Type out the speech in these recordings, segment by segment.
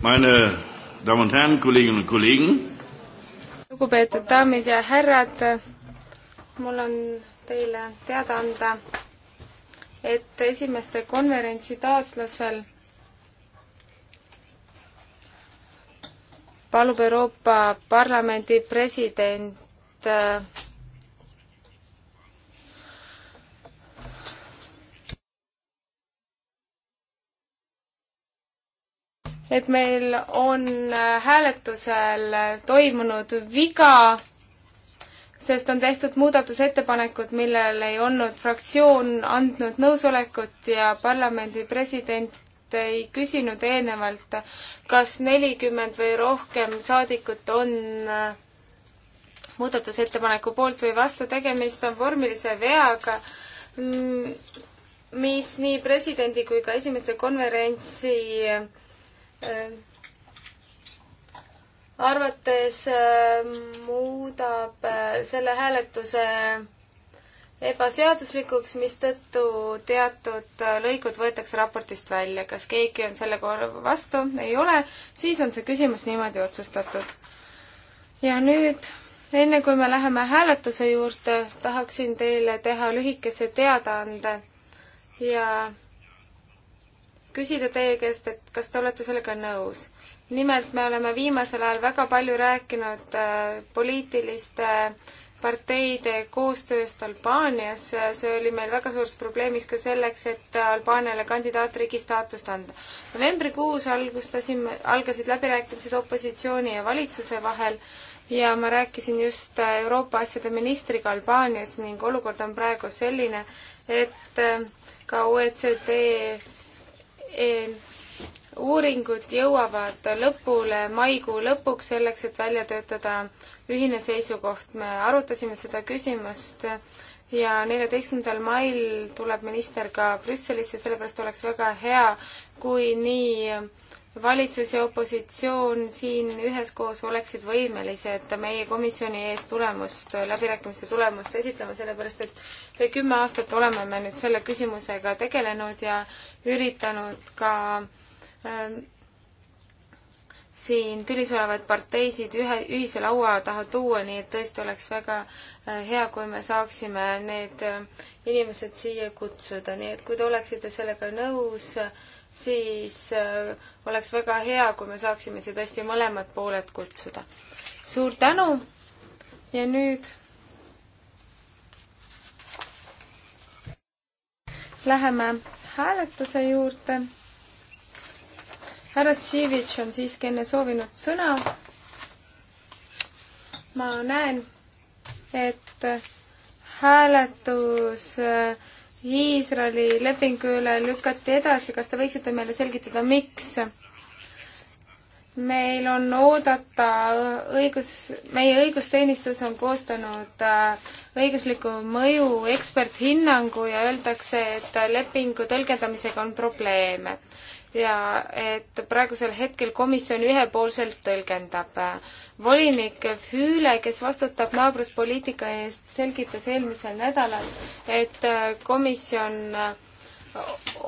Meine Damen und Herren, Kolleginnen und Kollegen. lugupeetud daamid ja härrad, mul on teile teada anda, et esimeste konverentsi taotlusel palub Euroopa Parlamendi president äh, et meil on äh, hääletusel äh, toimunud viga, sest on tehtud muudatusettepanekud, millel ei olnud fraktsioon andnud nõusolekut ja parlamendi president ei küsinud eelnevalt, kas nelikümmend või rohkem saadikut on äh, muudatusettepaneku poolt või vastu, tegemist on vormilise veaga, mm, mis nii presidendi kui ka esimeste konverentsi Äh, arvates äh, muudab äh, selle hääletuse ebaseaduslikuks, mistõttu teatud lõigud võetakse raportist välja. kas keegi on selle korra vastu? ei ole. siis on see küsimus niimoodi otsustatud. ja nüüd, enne kui me läheme hääletuse juurde, tahaksin teile teha lühikese teadaande ja küsida teie käest, et kas te olete sellega nõus. nimelt me oleme viimasel ajal väga palju rääkinud äh, poliitiliste parteide koostööst Albaanias, see oli meil väga suurs probleemis ka selleks, et Albaaniale kandidaatriigi staatust anda. novembrikuus algustasime, algasid läbirääkimised opositsiooni ja valitsuse vahel ja ma rääkisin just äh, Euroopa asjade ministriga Albaanias ning olukord on praegu selline, et äh, ka OECD E, uuringud jõuavad lõpule maikuu lõpuks selleks, et välja töötada ühine seisukoht. me arutasime seda küsimust ja neljateistkümnendal mail tuleb minister ka Brüsselisse, sellepärast oleks väga hea, kui nii valitsus ja opositsioon siin üheskoos oleksid võimelised meie komisjoni ees tulemust, läbirääkimiste tulemust esitlema, sellepärast et või kümme aastat oleme me nüüd selle küsimusega tegelenud ja üritanud ka äh, siin tülis olevaid parteisid ühe, ühise laua taha tuua, nii et tõesti oleks väga äh, hea, kui me saaksime need äh, inimesed siia kutsuda, nii et kui te oleksite sellega nõus äh,, siis äh, oleks väga hea, kui me saaksime siia tõesti mõlemad pooled kutsuda. suur tänu ja nüüd läheme hääletuse juurde. härra Šivitš on siiski enne soovinud sõna. ma näen, et hääletus äh, Iisraeli lepingu üle lükati edasi, kas te võiksite meile selgitada, miks? meil on oodata äh, õigus, meie õigusteenistus on koostanud äh, õigusliku mõju eksperthinnangu ja öeldakse, et äh, lepingu tõlgendamisega on probleeme ja et praegusel hetkel komisjon ühepoolselt tõlgendab volinik Füüle, kes vastutab naabruspoliitika eest, selgitas eelmisel nädalal, et äh, komisjon äh,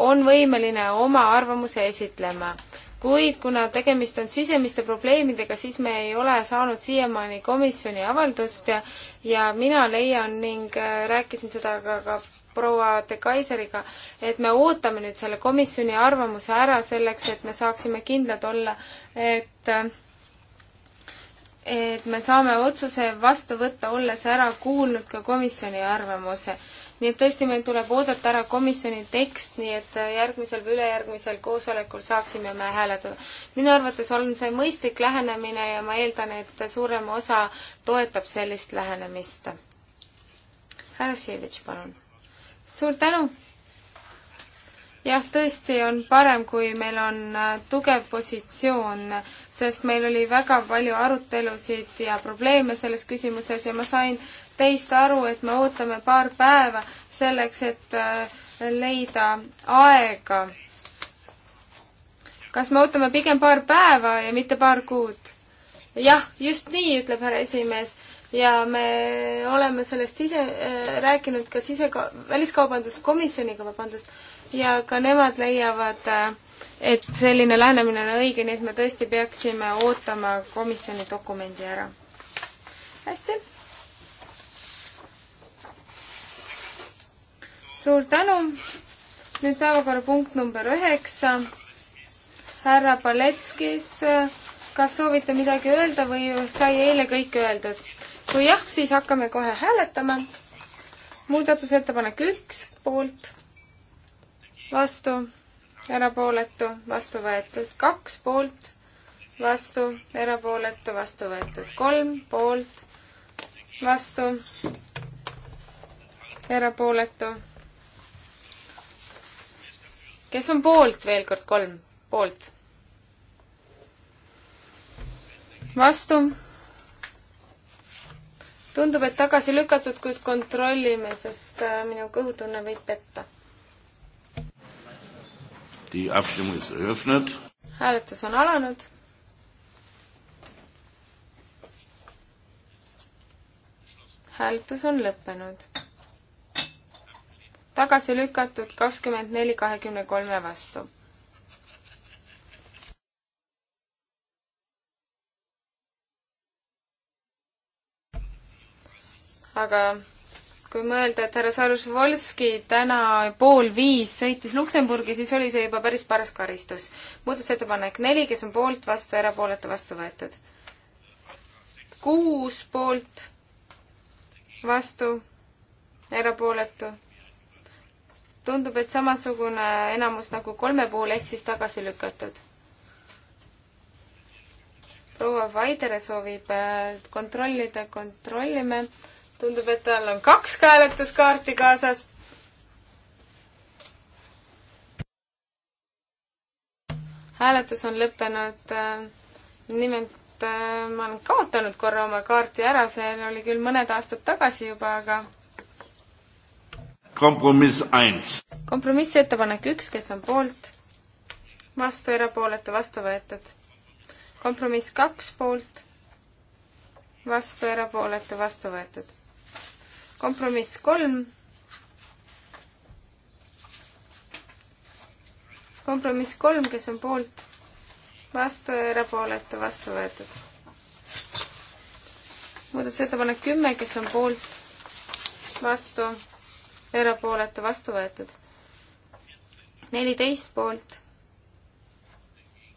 on võimeline oma arvamuse esitlema. kuid kuna tegemist on sisemiste probleemidega, siis me ei ole saanud siiamaani komisjoni avaldust ja, ja mina leian ning äh, rääkisin seda ka, ka proua de Kaiseriga, et me ootame nüüd selle komisjoni arvamuse ära selleks, et me saaksime kindlad olla, et äh, et me saame otsuse vastu võtta, olles ära kuulnud ka komisjoni arvamuse. nii et tõesti, meil tuleb oodata ära komisjoni tekst, nii et järgmisel või ülejärgmisel koosolekul saaksime me hääletada. minu arvates on see mõistlik lähenemine ja ma eeldan, et suurem osa toetab sellist lähenemist. härra Šivitš, palun. suur tänu! jah, tõesti on parem, kui meil on äh, tugev positsioon, sest meil oli väga palju arutelusid ja probleeme selles küsimuses ja ma sain teist aru, et me ootame paar päeva selleks, et äh, leida aega. kas me ootame pigem paar päeva ja mitte paar kuud? jah, just nii, ütleb härra esimees ja me oleme sellest ise äh, rääkinud ka sise-, väliskaubanduskomisjoniga, vabandust, ja ka nemad leiavad, et selline lähenemine on õige, nii et me tõesti peaksime ootama komisjoni dokumendi ära. hästi. suur tänu. nüüd päevakorrapunkt number üheksa. härra Paletskis, kas soovite midagi öelda või sai eile kõik öeldud? kui jah, siis hakkame kohe hääletama. muudatusettepanek üks poolt vastu, erapooletu, vastu võetud kaks poolt, vastu, erapooletu, vastu võetud kolm poolt, vastu, erapooletu. kes on poolt veel kord kolm, poolt? vastu tundub, et tagasi lükatud, kuid kontrollime, sest äh, minu kõhutunne võib petta Die Abstimmung ist eröffnet. hääletus on alanud. hääletus on lõppenud. tagasi lükatud kakskümmend neli kahekümne kolme vastu. aga kui mõelda, et härra Sarusvolski täna pool viis sõitis Luksemburgi, siis oli see juba päris paras karistus. muudatusettepanek neli, kes on poolt, vastu, erapooletu, vastu võetud. kuus poolt, vastu, erapooletu. tundub, et samasugune enamus nagu kolme puhul, ehk siis tagasi lükatud. proua Vaidere soovib äh, kontrollida, kontrollime tundub, et tal on kaks ka hääletuskaarti kaasas. hääletus on lõppenud. nimelt ma olen kaotanud korra oma kaarti ära, see oli küll mõned aastad tagasi juba, aga. kompromiss eins. kompromissettepanek üks, kes on poolt, vastu, erapooletu, vastu võetud. kompromiss kaks poolt, vastu, erapooletu, vastu võetud kompromiss kolm. kompromiss kolm, kes on poolt, vastu ja erapooletu, vastu võetud. muudatusettepanek kümme, kes on poolt, vastu, erapooletu, vastu võetud. neliteist poolt,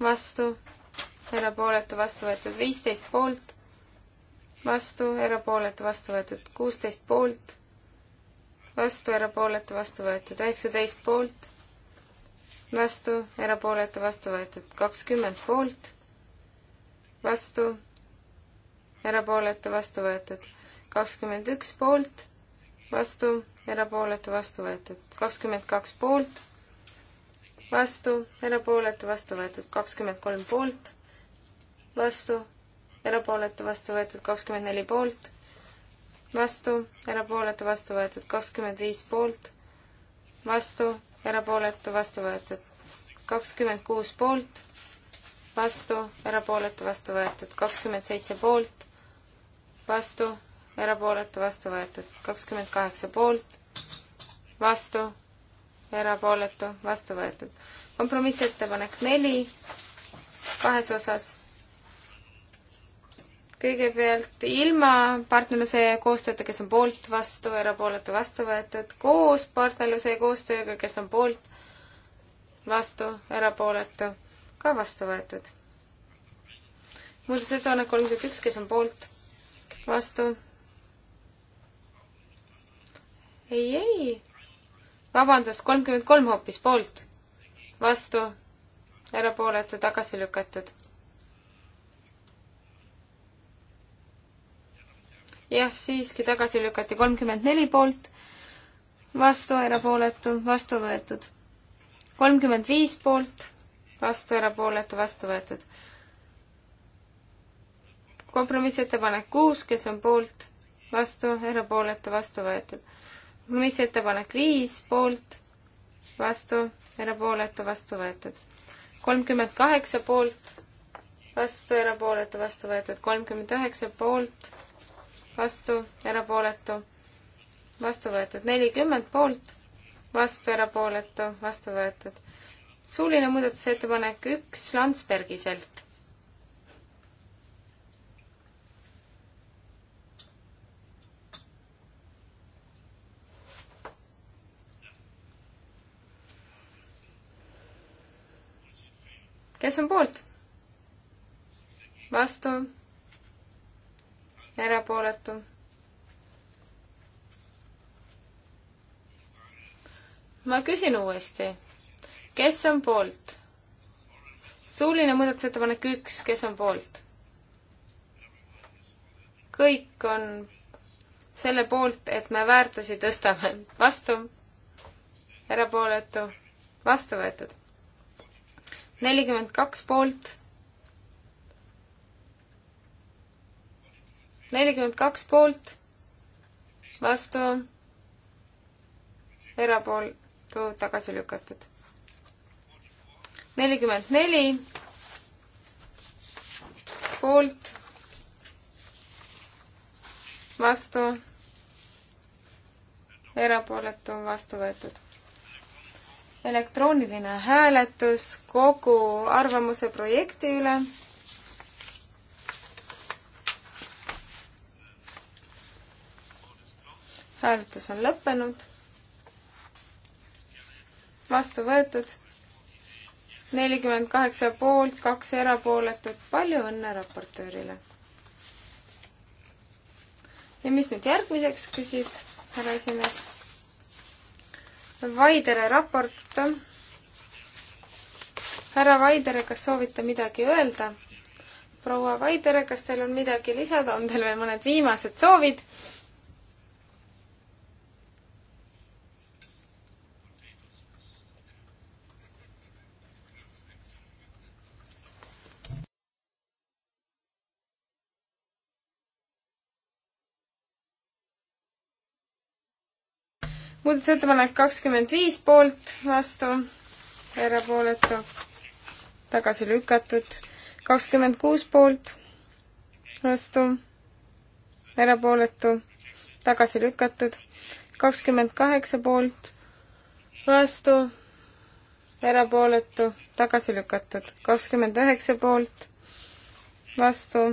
vastu, erapooletu, vastu võetud. viisteist poolt vastu, erapooletu, vastu võetud kuusteist poolt, vastu, erapooletu, vastu võetud üheksateist poolt, vastu, erapooletu, vastu võetud kakskümmend poolt, vastu, erapooletu, vastu võetud kakskümmend üks poolt, vastu, erapooletu, vastu võetud kakskümmend kaks poolt, vastu, erapooletu, vastu võetud kakskümmend kolm poolt, vastu, erapooletu, vastu võetud kakskümmend neli poolt, vastu, erapooletu, vastu võetud kakskümmend viis poolt, vastu, erapooletu, vastu võetud kakskümmend kuus poolt, vastu, erapooletu, vastu võetud kakskümmend seitse poolt, vastu, erapooletu, vastu võetud kakskümmend kaheksa poolt, vastu, erapooletu, vastu võetud. kompromissettepanek neli, kahes osas kõigepealt ilma partnerluse ja koostööta, kes on poolt, vastu, erapooletu, vastu võetud, koos partnerluse ja koostööga, kes on poolt, vastu, erapooletu, ka vastu võetud. muudatusettepanek kolmkümmend üks, kes on poolt, vastu. ei, ei, vabandust, kolmkümmend kolm hoopis poolt, vastu, erapooletu, tagasi lükatud jah, siiski tagasi lükati kolmkümmend neli poolt, vastu erapooletu, vastu võetud. kolmkümmend viis poolt, vastu erapooletu, vastu võetud. kompromissettepanek kuus, kes on poolt, vastu erapooletu, vastu võetud. kompromissettepanek viis poolt, vastu erapooletu, vastu võetud. kolmkümmend kaheksa poolt, vastu erapooletu, vastu võetud. kolmkümmend üheksa poolt vastu, erapooletu, vastu võetud. nelikümmend poolt, vastu, erapooletu, vastu võetud. suuline muudatusettepanek üks Landsbergiselt. kes on poolt? vastu erapooletu. ma küsin uuesti, kes on poolt? suuline muudatusettepanek üks, kes on poolt? kõik on selle poolt, et me väärtusi tõstame. vastu, erapooletu, vastu võetud. nelikümmend kaks poolt, nelikümmend kaks poolt, vastu, erapooltu tagasi lükatud. nelikümmend neli poolt, vastu, erapooletu vastu võetud. elektrooniline hääletus kogu arvamuse projekti üle hääletus on lõppenud. vastu võetud. nelikümmend kaheksa poolt, kaks erapooletut. palju õnne raportöörile. ja mis nüüd järgmiseks, küsib härra esimees. Vaidere raport. härra Vaidere, kas soovite midagi öelda? proua Vaidere, kas teil on midagi lisada, on teil veel mõned viimased soovid? muudatusettepanek kakskümmend viis poolt, vastu, erapooletu, tagasi lükatud. kakskümmend kuus poolt, vastu, erapooletu, tagasi lükatud. kakskümmend kaheksa poolt, vastu, erapooletu, tagasi lükatud. kakskümmend üheksa poolt, vastu,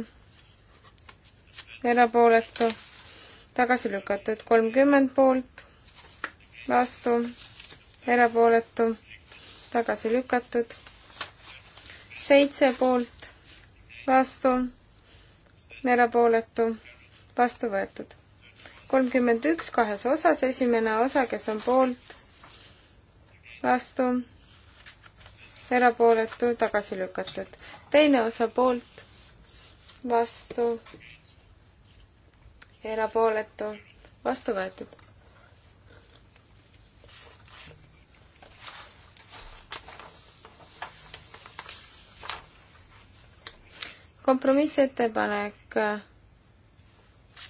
erapooletu, tagasi lükatud. kolmkümmend poolt vastu, erapooletu, tagasi lükatud. seitse poolt, vastu, erapooletu, vastu võetud. kolmkümmend üks kahes osas, esimene osa, kes on poolt, vastu, erapooletu, tagasi lükatud. teine osa poolt, vastu, erapooletu, vastu võetud kompromissettepanek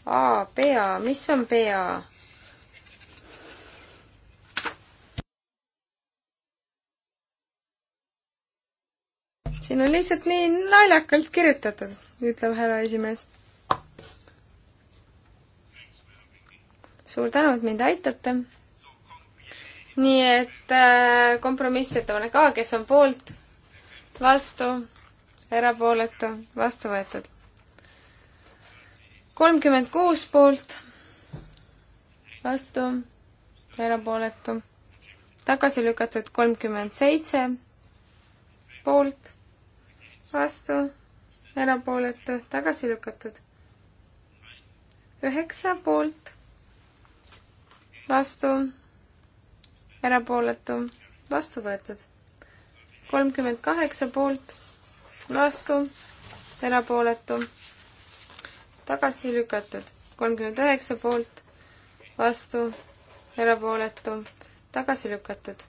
A, PA, mis on PA? siin on lihtsalt nii naljakalt kirjutatud, ütleb härra esimees. suur tänu, et mind aitate. nii et äh, kompromissettepanek A, kes on poolt, vastu erapooletu, vastu võetud. kolmkümmend kuus poolt, vastu, erapooletu, tagasi lükatud kolmkümmend seitse poolt, vastu, erapooletu, tagasi lükatud. üheksa poolt, vastu, erapooletu, vastu võetud. kolmkümmend kaheksa poolt vastu, erapooletu, tagasi lükatud. kolmkümmend üheksa poolt, vastu, erapooletu, tagasi lükatud.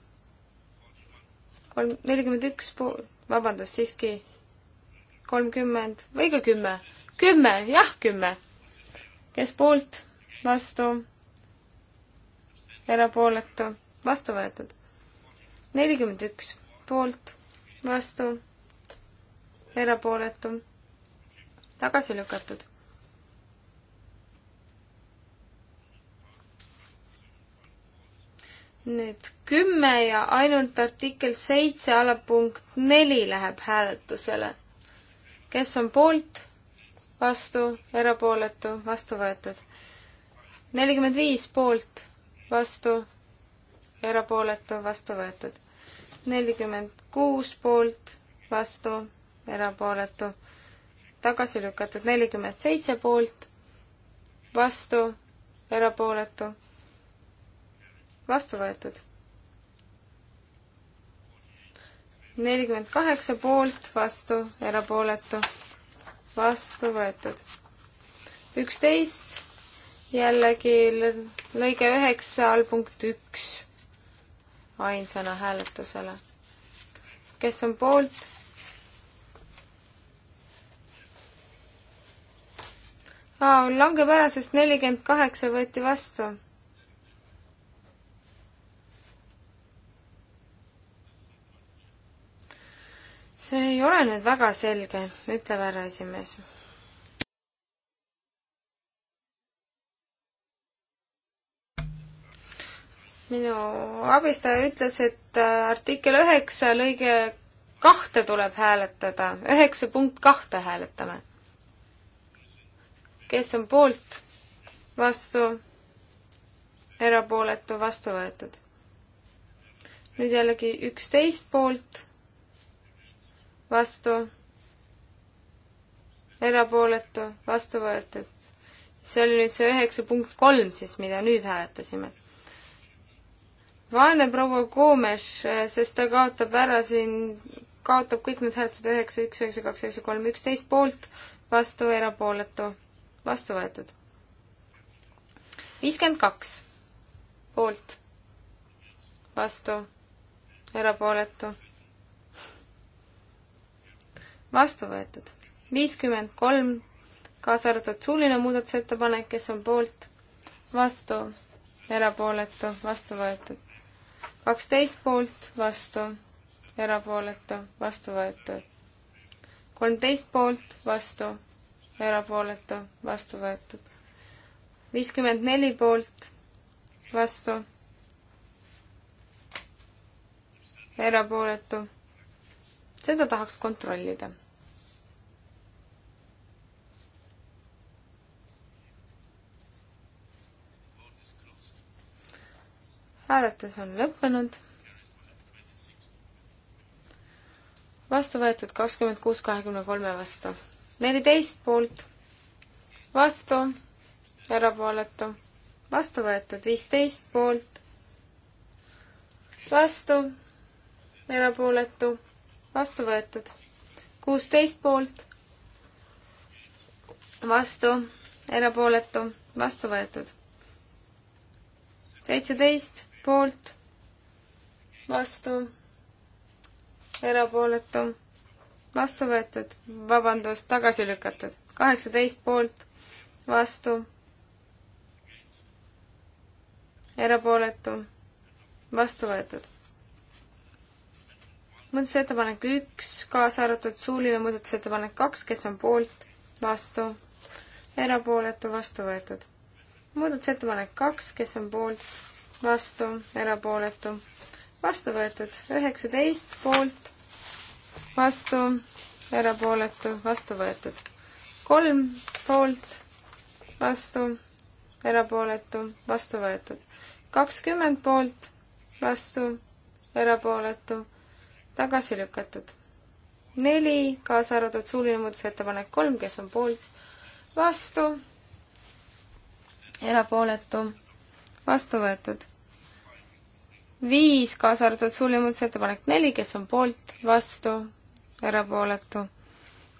kolm, nelikümmend üks pool, vabandust, siiski kolmkümmend või ka kümme. kümme, jah, kümme. kes poolt, vastu, erapooletu, vastu võetud. nelikümmend üks poolt, vastu erapooletu, tagasi lükatud. nüüd kümme ja ainult artikkel seitse alapunkt neli läheb hääletusele. kes on poolt, vastu, erapooletu, vastu võetud? nelikümmend viis poolt, vastu, erapooletu, vastu võetud. nelikümmend kuus poolt, vastu erapooletu, tagasi lükatud nelikümmend seitse poolt, vastu, erapooletu, vastu võetud. nelikümmend kaheksa poolt, vastu, erapooletu, vastu võetud. üksteist, jällegi lõige üheksa all punkt üks ainsana hääletusele. kes on poolt? langeb ära, sest nelikümmend kaheksa võeti vastu. see ei ole nüüd väga selge, ütleb härra esimees. minu abistaja ütles, et äh, artikkel üheksa lõige kahte tuleb hääletada, üheksa punkt kahte hääletame kes on poolt, vastu, erapooletu, vastu võetud. nüüd jällegi üksteist poolt, vastu, erapooletu, vastu võetud. see oli nüüd see üheksa punkt kolm siis, mida nüüd hääletasime vaene proua Koomes, sest ta kaotab ära siin, kaotab kõik need hääletused üheksa, üks, üheksa, kaks, üheksa, kolm, üksteist poolt, vastu, erapooletu, vastu võetud. viiskümmend kaks poolt, vastu, erapooletu, vastu võetud. viiskümmend kolm, kaasa arvatud suuline muudatusettepanek, kes on poolt, vastu, erapooletu, vastu võetud. kaksteist poolt, vastu, erapooletu, vastu võetud. kolmteist poolt, vastu erapooletu, vastu võetud. viiskümmend neli poolt, vastu, erapooletu. seda tahaks kontrollida hääletus on lõppenud. vastu võetud kakskümmend kuus kahekümne kolme vastu neliteist poolt, vastu, erapooletu, vastu võetud, viisteist poolt, vastu, erapooletu, vastu võetud, kuusteist poolt, vastu, erapooletu, vastu võetud, seitseteist poolt, vastu, erapooletu vastu võetud, vabandust, tagasi lükatud. kaheksateist poolt, vastu, erapooletu, vastu võetud. muudatusettepanek üks, kaasa arvatud suuline muudatusettepanek kaks, kes on poolt, vastu, erapooletu, vastu võetud. muudatusettepanek kaks, kes on poolt, vastu, erapooletu, vastu võetud. üheksateist poolt vastu, erapooletu, vastu võetud. kolm poolt, vastu, erapooletu, vastu võetud. kakskümmend poolt, vastu, erapooletu, tagasi lükatud. neli, kaasa arvatud suuline muudatusettepanek kolm, kes on poolt, vastu, erapooletu, vastu võetud viis, kaasa arvatud suuline muudatusettepanek neli, kes on poolt, vastu, erapooletu,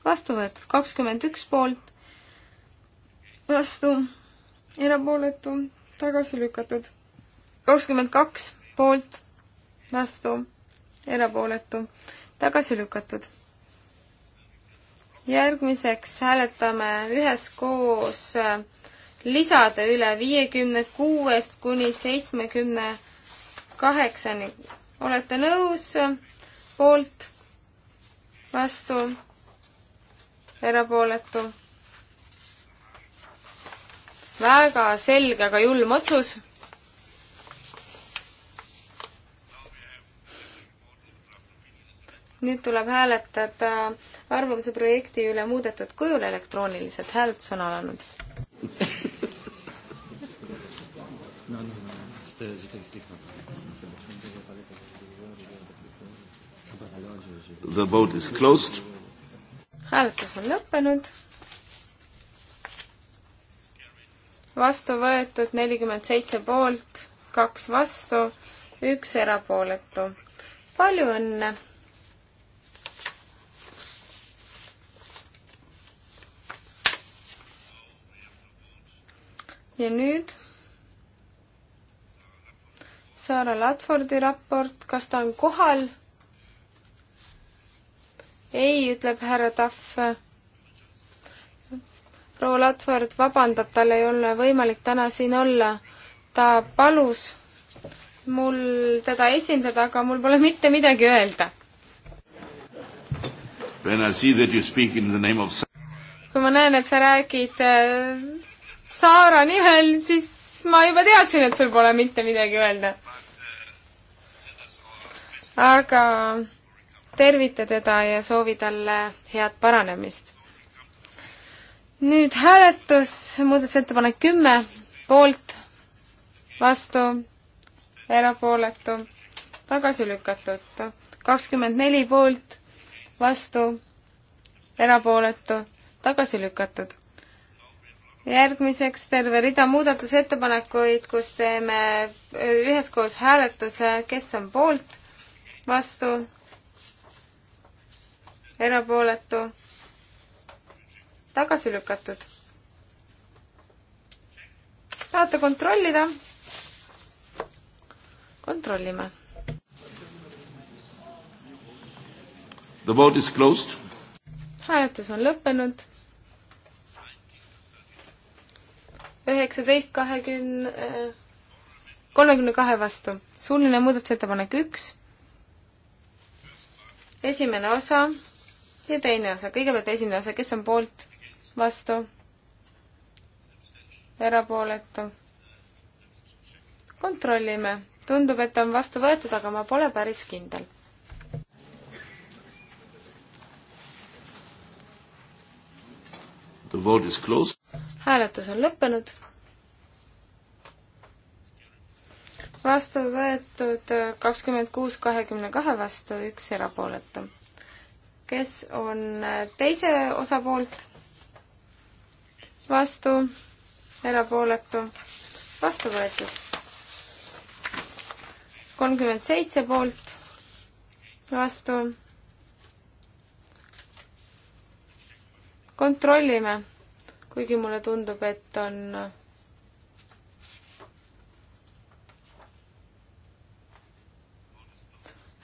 vastu võetud, kakskümmend üks poolt, vastu, erapooletu, tagasi lükatud, kakskümmend kaks poolt, vastu, erapooletu, tagasi lükatud. järgmiseks hääletame üheskoos äh, lisade üle viiekümne kuuest kuni seitsmekümne 70 kaheksani. olete nõus? poolt, vastu, erapooletu. väga selge, aga julm otsus. nüüd tuleb hääletada arvamuse projekti üle muudetud kujul elektrooniliselt. hääletus on alanud The vote is closed. hääletus on lõppenud. vastu võetud nelikümmend seitse poolt, kaks vastu, üks erapooletu. palju õnne! ja nüüd Saara Ladfordi raport, kas ta on kohal? ei, ütleb härra Tahv. proua Ladford vabandab, tal ei ole võimalik täna siin olla. ta palus mul teda esindada, aga mul pole mitte midagi öelda. kui ma näen, et sa räägid äh, Saara nimel, siis ma juba teadsin, et sul pole mitte midagi öelda. aga tervita teda ja soovi talle head paranemist. nüüd hääletus, muudatusettepanek kümme, poolt, vastu, erapooletu, tagasi lükatud. kakskümmend neli poolt, vastu, erapooletu, tagasi lükatud järgmiseks terve rida muudatusettepanekuid, kus teeme üheskoos hääletuse, kes on poolt, vastu, erapooletu, tagasi lükatud. tahate kontrollida? kontrollime. The vote is closed. hääletus on lõppenud. üheksateist kahekümne, äh, kolmekümne kahe vastu. suuline muudatusettepanek üks. esimene osa ja teine osa, kõigepealt esimene osa, kes on poolt, vastu, erapooletu. kontrollime, tundub, et on vastu võetud, aga ma pole päris kindel. hääletus on lõppenud. vastu võetud kakskümmend kuus kahekümne kahe vastu, üks erapooletu kes on teise osa poolt, vastu, erapooletu, vastu võetud. kolmkümmend seitse poolt, vastu. kontrollime, kuigi mulle tundub, et on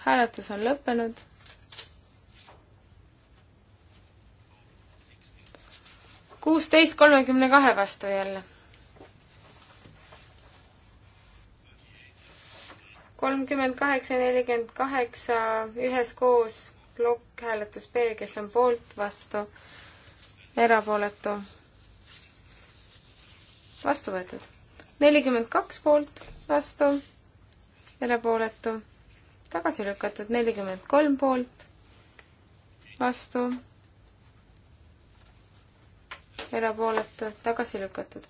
hääletus on lõppenud kuusteist kolmekümne kahe vastu jälle. kolmkümmend kaheksa, nelikümmend kaheksa üheskoos plokk hääletus B, kes on poolt, vastu, erapooletu, vastu võetud. nelikümmend kaks poolt, vastu, erapooletu, tagasi lükatud, nelikümmend kolm poolt, vastu erapooletu, tagasi lükatud.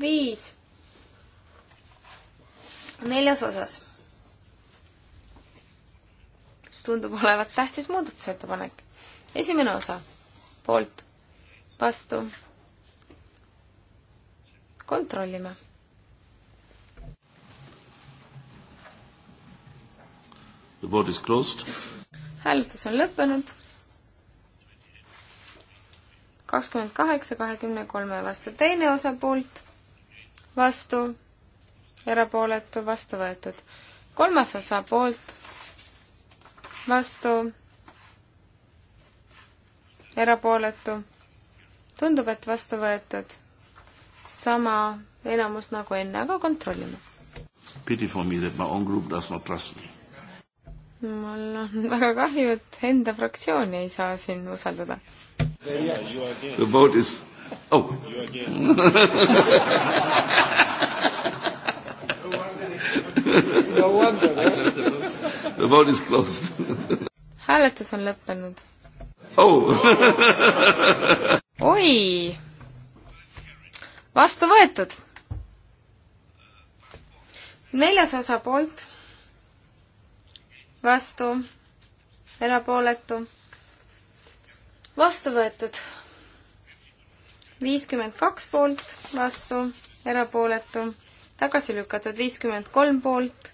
viis. neljas osas. tundub olevat tähtis muudatusettepanek. esimene osa, poolt, vastu. kontrollime The vote is closed. hääletus on lõppenud kakskümmend kaheksa kahekümne kolme vastu. teine osa poolt, vastu, erapooletu, vastu võetud. kolmas osa poolt, vastu, erapooletu. tundub, et vastu võetud. sama enamus nagu enne, aga kontrollime. Pity for me that my own group does not trust me mul on väga kahju, et enda fraktsiooni ei saa siin usaldada. The vote is. Oh. no wonder. The vote is closed. hääletus on lõppenud. oh oi! vastu võetud. neljas osapoolt. vastu. erapooletu vastu võetud. viiskümmend kaks poolt, vastu, erapooletu, tagasi lükatud, viiskümmend kolm poolt,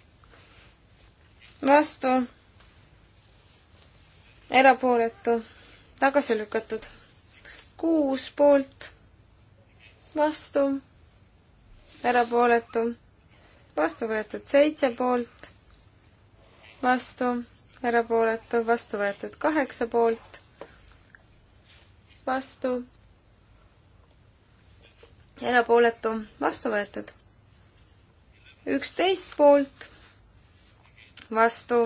vastu, erapooletu, tagasi lükatud, kuus poolt, vastu, erapooletu, vastu võetud, seitse poolt, vastu, erapooletu, vastu võetud, kaheksa poolt, vastu, erapooletu, vastu võetud. üksteist poolt, vastu,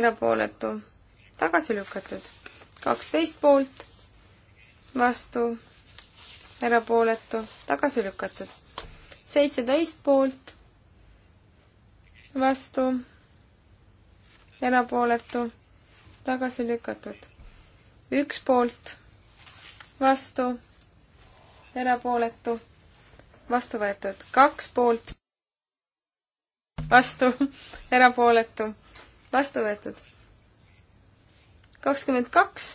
erapooletu, tagasi lükatud. kaksteist poolt, vastu, erapooletu, tagasi lükatud. seitseteist poolt, vastu, erapooletu, tagasi lükatud. üks poolt vastu, erapooletu, vastu võetud kaks poolt, vastu, erapooletu, vastu võetud kakskümmend kaks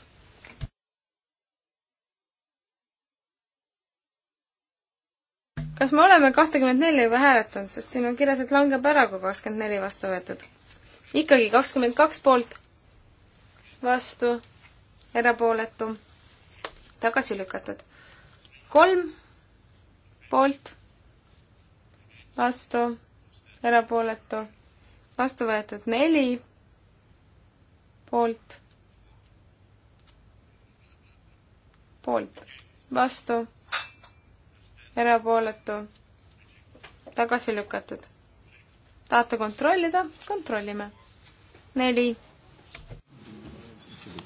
kas me oleme kahtekümmet neli juba hääletanud, sest siin on kirjas, et langeb ära, kui kakskümmend neli vastu võetud. ikkagi kakskümmend kaks poolt, vastu, erapooletu, tagasi lükatud. kolm poolt, vastu, erapooletu, vastu võetud neli poolt, poolt, vastu, erapooletu, tagasi lükatud. tahate kontrollida? kontrollime. neli.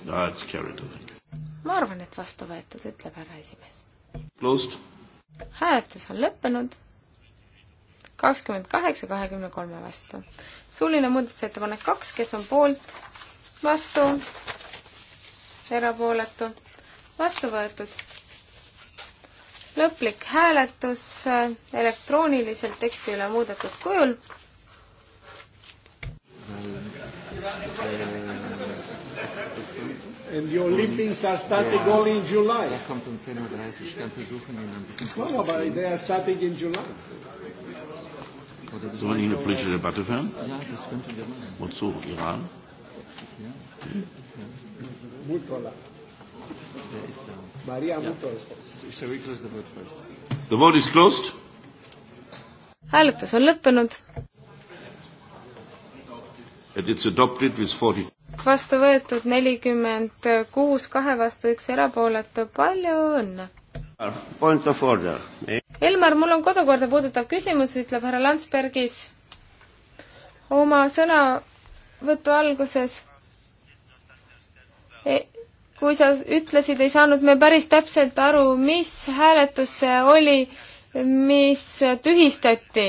That's ah, carried, I think ma arvan, et vastu võetud, ütleb härra esimees. Closed. hääletus on lõppenud. kakskümmend kaheksa kahekümne kolme vastu. suuline muudatusettepanek kaks, kes on poolt, vastu, erapooletu, vastu võetud. lõplik hääletus äh, elektrooniliselt teksti üle muudetud kujul. Äh, And the Olympics are starting yeah. only in July. Er kommt um 10.30 Uhr, ich kann versuchen, ihn ein bisschen kurz no, aber they are starting in July. Oder Sollen wir eine politische Debatte führen? Ja, das könnten wir machen. Wozu? Iran? Ja. Hm? ja. Mutola. Wer ist da? Maria ja. Mutola. Shall we close the vote first? The vote is closed. hääletus on lõppenud. And it's adopted with 40 vastu võetud nelikümmend kuus, kahe vastu üks erapooletu, palju õnne! Point of order. Elmar, mul on kodukorda puudutav küsimus, ütleb härra Landsbergis oma sõnavõtu alguses e kui sa ütlesid, ei saanud me päris täpselt aru, mis hääletus see oli, mis tühistati?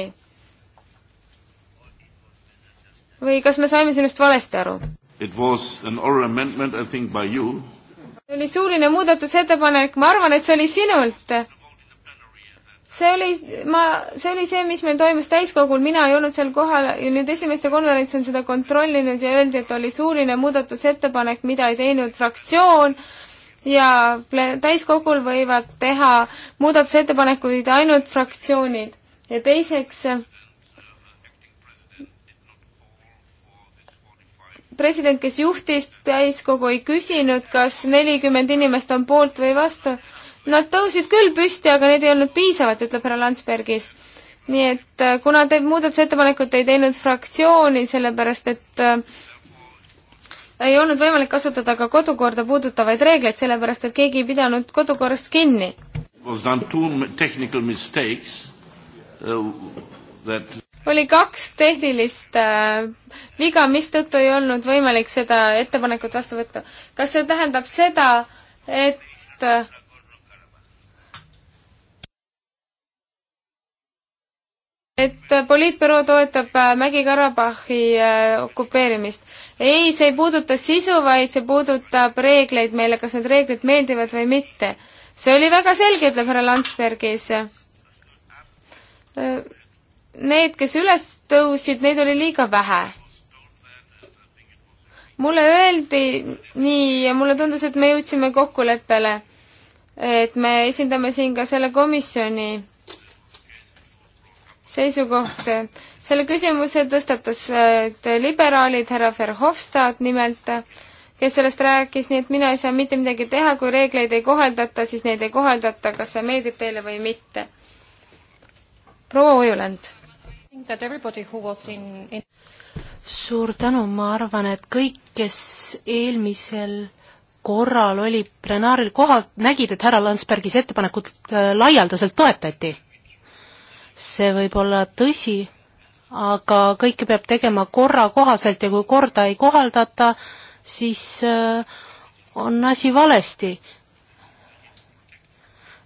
või kas me saime sinust valesti aru? It was an oral amendment, I think, by you. see oli suuline muudatusettepanek, ma arvan, et see oli sinult. see oli, ma, see oli see, mis meil toimus täiskogul, mina ei olnud seal kohal ja nüüd esimeste konverents on seda kontrollinud ja öeldi, et oli suuline muudatusettepanek, mida ei teinud fraktsioon ja täiskogul võivad teha muudatusettepanekuid ainult fraktsioonid. ja teiseks president, kes juhtis täiskogu, ei küsinud, kas nelikümmend inimest on poolt või vastu. Nad tõusid küll püsti, aga need ei olnud piisavad, ütleb härra Landsbergis. nii et äh, kuna te muudatusettepanekut ei teinud fraktsiooni, sellepärast et äh, ei olnud võimalik kasutada ka kodukorda puudutavaid reegleid, sellepärast et keegi ei pidanud kodukorrast kinni. was done two technical mistakes uh, that oli kaks tehnilist äh, viga, mistõttu ei olnud võimalik seda ettepanekut vastu võtta. kas see tähendab seda, et äh, et poliitbüroo toetab Mägi-Karabahhi äh, okupeerimist. ei, see ei puuduta sisu, vaid see puudutab reegleid meile, kas need reeglid meeldivad või mitte. see oli väga selge, ütleb härra Landsbergis. Äh, need, kes üles tõusid, neid oli liiga vähe. mulle öeldi nii ja mulle tundus, et me jõudsime kokkuleppele, et me esindame siin ka selle komisjoni seisukohti. selle küsimuse tõstatas liberaalid, härra Verhofstadt nimelt, kes sellest rääkis, nii et mina ei saa mitte midagi teha, kui reegleid ei kohaldata, siis neid ei kohaldata, kas see meeldib teile või mitte. proua Ujuland In... suur tänu, ma arvan, et kõik, kes eelmisel korral oli plenaaril kohal, nägid, et härra Landsbergis ettepanekut äh, laialdaselt toetati. see võib olla tõsi, aga kõike peab tegema korra kohaselt ja kui korda ei kohaldata, siis äh, on asi valesti.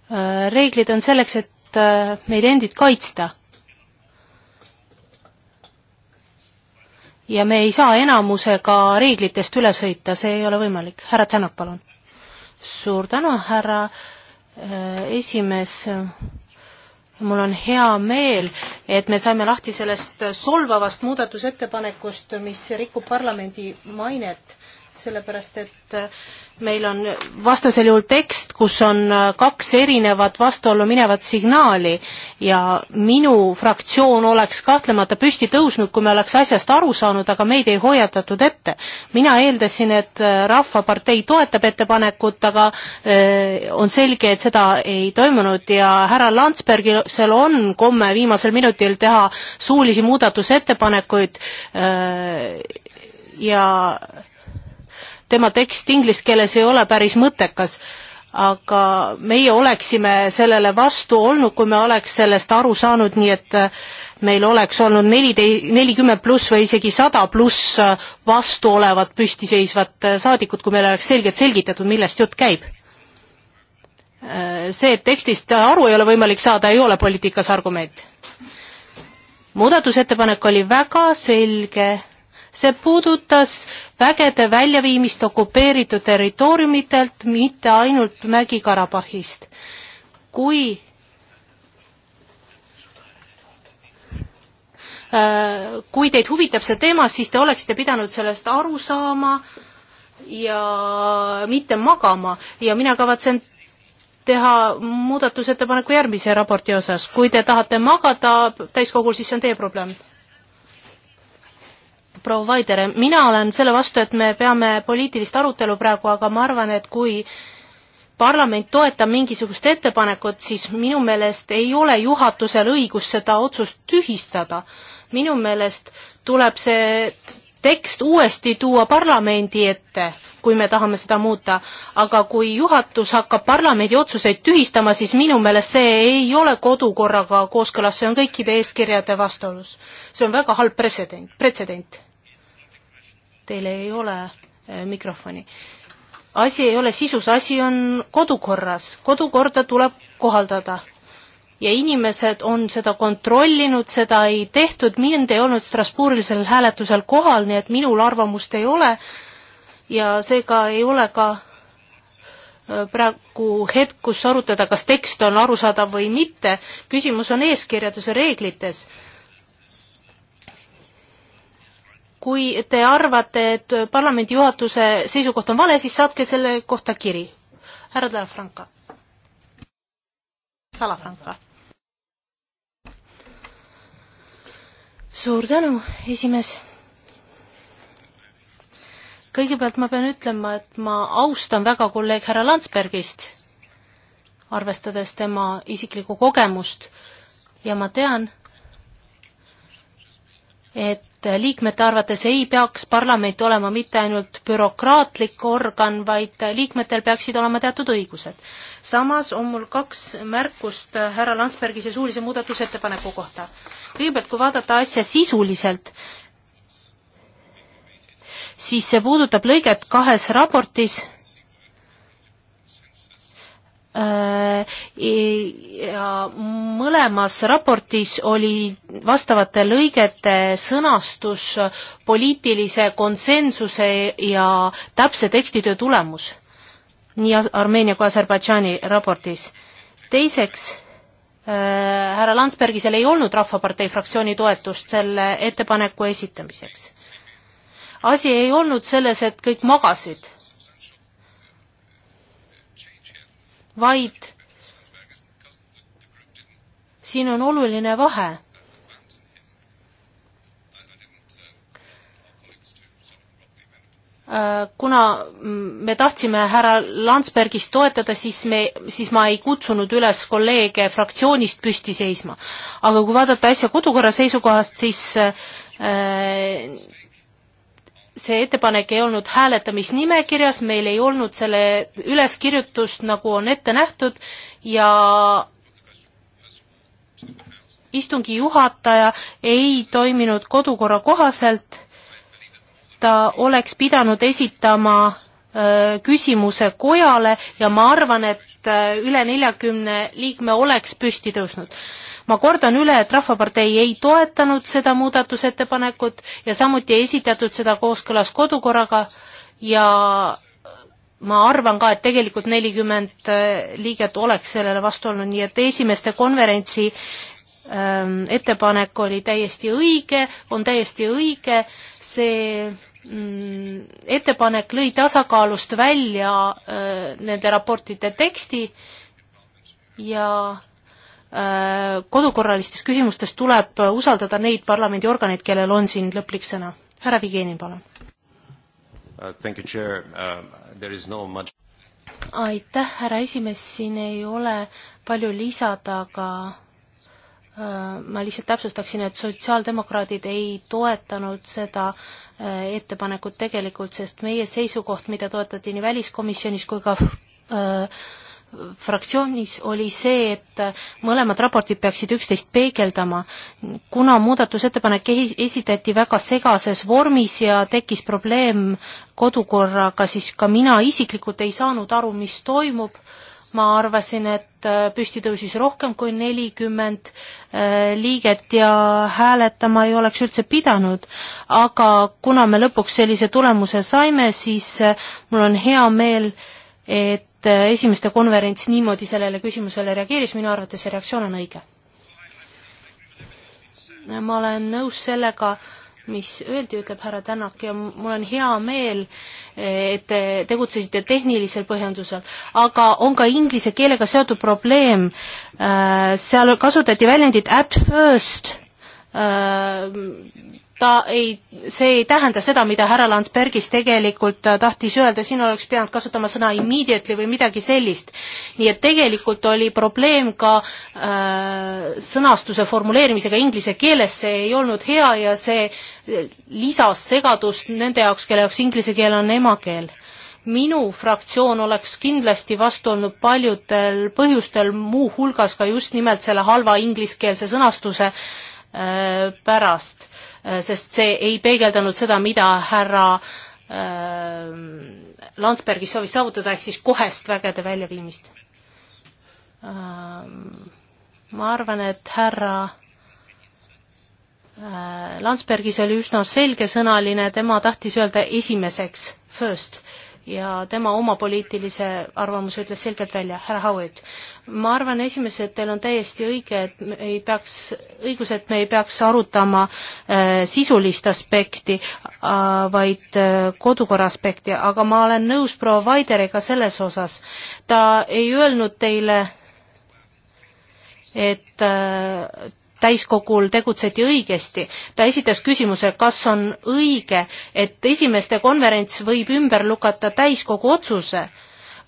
Äh, reeglid on selleks, et meid endid kaitsta ja me ei saa enamusega reeglitest üle sõita, see ei ole võimalik. härra Tänak, palun. suur tänu, härra äh, esimees mul on hea meel, et me saime lahti sellest solvavast muudatusettepanekust, mis rikub parlamendi mainet sellepärast et äh, meil on vastasel juhul tekst, kus on äh, kaks erinevat vastuollu minevat signaali ja minu fraktsioon oleks kahtlemata püsti tõusnud, kui me oleks asjast aru saanud, aga meid ei hoiatatud ette. mina eeldasin, et äh, Rahvapartei toetab ettepanekut, aga on selge, et seda ei toimunud ja härra Landsbergisel on komme viimasel minutil teha suulisi muudatusettepanekuid ja tema tekst inglise keeles ei ole päris mõttekas, aga meie oleksime sellele vastu olnud, kui me oleks sellest aru saanud, nii et äh, meil oleks olnud neliteist, nelikümmend pluss või isegi sada pluss äh, vastu olevat püstiseisvat äh, saadikut, kui meil oleks selgelt selgitatud, millest jutt käib. see, et tekstist aru ei ole võimalik saada, ei ole poliitikas argument muudatusettepanek oli väga selge see puudutas vägede väljaviimist okupeeritud territooriumitelt, mitte ainult Mägi-Karabahhist. kui äh, kui teid huvitab see teema, siis te oleksite pidanud sellest aru saama ja mitte magama ja mina kavatsen teha muudatusettepaneku järgmise raporti osas. kui te tahate magada täiskogul, siis see on teie probleem proua Vaidere, mina olen selle vastu, et me peame poliitilist arutelu praegu, aga ma arvan, et kui parlament toetab mingisugust ettepanekut, siis minu meelest ei ole juhatusel õigus seda otsust tühistada. minu meelest tuleb see tekst uuesti tuua parlamendi ette, kui me tahame seda muuta, aga kui juhatus hakkab parlamendi otsuseid tühistama, siis minu meelest see ei ole kodukorraga kooskõlas, see on kõikide eeskirjade vastuolus. see on väga halb pretsedent, pretsedent teil ei ole eh, mikrofoni. asi ei ole sisus, asi on kodukorras, kodukorda tuleb kohaldada. ja inimesed on seda kontrollinud, seda ei tehtud, mind ei olnud Strasbourgisel hääletusel kohal, nii et minul arvamust ei ole ja seega ei ole ka eh, praegu hetk, kus arutada, kas tekst on arusaadav või mitte, küsimus on eeskirjades ja reeglites kui te arvate, et parlamendi juhatuse seisukoht on vale, siis saatke selle kohta kiri. härra Salafranca. Salafranca. suur tänu, esimees kõigepealt ma pean ütlema, et ma austan väga kolleeg härra Landsbergist, arvestades tema isiklikku kogemust ja ma tean, et et liikmete arvates ei peaks parlament olema mitte ainult bürokraatlik organ, vaid liikmetel peaksid olema teatud õigused. samas on mul kaks märkust härra Landsbergise suulise muudatusettepaneku kohta. kõigepealt, kui vaadata asja sisuliselt, siis see puudutab lõiget kahes raportis Äh, ja mõlemas raportis oli vastavate lõigete sõnastus poliitilise konsensuse ja täpse tekstitöö tulemus nii Armeenia kui Aserbaidžaani raportis. teiseks äh,, härra Landsbergisel ei olnud Rahvapartei fraktsiooni toetust selle ettepaneku esitamiseks. asi ei olnud selles, et kõik magasid vaid siin on oluline vahe. Äh, kuna me tahtsime härra Landsbergist toetada, siis me, siis ma ei kutsunud üles kolleege fraktsioonist püsti seisma. aga kui vaadata asja kodukorra seisukohast, siis äh, see ettepanek ei olnud hääletamisnimekirjas, meil ei olnud selle üleskirjutust, nagu on ette nähtud ja istungi juhataja ei toiminud kodukorra kohaselt, ta oleks pidanud esitama öö, äh, küsimuse kojale ja ma arvan, et öö, äh, üle neljakümne liikme oleks püsti tõusnud ma kordan üle, et Rahvapartei ei toetanud seda muudatusettepanekut ja samuti ei esitatud seda kooskõlas kodukorraga ja ma arvan ka, et tegelikult nelikümmend äh, liiget oleks sellele vastu olnud, nii et esimeste konverentsi ähm, ettepanek oli täiesti õige, on täiesti õige, see mm, ettepanek lõi tasakaalust välja äh, nende raportite teksti ja äh, Äh, kodukorralistes küsimustes tuleb äh, usaldada neid parlamendiorganeid, kellel on siin lõplik sõna. härra Vigenin, palun uh,. Um, no much... aitäh, härra esimees, siin ei ole palju lisada, aga uh, ma lihtsalt täpsustaksin, et sotsiaaldemokraadid ei toetanud seda uh, ettepanekut tegelikult, sest meie seisukoht, mida toetati nii väliskomisjonis kui ka uh, fraktsioonis oli see, et mõlemad raportid peaksid üksteist peegeldama. kuna muudatusettepanek esitati väga segases vormis ja tekkis probleem kodukorraga, siis ka mina isiklikult ei saanud aru, mis toimub, ma arvasin, et äh, püsti tõusis rohkem kui nelikümmend äh, liiget ja hääletama ei oleks üldse pidanud. aga kuna me lõpuks sellise tulemuse saime, siis äh, mul on hea meel, et et äh, esimeste konverents niimoodi sellele küsimusele reageeris, minu arvates see reaktsioon on õige. ma olen nõus sellega, mis öeldi, ütleb härra Tänak ja mul on hea meel, et te tegutsesite tehnilisel põhjendusel, aga on ka inglise keelega seotud probleem. Äh, seal kasutati väljendit at first äh, ta ei, see ei tähenda seda, mida härra Landsbergis tegelikult äh, tahtis öelda, siin oleks pidanud kasutama sõna immediately või midagi sellist. nii et tegelikult oli probleem ka äh, sõnastuse formuleerimisega inglise keeles, see ei olnud hea ja see äh, lisas segadust nende jaoks, kelle jaoks inglise keel on emakeel minu fraktsioon oleks kindlasti vastu olnud paljudel põhjustel, muuhulgas ka just nimelt selle halva ingliskeelse sõnastuse äh, Äh, pärast, äh, sest see ei peegeldanud seda, mida härra äh, Landsbergis soovis saavutada, ehk siis kohest vägede väljaviimist. Ähm, ma arvan, et härra Landsbergis oli üsna selgesõnaline, tema tahtis öelda esimeseks, first ja tema oma poliitilise arvamuse ütles selgelt välja, härra Howard. ma arvan esimesi, et teil on täiesti õige, et me ei peaks, õigus, et me ei peaks arutama äh, sisulist aspekti äh,, vaid äh, kodukorra aspekti, aga ma olen nõus proua Vaideriga selles osas. ta ei öelnud teile, et äh, täiskogul tegutseti õigesti. ta esitas küsimuse, kas on õige, et esimeste konverents võib ümber lükata täiskogu otsuse.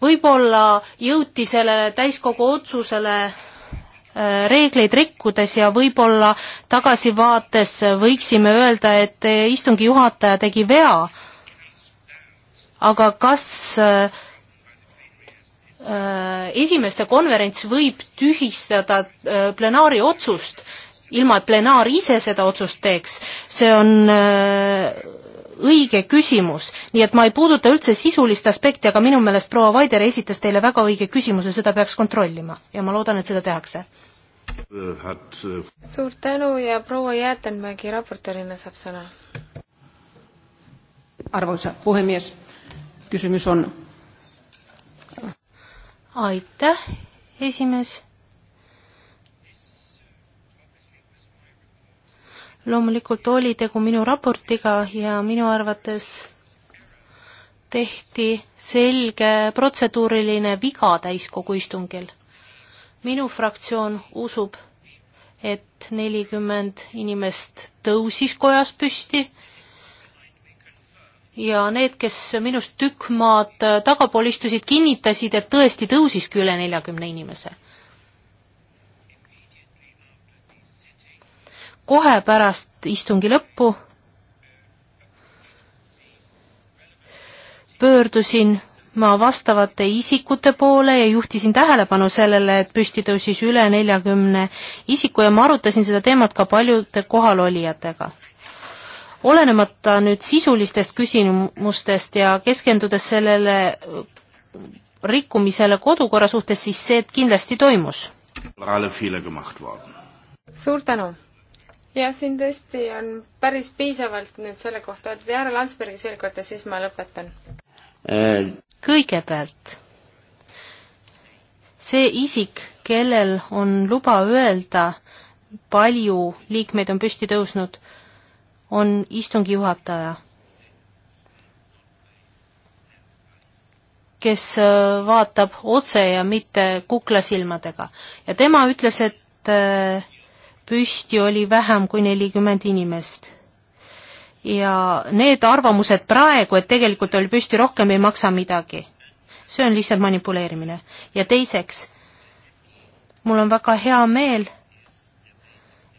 võib-olla jõuti sellele täiskogu otsusele äh, reegleid rikkudes ja võib-olla tagasivaates võiksime öelda, et äh, istungi juhataja tegi vea. aga kas äh, äh esimeste konverents võib tühistada plenaari otsust, ilma et plenaar ise seda otsust teeks, see on äh, õige küsimus, nii et ma ei puuduta üldse sisulist aspekti, aga minu meelest proua Vaider esitas teile väga õige küsimuse, seda peaks kontrollima ja ma loodan, et seda tehakse. suur tänu ja proua Jäätenmägi raportöörina saab sõna. arvamuse puhemees, küsimus on. aitäh, esimees loomulikult oli tegu minu raportiga ja minu arvates tehti selge protseduuriline viga täiskogu istungil. minu fraktsioon usub, et nelikümmend inimest tõusis kojas püsti ja need, kes minust tükk maad tagapool istusid, kinnitasid, et tõesti tõusiski üle neljakümne inimese kohe pärast istungi lõppu pöördusin ma vastavate isikute poole ja juhtisin tähelepanu sellele, et püsti tõusis üle neljakümne isiku ja ma arutasin seda teemat ka paljude kohalolijatega. olenemata nüüd sisulistest küsimustest ja keskendudes sellele rikkumisele kodukorra suhtes, siis see kindlasti toimus. suur tänu jah, siin tõesti on päris piisavalt nüüd selle kohta, et Jaan Landsbergis veel kord ja siis ma lõpetan. kõigepealt, see isik, kellel on luba öelda, palju liikmeid on püsti tõusnud, on istungi juhataja, kes äh, vaatab otse ja mitte kuklasilmadega. ja tema ütles, et äh, püsti oli vähem kui nelikümmend inimest. ja need arvamused praegu, et tegelikult oli püsti rohkem, ei maksa midagi. see on lihtsalt manipuleerimine. ja teiseks, mul on väga hea meel,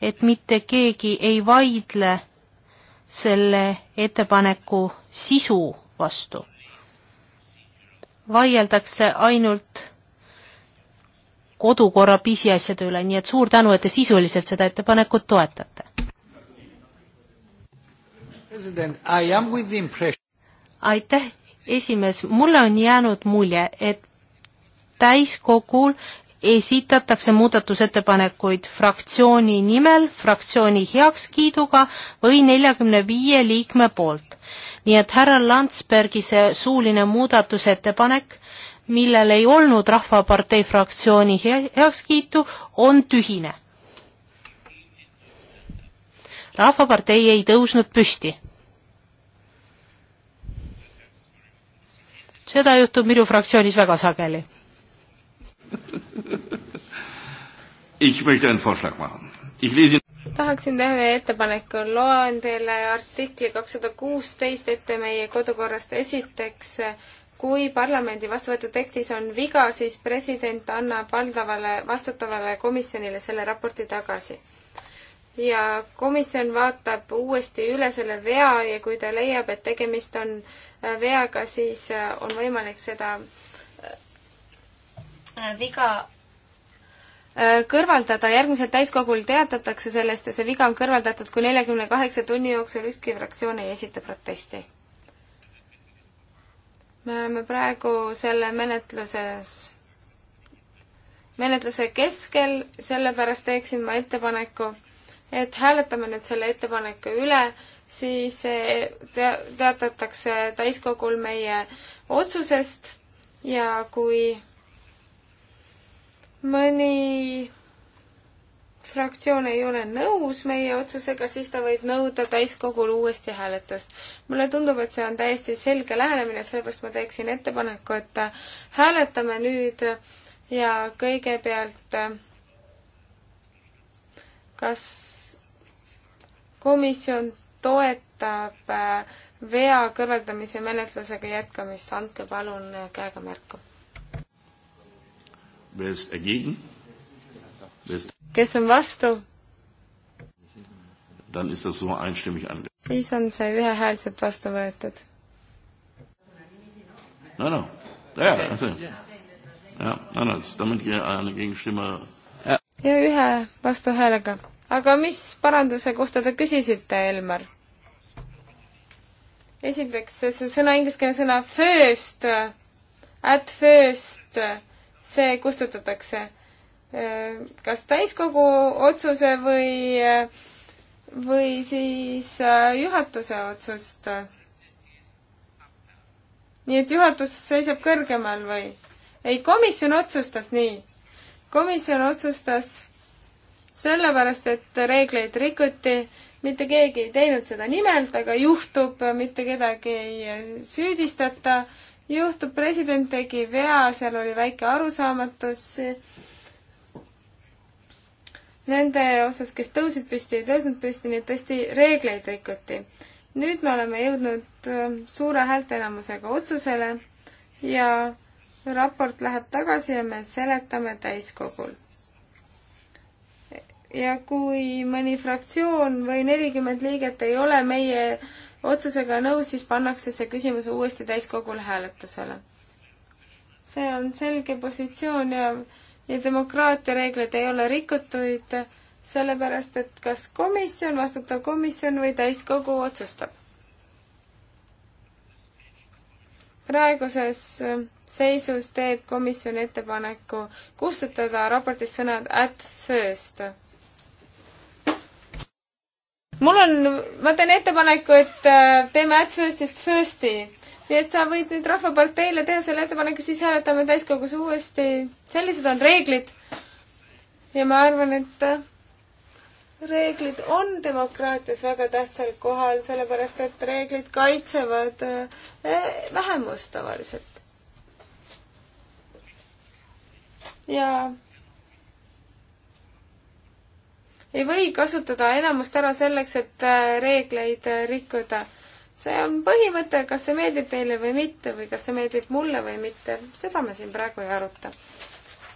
et mitte keegi ei vaidle selle ettepaneku sisu vastu. vaieldakse ainult kodukorra pisiasjade üle, nii et suur tänu, et te sisuliselt seda ettepanekut toetate. aitäh, esimees, mulle on jäänud mulje, et täiskogul esitatakse muudatusettepanekuid fraktsiooni nimel, fraktsiooni heakskiiduga või neljakümne viie liikme poolt. nii et härra Landsbergi see suuline muudatusettepanek millel ei olnud Rahvapartei fraktsiooni heakskiitu, on tühine. rahvapartei ei tõusnud püsti. seda juhtub minu fraktsioonis väga sageli. tahaksin teha ühe ettepaneku, loen teile artikli kakssada kuusteist ette meie kodukorrast, esiteks äh, kui parlamendi vastu võetud tekstis on viga, siis president annab valdavale vastutavale komisjonile selle raporti tagasi. ja komisjon vaatab uuesti üle selle vea ja kui ta leiab, et tegemist on äh, veaga, siis äh, on võimalik seda äh, viga kõrvaldada, järgmisel täiskogul teatatakse sellest ja see viga on kõrvaldatud, kui neljakümne kaheksa tunni jooksul ükski fraktsioon ei esita protesti me oleme praegu selle menetluses, menetluse keskel, sellepärast teeksin ma ettepaneku, et hääletame nüüd selle ettepaneku üle, siis te-, teatatakse täiskogul meie otsusest ja kui mõni fraktsioon ei ole nõus meie otsusega, siis ta võib nõuda täiskogul uuesti hääletust. mulle tundub, et see on täiesti selge lähenemine, sellepärast ma teeksin ettepaneku, et hääletame nüüd ja kõigepealt kas komisjon toetab äh, vea kõrvaldamise menetlusega jätkamist, andke palun käega märku. Wer ist dagegen? Wer ist kes on vastu? siis on see ühehäälselt vastu võetud. no no, jaa, see, jah, no no, damit gegenstimme ja ühe vastuhäälega. aga mis paranduse kohta te küsisite, Elmar? esiteks, see sõna, ingliskeelne sõna first, at first, see kustutatakse kas täiskogu otsuse või, või siis äh, juhatuse otsust. nii et juhatus seisab kõrgemal või? ei, komisjon otsustas nii. komisjon otsustas sellepärast, et reegleid rikuti, mitte keegi ei teinud seda nimelt, aga juhtub, mitte kedagi ei süüdistata, juhtub, president tegi vea, seal oli väike arusaamatus nende osas, kes tõusid püsti, ei tõusnud püsti, nii et tõesti reegleid rikuti. nüüd me oleme jõudnud äh, suure häälteenamusega otsusele ja raport läheb tagasi ja me seletame täiskogul ja kui mõni fraktsioon või nelikümmend liiget ei ole meie otsusega nõus, siis pannakse see küsimus uuesti täiskogul hääletusele. see on selge positsioon ja ja demokraatia reegleid ei ole rikutud, sellepärast et kas komisjon, vastutav komisjon või täiskogu otsustab. praeguses äh, seisus teeb komisjon ettepaneku kustutada raportis sõnad at first. mul on, ma teen ettepaneku, et äh, teeme at first'ist first'i nii et sa võid nüüd Rahvaparteile teha selle ettepaneku, siis hääletame täiskogus uuesti. sellised on reeglid. ja ma arvan, et äh, reeglid on demokraatias väga tähtsal kohal, sellepärast et reeglid kaitsevad äh, eh, vähemust tavaliselt. ja ei või kasutada enamust ära selleks, et äh, reegleid rikkuda see on põhimõte, kas see meeldib teile või mitte või kas see meeldib mulle või mitte, seda me siin praegu ei aruta.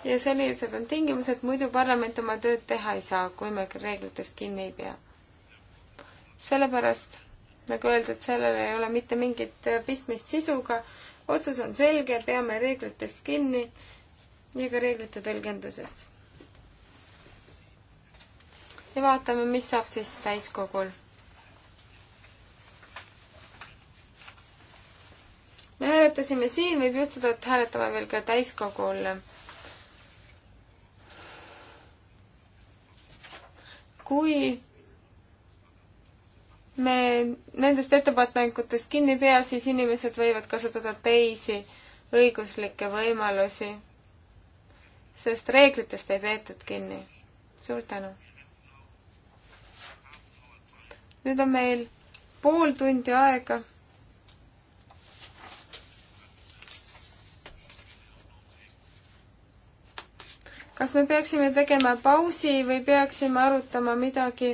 ja sellised on tingimused, muidu parlament oma tööd teha ei saa, kui me reeglitest kinni ei pea. sellepärast, nagu öeldud, sellel ei ole mitte mingit pistmist sisuga, otsus on selge, peame reeglitest kinni ja ka reeglite tõlgendusest. ja vaatame, mis saab siis täiskogul me hääletasime siin, võib juhtuda, et hääletame veel ka täiskogul. kui me nendest ettepanekutest kinni pea, siis inimesed võivad kasutada teisi õiguslikke võimalusi, sest reeglitest ei peetud kinni. suur tänu! nüüd on meil pool tundi aega kas me peaksime tegema pausi või peaksime arutama midagi?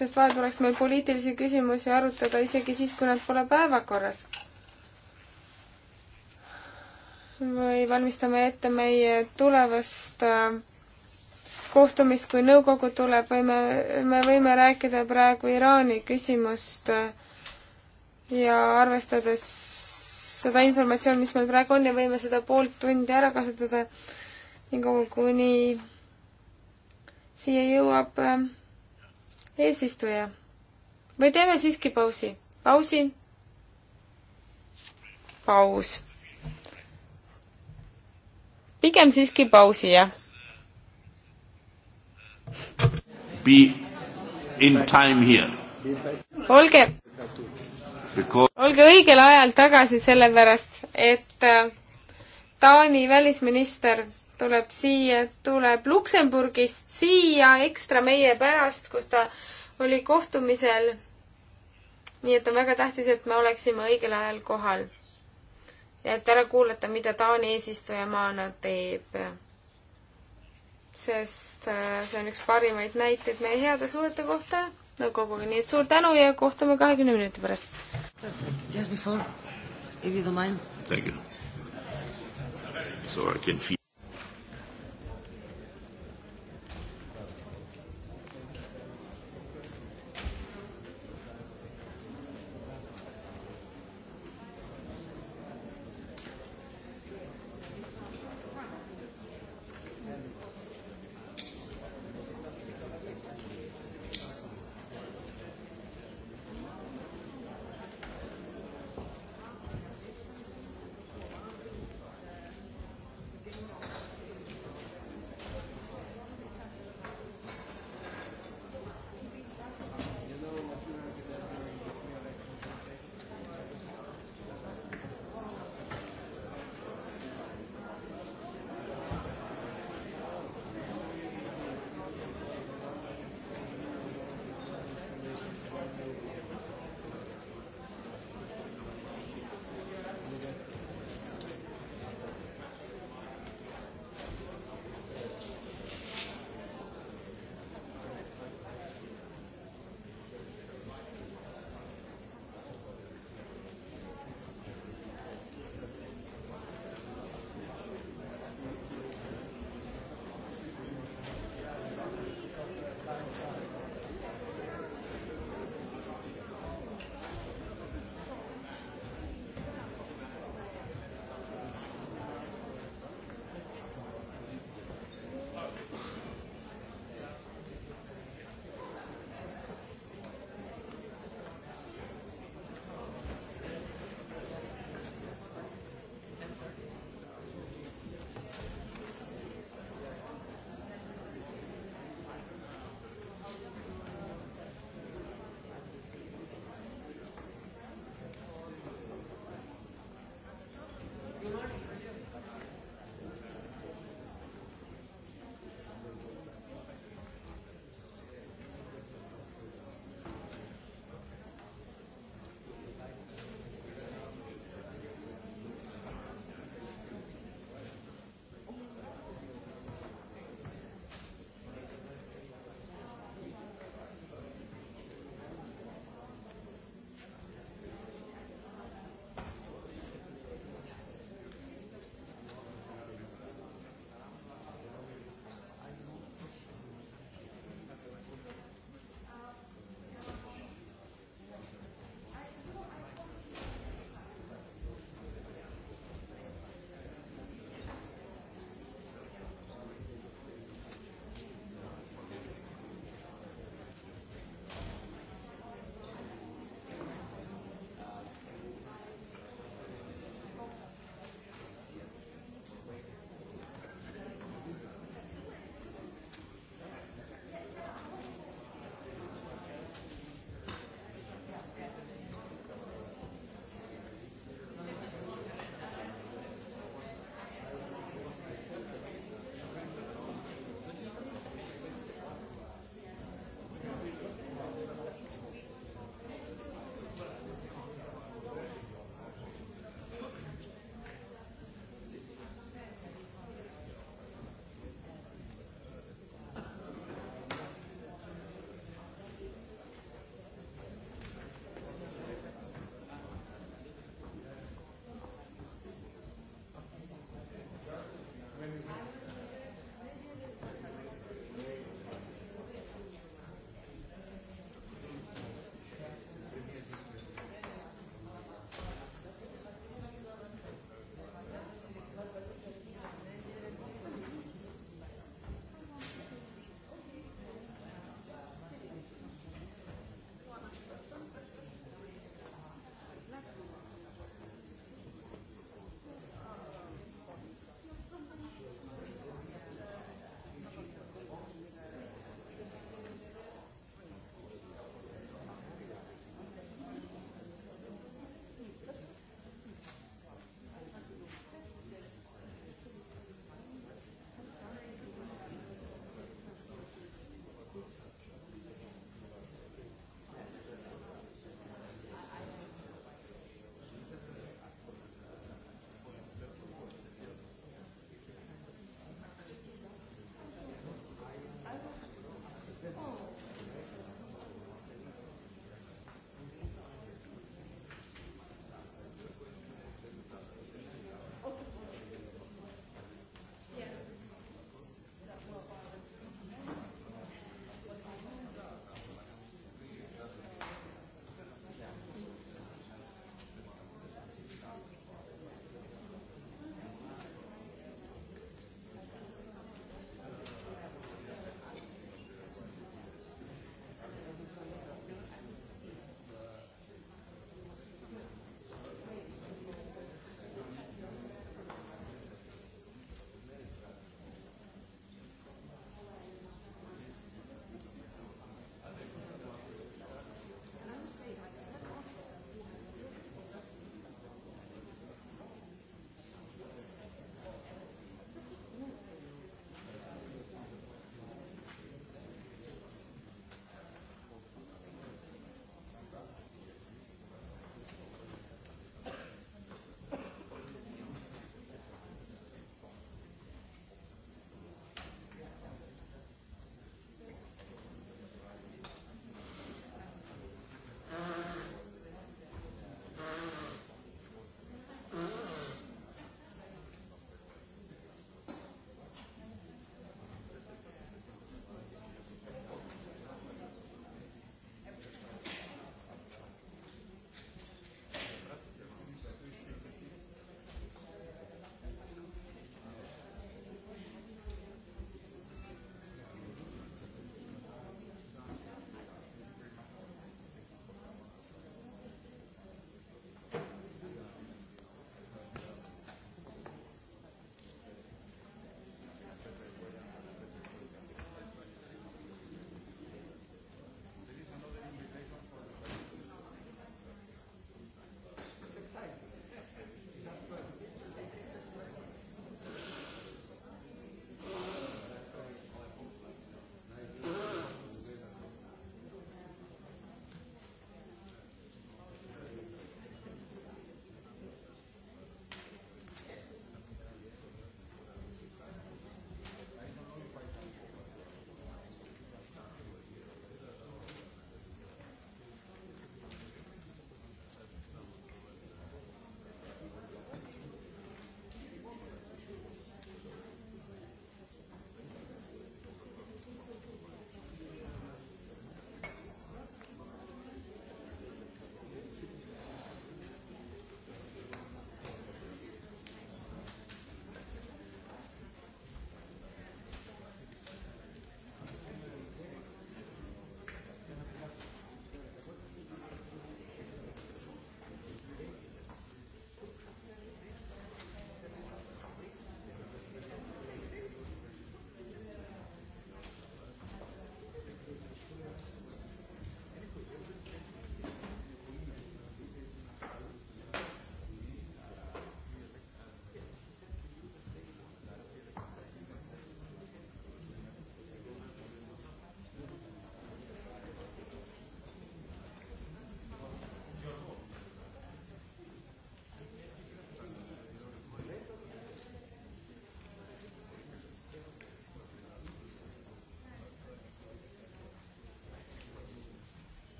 sest vahel tuleks meil poliitilisi küsimusi arutada isegi siis, kui nad pole päevakorras. või valmistame ette meie tulevast äh, kohtumist, kui nõukogu tuleb, võime, me võime rääkida praegu Iraani küsimust äh, ja arvestades seda informatsiooni, mis meil praegu on ja võime seda poolt tundi ära kasutada nii kaua, kuni siia jõuab äh, eesistuja. või teeme siiski pausi? pausi? paus. pigem siiski pausi, jah. Be in time here. olge olge õigel ajal tagasi, sellepärast et äh, Taani välisminister tuleb siia, tuleb Luksemburgist siia ekstra meie pärast, kus ta oli kohtumisel. nii et on väga tähtis, et me oleksime õigel ajal kohal. ja et ära kuulata, mida Taani eesistujamaana teeb. sest äh, see on üks parimaid näiteid meie heade suhete kohta nõukoguga, nii et suur tänu ja kohtume kahekümne minuti pärast. Just before, if you don't mind. Thank you. So I can feel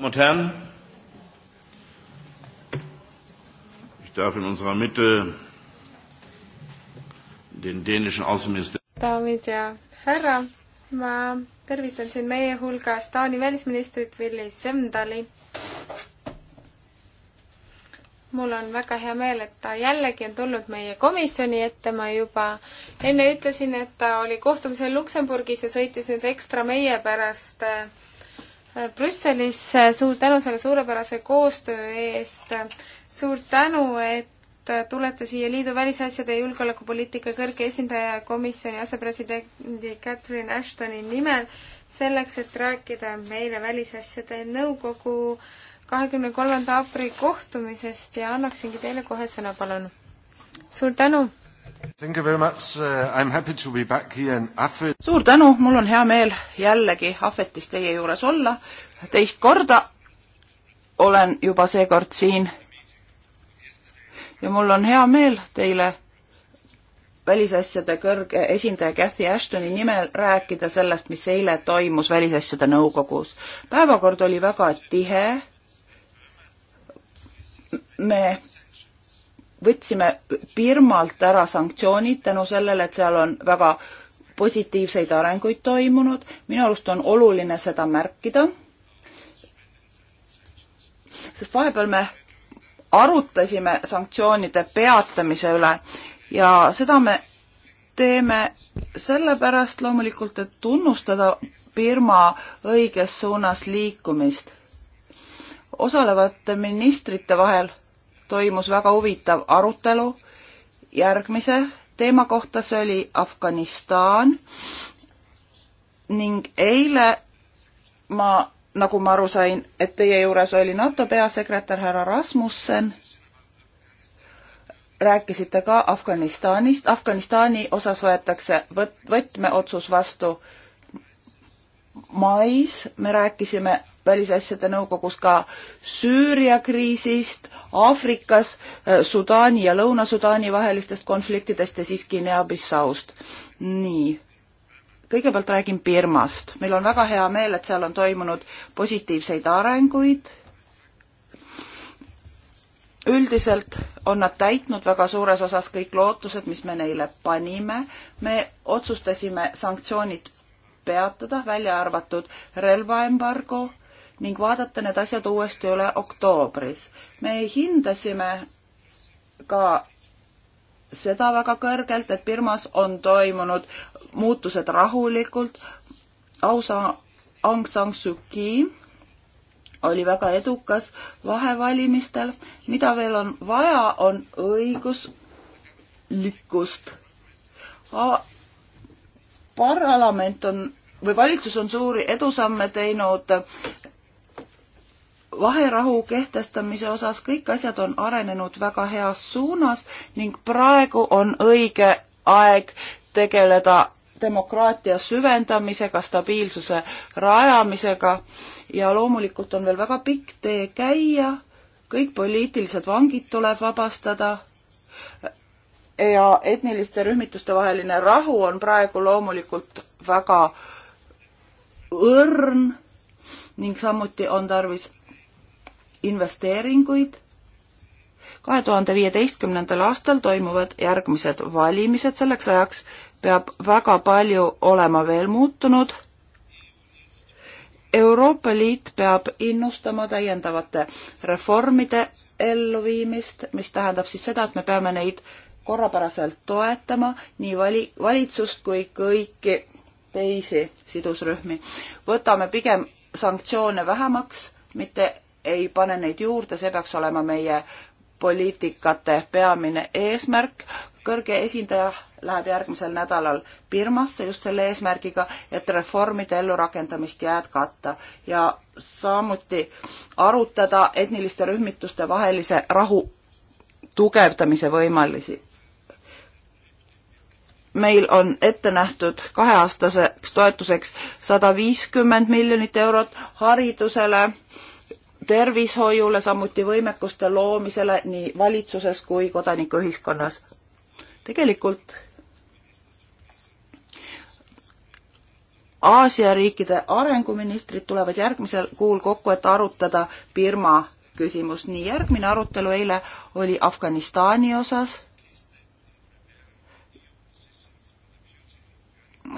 und Herren, ich darf in unserer Mitte den dänischen Außenminister. daamid ja härra, ma tervitan siin meie hulgas Taani välisministrit Willy Semdali. mul on väga hea meel, et ta jällegi on tulnud meie komisjoni ette, ma juba enne ütlesin, et ta oli kohtumisel Luksemburgis ja sõitis nüüd ekstra meie pärast äh, Brüsselisse, suur tänu selle suurepärase koostöö eest, suur tänu, et tulete siia liidu välisasjade ja julgeolekupoliitika kõrge esindaja komisjoni asepresidendi Catherine Ashtoni nimel selleks, et rääkida meile välisasjade nõukogu kahekümne kolmanda aprilli kohtumisest ja annaksingi teile kohe sõna, palun. suur tänu! Uh, suur tänu, mul on hea meel jällegi Ahvetis teie juures olla, teist korda olen juba seekord siin. ja mul on hea meel teile välisasjade kõrge esindaja Cathy Ashtoni nimel rääkida sellest, mis eile toimus Välisasjade Nõukogus. päevakord oli väga tihe. me võtsime Birmalt ära sanktsioonid tänu sellele, et seal on väga positiivseid arenguid toimunud. minu arust on oluline seda märkida. sest vahepeal me arutasime sanktsioonide peatamise üle ja seda me teeme sellepärast loomulikult, et tunnustada Birma õiges suunas liikumist. osalevate ministrite vahel toimus väga huvitav arutelu järgmise teema kohta, see oli Afganistan ning eile ma, nagu ma aru sain, et teie juures oli NATO peasekretär härra Rasmussen, rääkisite ka Afganistanist, Afganistani osas võetakse võt-, võtmeotsus vastu mais me rääkisime välisasjade nõukogus ka Süüria kriisist, Aafrikas, äh, Sudaani ja Lõuna-Sudaani vahelistest konfliktidest ja siis Guinea-Bissaust. nii, kõigepealt räägin Birmast. meil on väga hea meel, et seal on toimunud positiivseid arenguid. üldiselt on nad täitnud väga suures osas kõik lootused, mis me neile panime. me otsustasime sanktsioonid peatada, välja arvatud relvaembargo ning vaadata need asjad uuesti üle oktoobris. me hindasime ka seda väga kõrgelt, et Birmas on toimunud muutused rahulikult. ausa Aung San Suu Kyi oli väga edukas vahevalimistel. mida veel on vaja, on õiguslikkust. parlament on või valitsus on suuri edusamme teinud vaherahu kehtestamise osas, kõik asjad on arenenud väga heas suunas ning praegu on õige aeg tegeleda demokraatia süvendamisega, stabiilsuse rajamisega ja loomulikult on veel väga pikk tee käia, kõik poliitilised vangid tuleb vabastada ja etniliste rühmituste vaheline rahu on praegu loomulikult väga äh, õrn ning samuti on tarvis investeeringuid. kahe tuhande viieteistkümnendal aastal toimuvad järgmised valimised, selleks ajaks peab väga palju olema veel muutunud. Euroopa Liit peab innustama täiendavate reformide elluviimist, mis tähendab siis seda, et me peame neid korrapäraselt toetama nii vali, valitsust kui kõiki teisi sidusrühmi. võtame pigem sanktsioone vähemaks, mitte ei pane neid juurde, see peaks olema meie poliitikate peamine eesmärk. kõrge esindaja läheb järgmisel nädalal Birmasse just selle eesmärgiga, et reformide ellurakendamist jätkata ja samuti arutada etniliste rühmituste vahelise rahu tugevdamise võimalusi meil on ette nähtud kaheaastaseks toetuseks sada viiskümmend miljonit eurot haridusele, tervishoiule, samuti võimekuste loomisele nii valitsuses kui kodanikuühiskonnas. tegelikult Aasia riikide arenguministrid tulevad järgmisel kuul kokku, et arutada Birma küsimust. nii järgmine arutelu eile oli Afganistani osas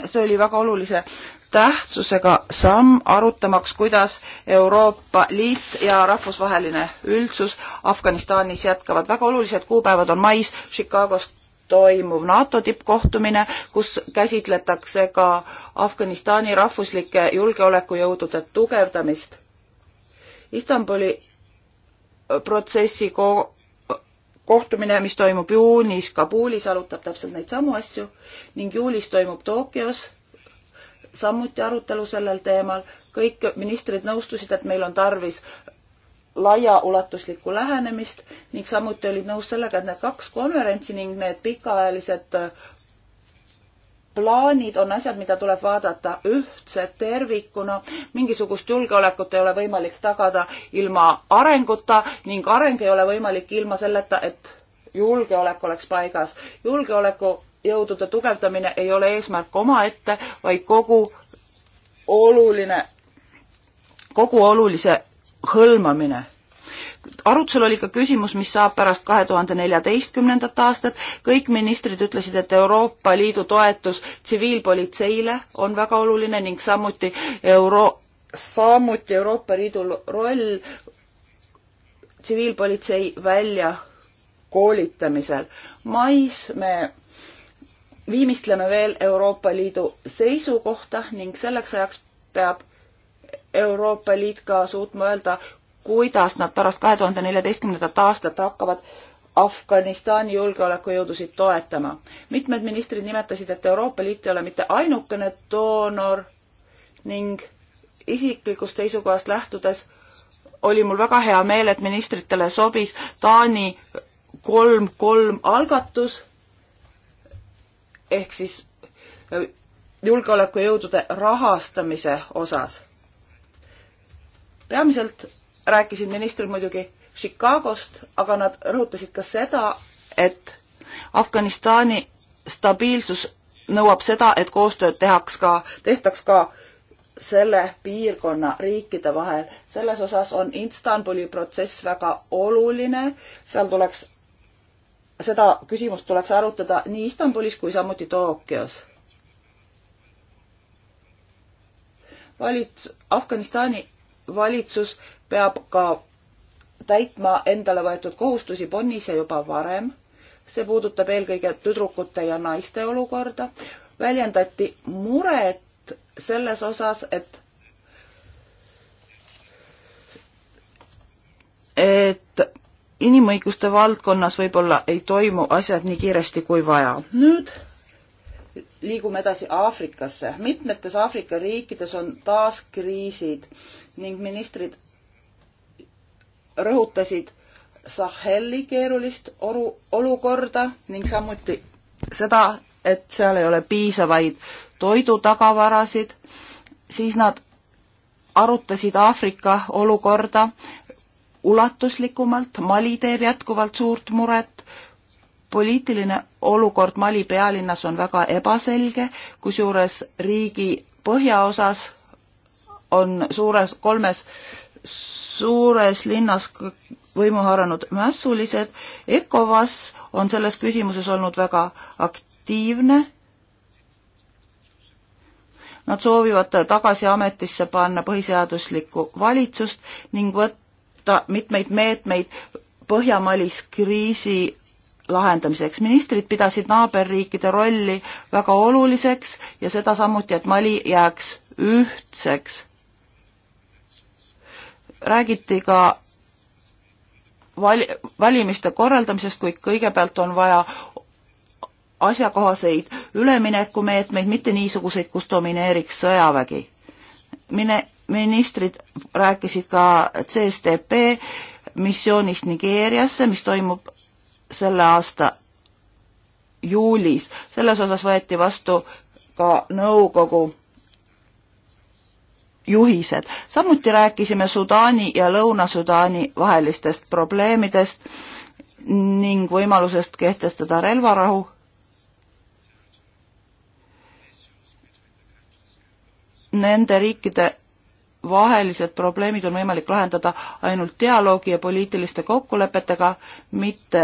see oli väga olulise tähtsusega samm arutamaks, kuidas Euroopa Liit ja rahvusvaheline üldsus Afganistanis jätkavad. väga olulised kuupäevad on mais Chicagos toimuv NATO tippkohtumine, kus käsitletakse ka Afganistani rahvuslike julgeolekujõudude tugevdamist. Istanbuli protsessi ko-, kohtumine, mis toimub juunis Kabulis, arutab täpselt neid samu asju ning juulis toimub Tokyos samuti arutelu sellel teemal. kõik ministrid nõustusid, et meil on tarvis laiaulatuslikku lähenemist ning samuti olid nõus sellega, et need kaks konverentsi ning need pikaajalised plaanid on asjad, mida tuleb vaadata ühtse tervikuna. mingisugust julgeolekut ei ole võimalik tagada ilma arenguta ning areng ei ole võimalik ilma selleta, et julgeolek oleks paigas. julgeolekujõudude tugevdamine ei ole eesmärk omaette, vaid kogu oluline, kogu olulise hõlmamine arutusel oli ka küsimus, mis saab pärast kahe tuhande neljateistkümnendat aastat. kõik ministrid ütlesid, et Euroopa Liidu toetus tsiviilpolitseile on väga oluline ning samuti euro, samuti Euroopa Liidu roll tsiviilpolitsei välja koolitamisel. mais me viimistleme veel Euroopa Liidu seisukohta ning selleks ajaks peab Euroopa Liit ka suutma öelda, kuidas nad pärast kahe tuhande neljateistkümnendat aastat hakkavad Afganistani julgeolekujõudusid toetama. mitmed ministrid nimetasid, et Euroopa Liit ei ole mitte ainukene doonor ning isiklikust seisukohast lähtudes oli mul väga hea meel, et ministritele sobis Taani kolm kolm algatus ehk siis äh, julgeolekujõudude rahastamise osas. peamiselt rääkisid ministrid muidugi Chicagost, aga nad rõhutasid ka seda, et Afganistani stabiilsus nõuab seda, et koostööd tehaks ka, tehtaks ka selle piirkonna riikide vahel. selles osas on Istanbuli protsess väga oluline, seal tuleks, seda küsimust tuleks arutada nii Istanbulis kui samuti Tokyos. valits-, Afganistani valitsus peab ka täitma endale võetud kohustusi Bonnis ja juba varem. see puudutab eelkõige tüdrukute ja naiste olukorda. väljendati muret selles osas, et et inimõiguste valdkonnas võib-olla ei toimu asjad nii kiiresti kui vaja. nüüd liigume edasi Aafrikasse. mitmetes Aafrika riikides on taas kriisid ning ministrid rõhutasid Saheli keerulist oru, olukorda ning samuti seda, et seal ei ole piisavaid toidutagavarasid, siis nad arutasid Aafrika olukorda ulatuslikumalt, Mali teeb jätkuvalt suurt muret, poliitiline olukord Mali pealinnas on väga ebaselge, kusjuures riigi põhjaosas on suures kolmes suures linnas võimu haaranud mässulised. ECOWAS on selles küsimuses olnud väga aktiivne. Nad soovivad tagasi ametisse panna põhiseaduslikku valitsust ning võtta mitmeid meetmeid Põhjamalis kriisi lahendamiseks. ministrid pidasid naaberriikide rolli väga oluliseks ja seda samuti, et Mali jääks ühtseks räägiti ka val-, valimiste korraldamisest, kuid kõigepealt on vaja asjakohaseid üleminekumeetmeid, mitte niisuguseid, kus domineeriks sõjavägi. mine, ministrid rääkisid ka CSTP missioonist Nigeeriasse, mis toimub selle aasta juulis. selles osas võeti vastu ka nõukogu juhised. samuti rääkisime Sudaani ja Lõuna-Sudaani vahelistest probleemidest ning võimalusest kehtestada relvarahu. Nende riikide vahelised probleemid on võimalik lahendada ainult dialoogi ja poliitiliste kokkulepetega, mitte,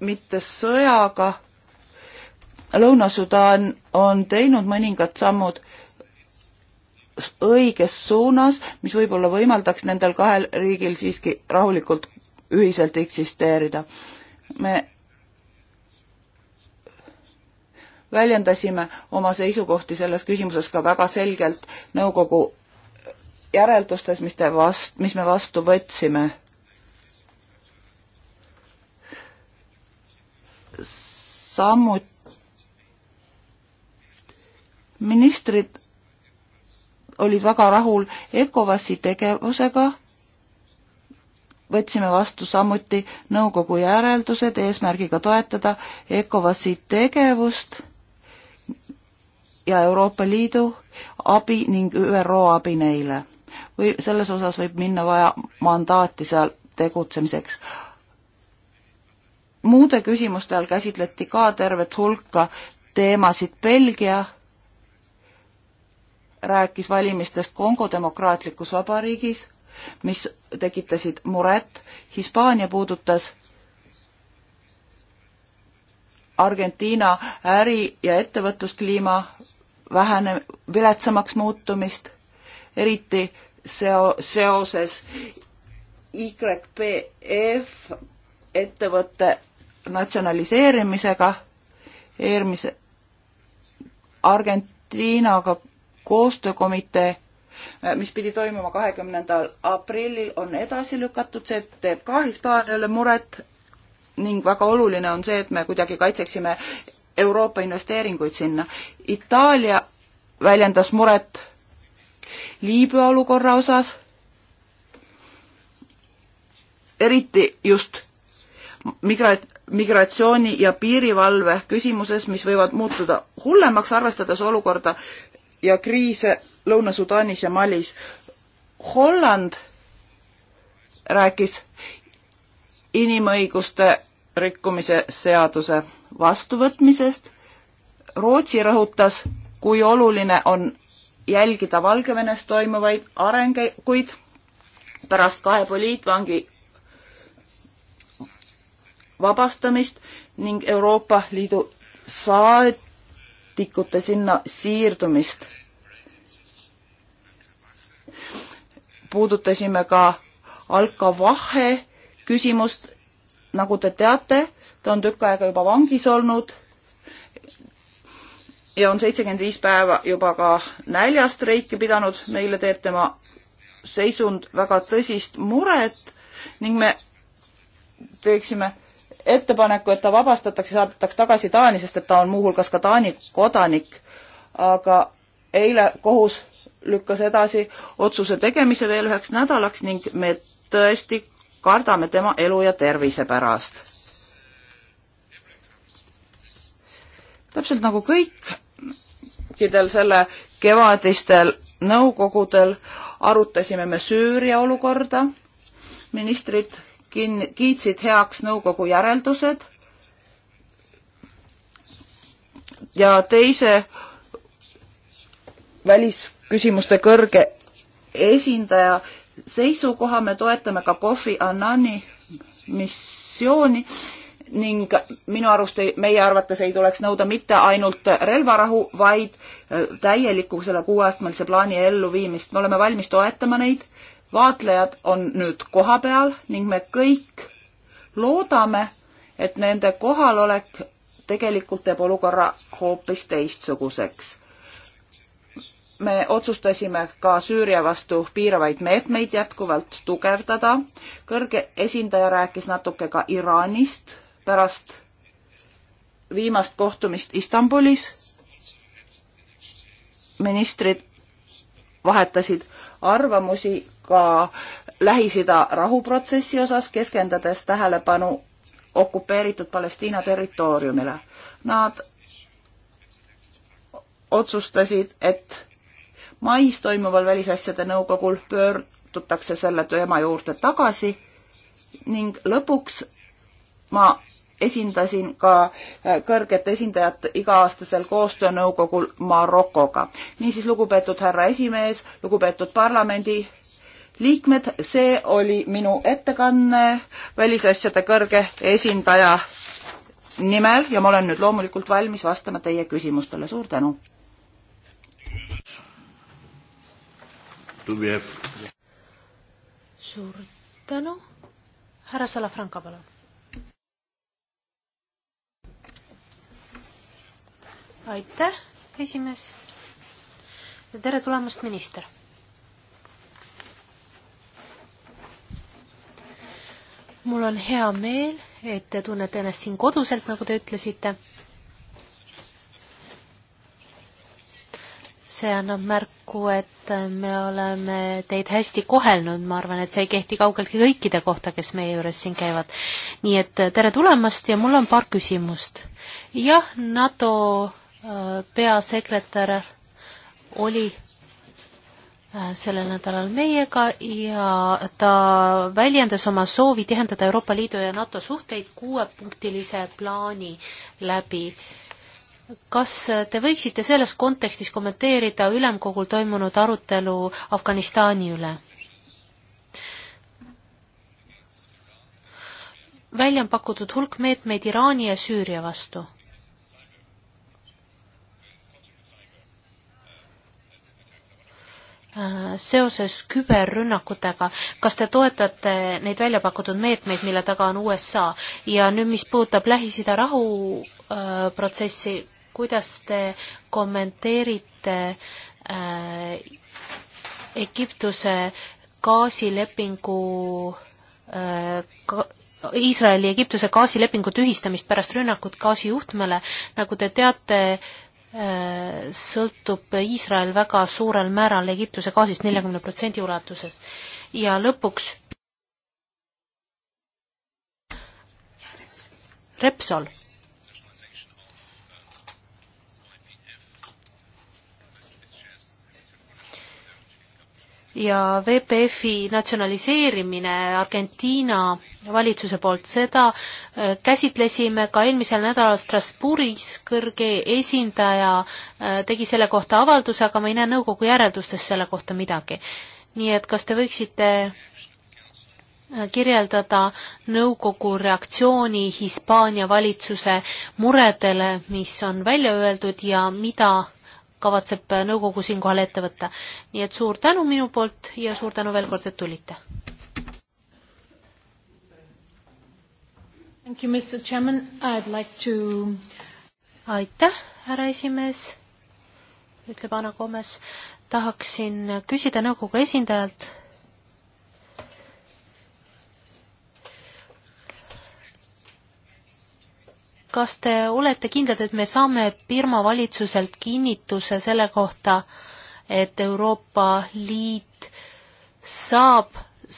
mitte sõjaga Lõuna-Sudaan on teinud mõningad sammud õiges suunas, mis võib-olla võimaldaks nendel kahel riigil siiski rahulikult ühiselt eksisteerida. me väljendasime oma seisukohti selles küsimuses ka väga selgelt nõukogu järeldustes, mis te vast-, mis me vastu võtsime. samuti ministrid olid väga rahul ECOWASi tegevusega, võtsime vastu samuti nõukogu järeldused eesmärgiga toetada ECOWASi tegevust ja Euroopa Liidu abi ning ÜRO abi neile. või selles osas võib minna vaja mandaati seal tegutsemiseks. muude küsimuste all käsitleti ka tervet hulka teemasid Belgia rääkis valimistest Kongo demokraatlikus vabariigis, mis tekitasid muret. Hispaania puudutas Argentiina äri- ja ettevõtluskliima vähene, viletsamaks muutumist, eriti seo-, seoses YPF ettevõtte natsionaliseerimisega, eelmise Argentiinaga koostöökomitee, mis pidi toimuma kahekümnendal aprillil, on edasi lükatud, see teeb ka Hispaaniale muret ning väga oluline on see, et me kuidagi kaitseksime Euroopa investeeringuid sinna. Itaalia väljendas muret Liibüa olukorra osas, eriti just migra-, migratsiooni ja piirivalve küsimuses, mis võivad muutuda hullemaks, arvestades olukorda ja kriise Lõuna-Sudaanis ja Malis. Holland rääkis inimõiguste rikkumise seaduse vastuvõtmisest. Rootsi rõhutas, kui oluline on jälgida Valgevenes toimuvaid arenguid pärast kahe poliitvangi vabastamist ning Euroopa Liidu saad poliitikute sinna siirdumist. puudutasime ka Alkavahe küsimust, nagu te teate, ta on tükk aega juba vangis olnud ja on seitsekümmend viis päeva juba ka näljastreiki pidanud, meile teeb tema seisund väga tõsist muret ning me teeksime ettepaneku, et ta vabastatakse, saadetakse tagasi Taani, sest et ta on muuhulgas ka Taani kodanik. aga eile kohus lükkas edasi otsuse tegemise veel üheks nädalaks ning me tõesti kardame tema elu ja tervise pärast. täpselt nagu kõikidel selle kevadistel nõukogudel arutasime me Süüria olukorda, ministrid kin-, kiitsid heaks nõukogu järeldused ja teise välisküsimuste kõrge esindaja seisukoha me toetame ka Kofi Annani missiooni ning minu arust ei, meie arvates ei tuleks nõuda mitte ainult relvarahu, vaid äh, täieliku selle kuueastmelise plaani elluviimist. me oleme valmis toetama neid vaatlejad on nüüd kohapeal ning me kõik loodame, et nende kohalolek tegelikult teeb olukorra hoopis teistsuguseks. me otsustasime ka Süüria vastu piiravaid meetmeid jätkuvalt tugevdada. kõrge esindaja rääkis natuke ka Iraanist pärast viimast kohtumist Istanbulis. ministrid vahetasid arvamusi ka Lähis-Ida rahuprotsessi osas, keskendades tähelepanu okupeeritud Palestiina territooriumile. Nad otsustasid, et mais toimuval välisasjade nõukogul pöördutakse selle teema juurde tagasi ning lõpuks ma esindasin ka äh, kõrget esindajat iga-aastasel koostöönõukogul Marokoga. niisiis, lugupeetud härra esimees, lugupeetud parlamendi liikmed, see oli minu ettekanne välisasjade kõrge esindaja nimel ja ma olen nüüd loomulikult valmis vastama teie küsimustele, suur tänu! suur tänu, härra Salafranca, palun! aitäh, esimees. ja tere tulemast, minister. mul on hea meel, et te tunnete ennast siin koduselt, nagu te ütlesite. see annab märku, et me oleme teid hästi kohelnud, ma arvan, et see ei kehti kaugeltki kõikide kohta, kes meie juures siin käivad. nii et tere tulemast ja mul on paar küsimust. jah, NATO Äh, peasekretär oli äh, sellel nädalal meiega ja ta väljendas oma soovi tihendada Euroopa Liidu ja NATO suhteid kuuepunktilise plaani läbi. kas te võiksite selles kontekstis kommenteerida ülemkogul toimunud arutelu Afganistani üle? välja on pakutud hulk meetmeid Iraani ja Süüria vastu Äh, seoses küberrünnakutega, kas te toetate neid välja pakutud meetmeid, mille taga on USA ja nüüd, mis puudutab Lähis-Ida rahuprotsessi äh,, kuidas te kommenteerite äh, Egiptuse gaasilepingu äh, ka, Iisraeli ja Egiptuse gaasilepingu tühistamist pärast rünnakut gaasijuhtmele, nagu te teate äh,, Äh, sõltub Iisrael väga suurel määral Egiptuse gaasist, neljakümne protsendi ulatuses. ja lõpuks Repsol. ja VPF-i natsionaliseerimine Argentiina valitsuse poolt, seda äh, käsitlesime ka eelmisel nädalal Strasbourgis, kõrge esindaja äh, tegi selle kohta avalduse, aga ma ei näe nõukogu järeldustes selle kohta midagi. nii et kas te võiksite äh, kirjeldada nõukogu reaktsiooni Hispaania valitsuse muredele, mis on välja öeldud ja mida kavatseb nõukogu siinkohal ette võtta. nii et suur tänu minu poolt ja suur tänu veel kord, et tulite! Like to... aitäh, härra esimees, ütleb Anna Komes. tahaksin küsida nõukogu esindajalt, kas te olete kindlad, et me saame Birma valitsuselt kinnituse selle kohta, et Euroopa Liit saab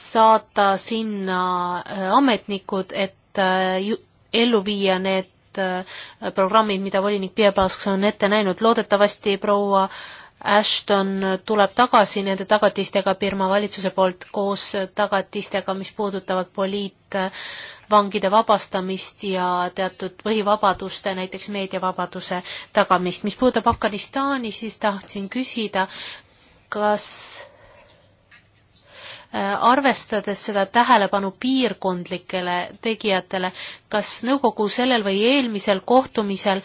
saata sinna äh, ametnikud, et Äh, ellu viia need äh, programmid, mida volinik Piebalsk on ette näinud. loodetavasti proua Ashton tuleb tagasi nende tagatistega Birma valitsuse poolt koos tagatistega, mis puudutavad poliitvangide vabastamist ja teatud põhivabaduste, näiteks meediavabaduse tagamist. mis puudutab Afganistani, siis tahtsin küsida, kas Äh, arvestades seda tähelepanu piirkondlikele tegijatele, kas nõukogu sellel või eelmisel kohtumisel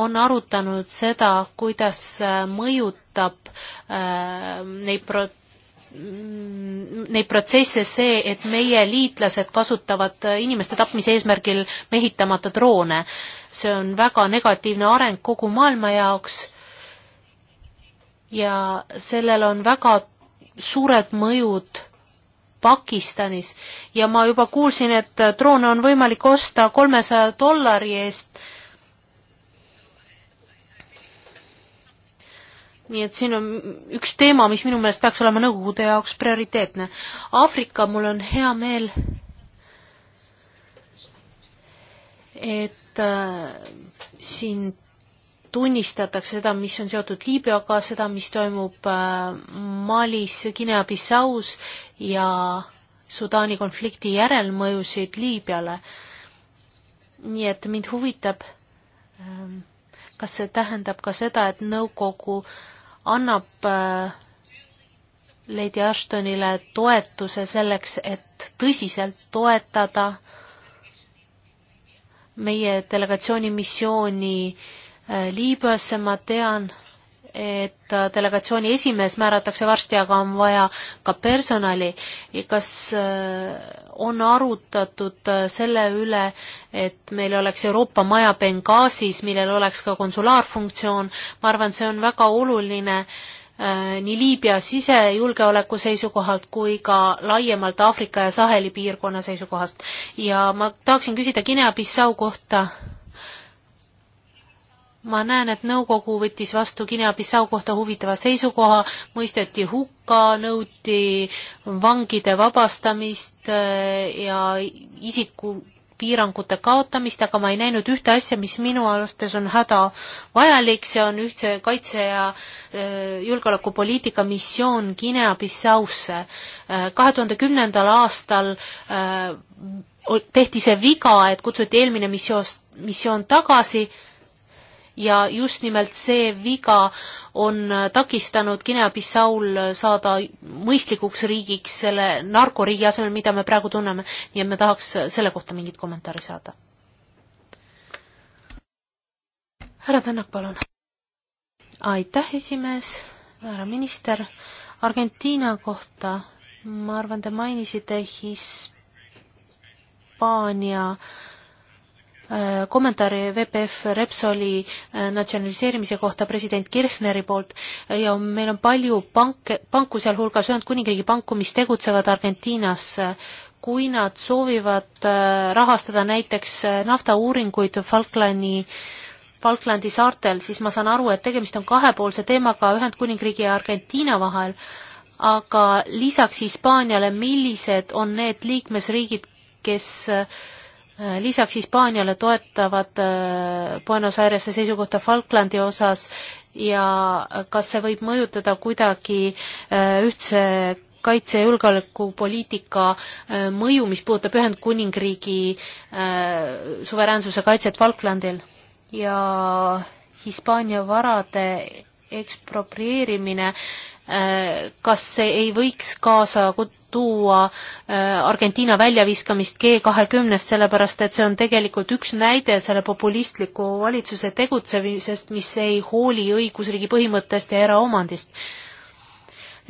on arutanud seda, kuidas äh, mõjutab äh, neid pro-, mm, neid protsesse see, et meie liitlased kasutavad inimeste tapmise eesmärgil mehitamata droone. see on väga negatiivne areng kogu maailma jaoks ja sellel on väga suured mõjud Pakistanis ja ma juba kuulsin, et droone on võimalik osta kolmesaja dollari eest. nii et siin on üks teema, mis minu meelest peaks olema Nõukogude jaoks prioriteetne. Aafrika, mul on hea meel, et äh, siin tunnistatakse seda, mis on seotud Liibüaga, seda, mis toimub äh, Malis, Guinea-Bissaus ja Sudaani konflikti järelmõjusid Liibiale. nii et mind huvitab, ähm, kas see tähendab ka seda, et nõukogu annab äh, Lady Ashtonile toetuse selleks, et tõsiselt toetada meie delegatsiooni missiooni äh, Liibüasse, ma tean, et äh, delegatsiooni esimees määratakse varsti, aga on vaja ka personali. kas äh, on arutatud äh, selle üle, et meil oleks Euroopa maja Benghazis, millel oleks ka konsulaarfunktsioon, ma arvan, see on väga oluline nii Liibüa sisejulgeoleku seisukohalt kui ka laiemalt Aafrika ja Saheli piirkonna seisukohast. ja ma tahaksin küsida Guinea-Bissau kohta ma näen, et nõukogu võttis vastu Guinea-Bissau kohta huvitava seisukoha, mõisteti hukka, nõuti vangide vabastamist eh, ja isikupiirangute kaotamist, aga ma ei näinud ühte asja, mis minu arvates on hädavajalik, see on ühtse kaitse- ja eh, julgeolekupoliitika missioon Guinea-Bissausse. Eh, kahe tuhande kümnendal aastal tehti see viga, et kutsuti eelmine missioon, missioon tagasi ja just nimelt see viga on takistanud Guinea-Bissaul saada mõistlikuks riigiks selle narkoriigi asemel, mida me praegu tunneme. nii et me tahaks selle kohta mingit kommentaari saada. härra Tänak, palun. aitäh, esimees, härra minister. Argentiina kohta, ma arvan, te mainisite Hispaania äh, Hispaania Äh, kommentaari VPF Repsoli äh, natsionaliseerimise kohta president Kirchneri poolt äh, ja meil on palju panke, panku, sealhulgas Ühendkuningriigi panku, mis tegutsevad Argentiinas. kui nad soovivad rahastada näiteks naftauuringuid Falklandi Falklandi saartel, siis ma saan aru, et tegemist on kahepoolse teemaga Ühendkuningriigi ja Argentiina vahel, aga lisaks Hispaaniale, millised on need liikmesriigid, kes äh, Äh, lisaks Hispaaniale toetavad äh, Buenos Airesse seisukohta Falklandi osas ja kas see võib mõjutada kuidagi äh, ühtse kaitse- ja julgeolekupoliitika mõju, mis puudutab Ühendkuningriigi suveräänsuse kaitset Falklandil ja Hispaania varade eksproprieerimine, kas see ei võiks kaasa tuua äh, Argentiina väljaviskamist G20-st, sellepärast et see on tegelikult üks näide selle populistliku valitsuse tegutsemisest, mis ei hooli õigusriigi põhimõttest ja eraomandist.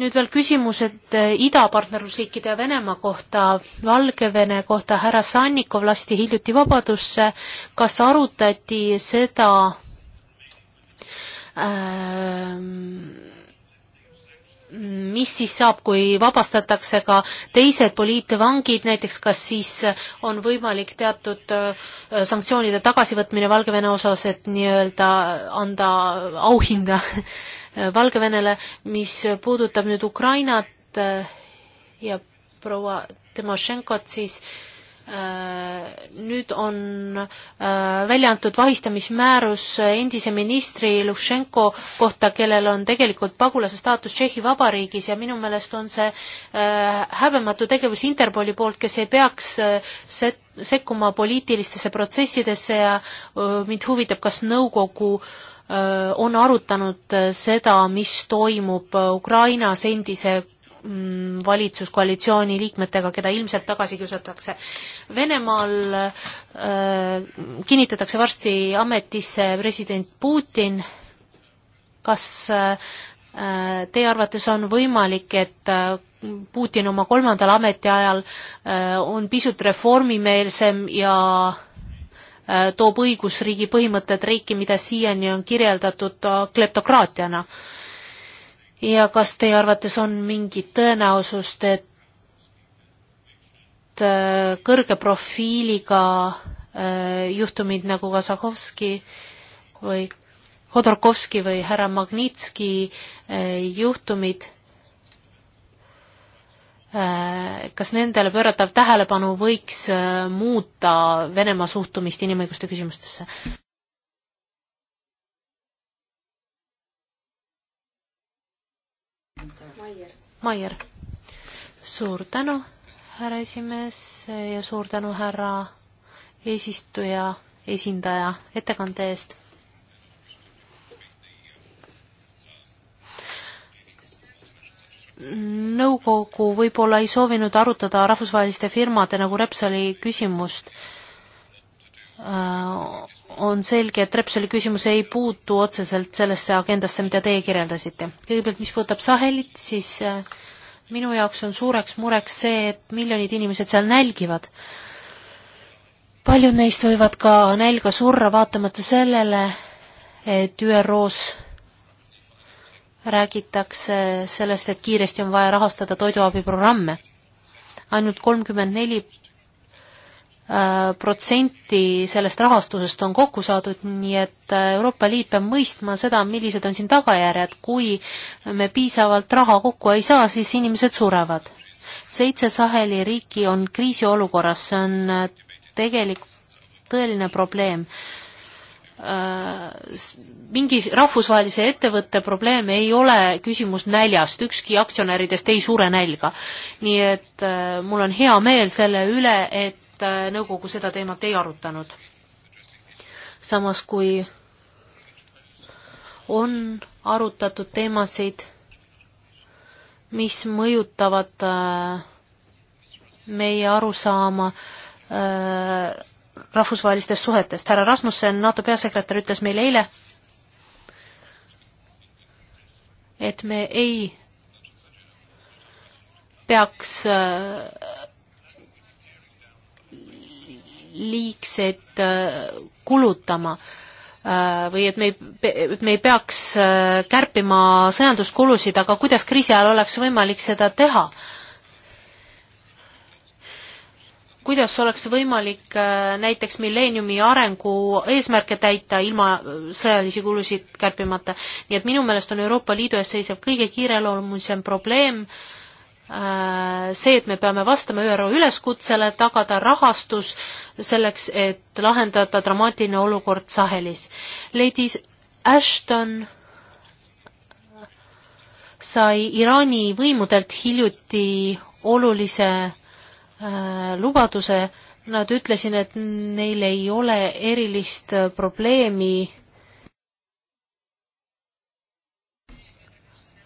nüüd veel küsimused äh, idapartnerlusriikide ja Venemaa kohta, Valgevene kohta, härra Sannikov lasti hiljuti vabadusse, kas arutati seda ähm, mis siis saab, kui vabastatakse ka teised poliitvangid, näiteks kas siis on võimalik teatud äh, sanktsioonide tagasivõtmine Valgevene osas, et nii-öelda anda auhinda Valgevenele, mis puudutab nüüd Ukrainat äh, ja proua Timošenkot, siis äh, Äh, nüüd on äh, välja antud vahistamismäärus endise ministri Lušenko kohta, kellel on tegelikult pagulase staatus Tšehhi Vabariigis ja minu meelest on see äh, häbematu tegevus Interpoli poolt, kes ei peaks se-, sekkuma poliitilistesse protsessidesse ja mind huvitab, kas nõukogu on arutanud seda, mis toimub Ukrainas endise Mm, valitsuskoalitsiooni liikmetega, keda ilmselt tagasi kiusatakse. Venemaal äh, kinnitatakse varsti ametisse president Putin, kas äh, teie arvates on võimalik, et äh, Putin oma kolmandal ametiajal äh, on pisut reformimeelsem ja äh, toob õigusriigi põhimõtted riiki, mida siiani on kirjeldatud kleptokraatiana äh,? ja kas teie arvates on mingit tõenäosust, et äh, kõrge profiiliga äh, juhtumid nagu Kasahovski või Hodorkovski või härra Magnitski äh, juhtumid, kas nendele pööratav tähelepanu võiks muuta Venemaa suhtumist inimõiguste küsimustesse? Maier. suur tänu, härra esimees ja suur tänu, härra eesistuja, esindaja ettekande eest. nõukogu võib-olla ei soovinud arutada rahvusvaheliste firmade nagu Repsoli küsimust äh, on selge, et Repsoli küsimus ei puutu otseselt sellesse agendasse, mida teie kirjeldasite. kõigepealt, mis puudutab Sahelit, siis äh, minu jaoks on suureks mureks see, et miljonid inimesed seal nälgivad. paljud neist võivad ka nälga surra, vaatamata sellele, et ÜRO-s räägitakse sellest, et kiiresti on vaja rahastada toiduabiprogramme ainult. ainult kolmkümmend neli Äh, protsenti sellest rahastusest on kokku saadud, nii et äh, Euroopa Liit peab mõistma seda, millised on siin tagajärjed, kui me piisavalt raha kokku ei saa, siis inimesed surevad. seitse Saheli riiki on kriisiolukorras, see on äh, tegelik, tõeline probleem. Mingi rahvusvahelise ettevõtte probleem ei ole küsimus näljast, ükski aktsionäridest ei sure nälga. nii et mul on hea meel selle üle, et et äh, nõukogu seda teemat ei arutanud. samas kui on arutatud teemasid, mis mõjutavad äh, meie arusaama äh, rahvusvahelistest suhetest. härra Rasmussen, NATO peasekretär, ütles meile eile, et me ei peaks liigset äh, kulutama äh, või et me ei, et me ei peaks äh, kärpima sõjanduskulusid, aga kuidas kriisi ajal oleks võimalik seda teha? kuidas oleks võimalik näiteks milleeniumi arengu eesmärke täita ilma sõjalisi kulusid kärpimata. nii et minu meelest on Euroopa Liidu ees seisev kõige kiireloomulisem probleem äh, Äh, see, et me peame vastama ÜRO üleskutsele, tagada rahastus selleks, et lahendada dramaatiline olukord Sahelis. Lady Ashton sai Iraani võimudelt hiljuti olulise äh, lubaduse, nad ütlesid, et neil ei ole erilist probleemi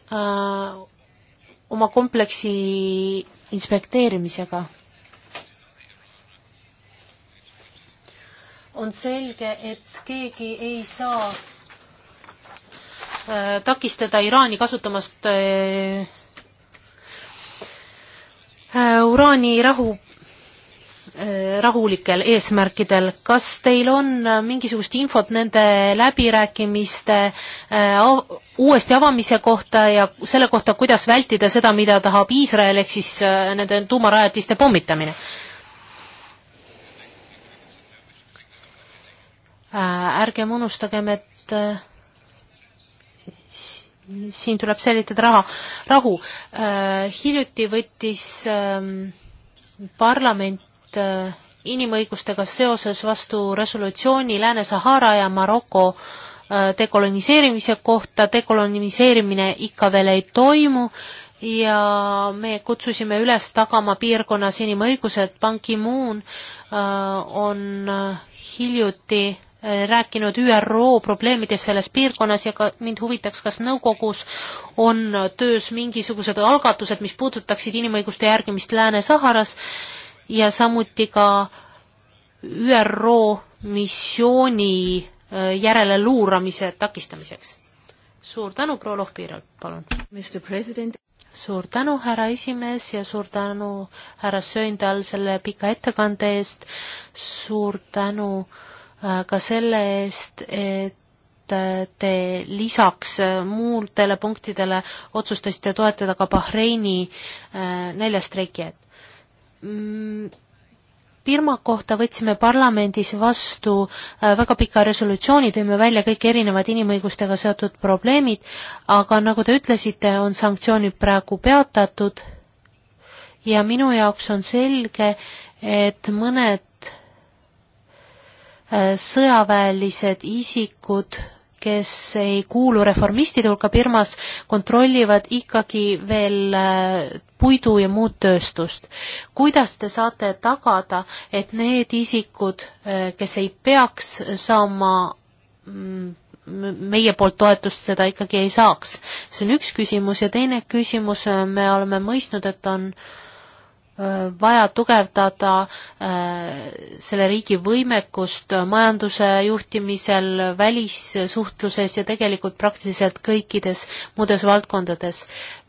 äh, oma kompleksi inspekteerimisega. on selge, et keegi ei saa äh, takistada Iraani kasutamast äh, äh uraani rahu Äh, rahulikel eesmärkidel. kas teil on äh, mingisugust infot nende läbirääkimiste äh, uuesti avamise kohta ja selle kohta, kuidas vältida seda, mida tahab Iisrael, ehk siis nende tuumarajatiste pommitamine? ärgem unustagem, et siin tuleb säilitada raha, rahu. hiljuti võttis ähm, parlament võtsid äh, inimõigustega seoses vastu resolutsiooni Lääne-Sahara ja Maroko äh, dekoloniseerimise kohta, dekoloniseerimine ikka veel ei toimu ja me kutsusime üles tagama piirkonnas inimõigused, Ban Ki-moon äh, on hiljuti rääkinud ÜRO probleemidest selles piirkonnas ja ka mind huvitaks, kas nõukogus on töös mingisugused algatused, mis puudutaksid inimõiguste järgimist Lääne-Saharas ja samuti ka ÜRO missiooni äh, järele luuramise takistamiseks. suur tänu, proua Lohpiirel, palun. suur tänu, härra esimees ja suur tänu, härra Sööndal, selle pika ettekande eest. suur tänu äh, ka selle eest, et äh, te lisaks muudele punktidele otsustasite toetada ka Bahreini neljastreikijat Birma mm, kohta võtsime parlamendis vastu äh, väga pika resolutsiooni, tõime välja kõik erinevad inimõigustega seotud probleemid, aga nagu te ütlesite, on sanktsioonid praegu peatatud ja minu jaoks on selge, et mõned äh, sõjaväelised isikud, kes ei kuulu reformistide hulka Birmas, kontrollivad ikkagi veel äh, puidu ja muud tööstust. kuidas te saate tagada, et need isikud, eh, kes ei peaks saama mm, meie poolt toetust, seda ikkagi ei saaks? see on üks küsimus ja teine küsimus, eh, me oleme mõistnud, et on eh, vaja tugevdada selle riigi võimekust majanduse juhtimisel, välissuhtluses ja tegelikult praktiliselt kõikides muudes valdkondades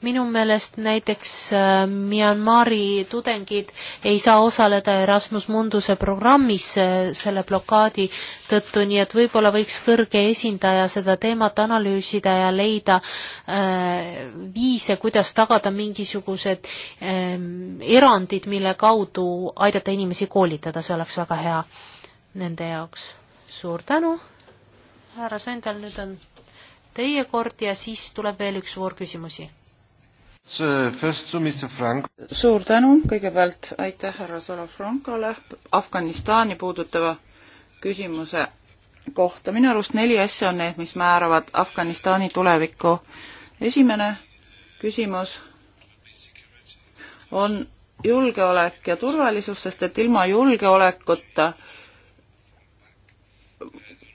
minu meelest näiteks äh, Myanmari tudengid ei saa osaleda Erasmus Munduse programmis äh, selle blokaadi tõttu, nii et võib-olla võiks kõrge esindaja seda teemat analüüsida ja leida äh, viise, kuidas tagada mingisugused erandid, mille kaudu aidata inimesi koolitada, see oleks väga hea nende jaoks. suur tänu, härra Sõndal, nüüd on teie kord ja siis tuleb veel üks voor küsimusi suur tänu, kõigepealt aitäh härra Solofrankole Afganistani puudutava küsimuse kohta. minu arust neli asja on need, mis määravad Afganistani tulevikku. esimene küsimus on julgeolek ja turvalisus, sest et ilma julgeolekuta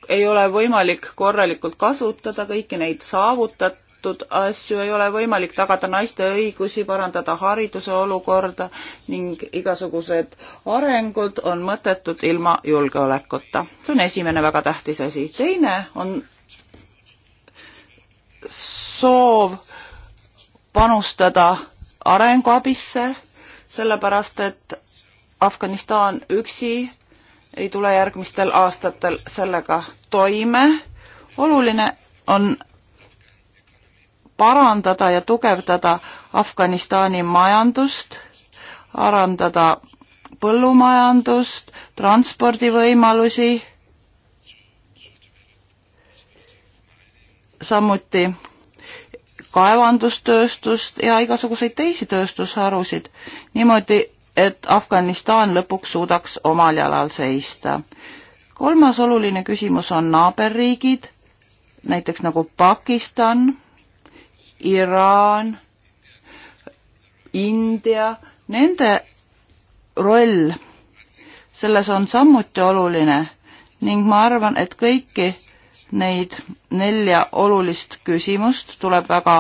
ei ole võimalik korralikult kasutada kõiki neid saavutat-, teatud asju ei ole võimalik tagada naiste õigusi, parandada hariduse olukorda ning igasugused arengud on mõttetud ilma julgeolekuta. see on esimene väga tähtis asi. teine on soov panustada arenguabisse, sellepärast et Afganistan üksi ei tule järgmistel aastatel sellega toime. oluline on parandada ja tugevdada Afganistani majandust, arendada põllumajandust, transpordivõimalusi, samuti kaevandustööstust ja igasuguseid teisi tööstusharusid, niimoodi, et Afganistan lõpuks suudaks omal jalal seista. kolmas oluline küsimus on naaberriigid, näiteks nagu Pakistan Iraan, India, nende roll selles on samuti oluline ning ma arvan, et kõiki neid nelja olulist küsimust tuleb väga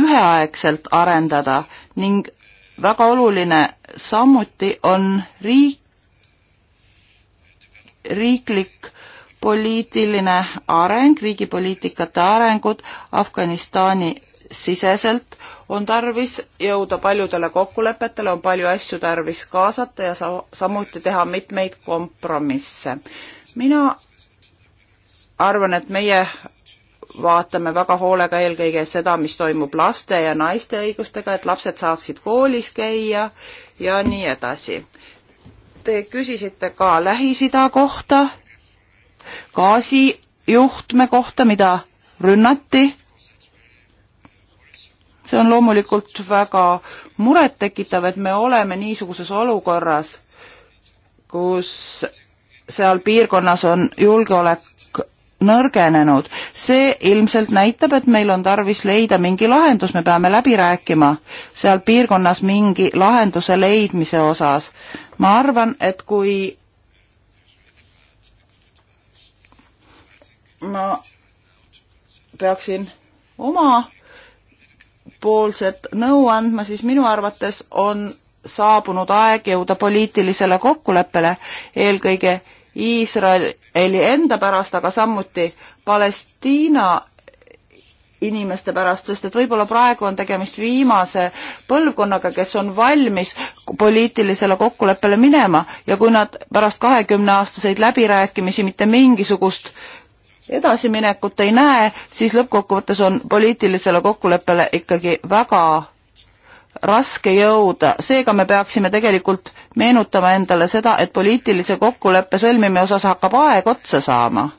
üheaegselt arendada ning väga oluline samuti on riik, riiklik poliitiline areng, riigipoliitikate arengud Afganistani siseselt on tarvis jõuda paljudele kokkulepetele, on palju asju tarvis kaasata ja sa-, samuti teha mitmeid kompromisse. mina arvan, et meie vaatame väga hoolega eelkõige seda, mis toimub laste ja naiste õigustega, et lapsed saaksid koolis käia ja nii edasi. Te küsisite ka Lähis-Ida kohta, gaasijuhtme kohta, mida rünnati see on loomulikult väga murettekitav, et me oleme niisuguses olukorras, kus seal piirkonnas on julgeolek nõrgenenud. see ilmselt näitab, et meil on tarvis leida mingi lahendus, me peame läbi rääkima seal piirkonnas mingi lahenduse leidmise osas. ma arvan, et kui ma peaksin oma poolset nõu andma, siis minu arvates on saabunud aeg jõuda poliitilisele kokkuleppele eelkõige Iisraeli enda pärast, aga samuti Palestiina inimeste pärast, sest et võib-olla praegu on tegemist viimase põlvkonnaga, kes on valmis poliitilisele kokkuleppele minema ja kui nad pärast kahekümne aastaseid läbirääkimisi mitte mingisugust edasiminekut ei näe, siis lõppkokkuvõttes on poliitilisele kokkuleppele ikkagi väga raske jõuda, seega me peaksime tegelikult meenutama endale seda, et poliitilise kokkuleppe sõlmime osas hakkab aeg otsa saama.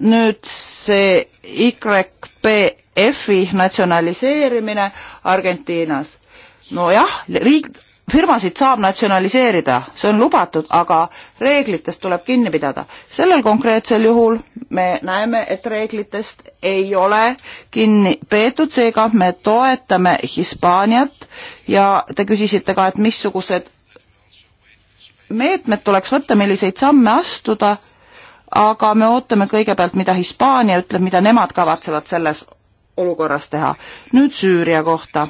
nüüd see YPF-i natsionaliseerimine Argentiinas. nojah, riik, firmasid saab natsionaliseerida, see on lubatud, aga reeglitest tuleb kinni pidada. sellel konkreetsel juhul me näeme, et reeglitest ei ole kinni peetud, seega me toetame Hispaaniat ja te küsisite ka, et missugused meetmed tuleks võtta, milliseid samme astuda, aga me ootame kõigepealt, mida Hispaania ütleb, mida nemad kavatsevad selles olukorras teha. nüüd Süüria kohta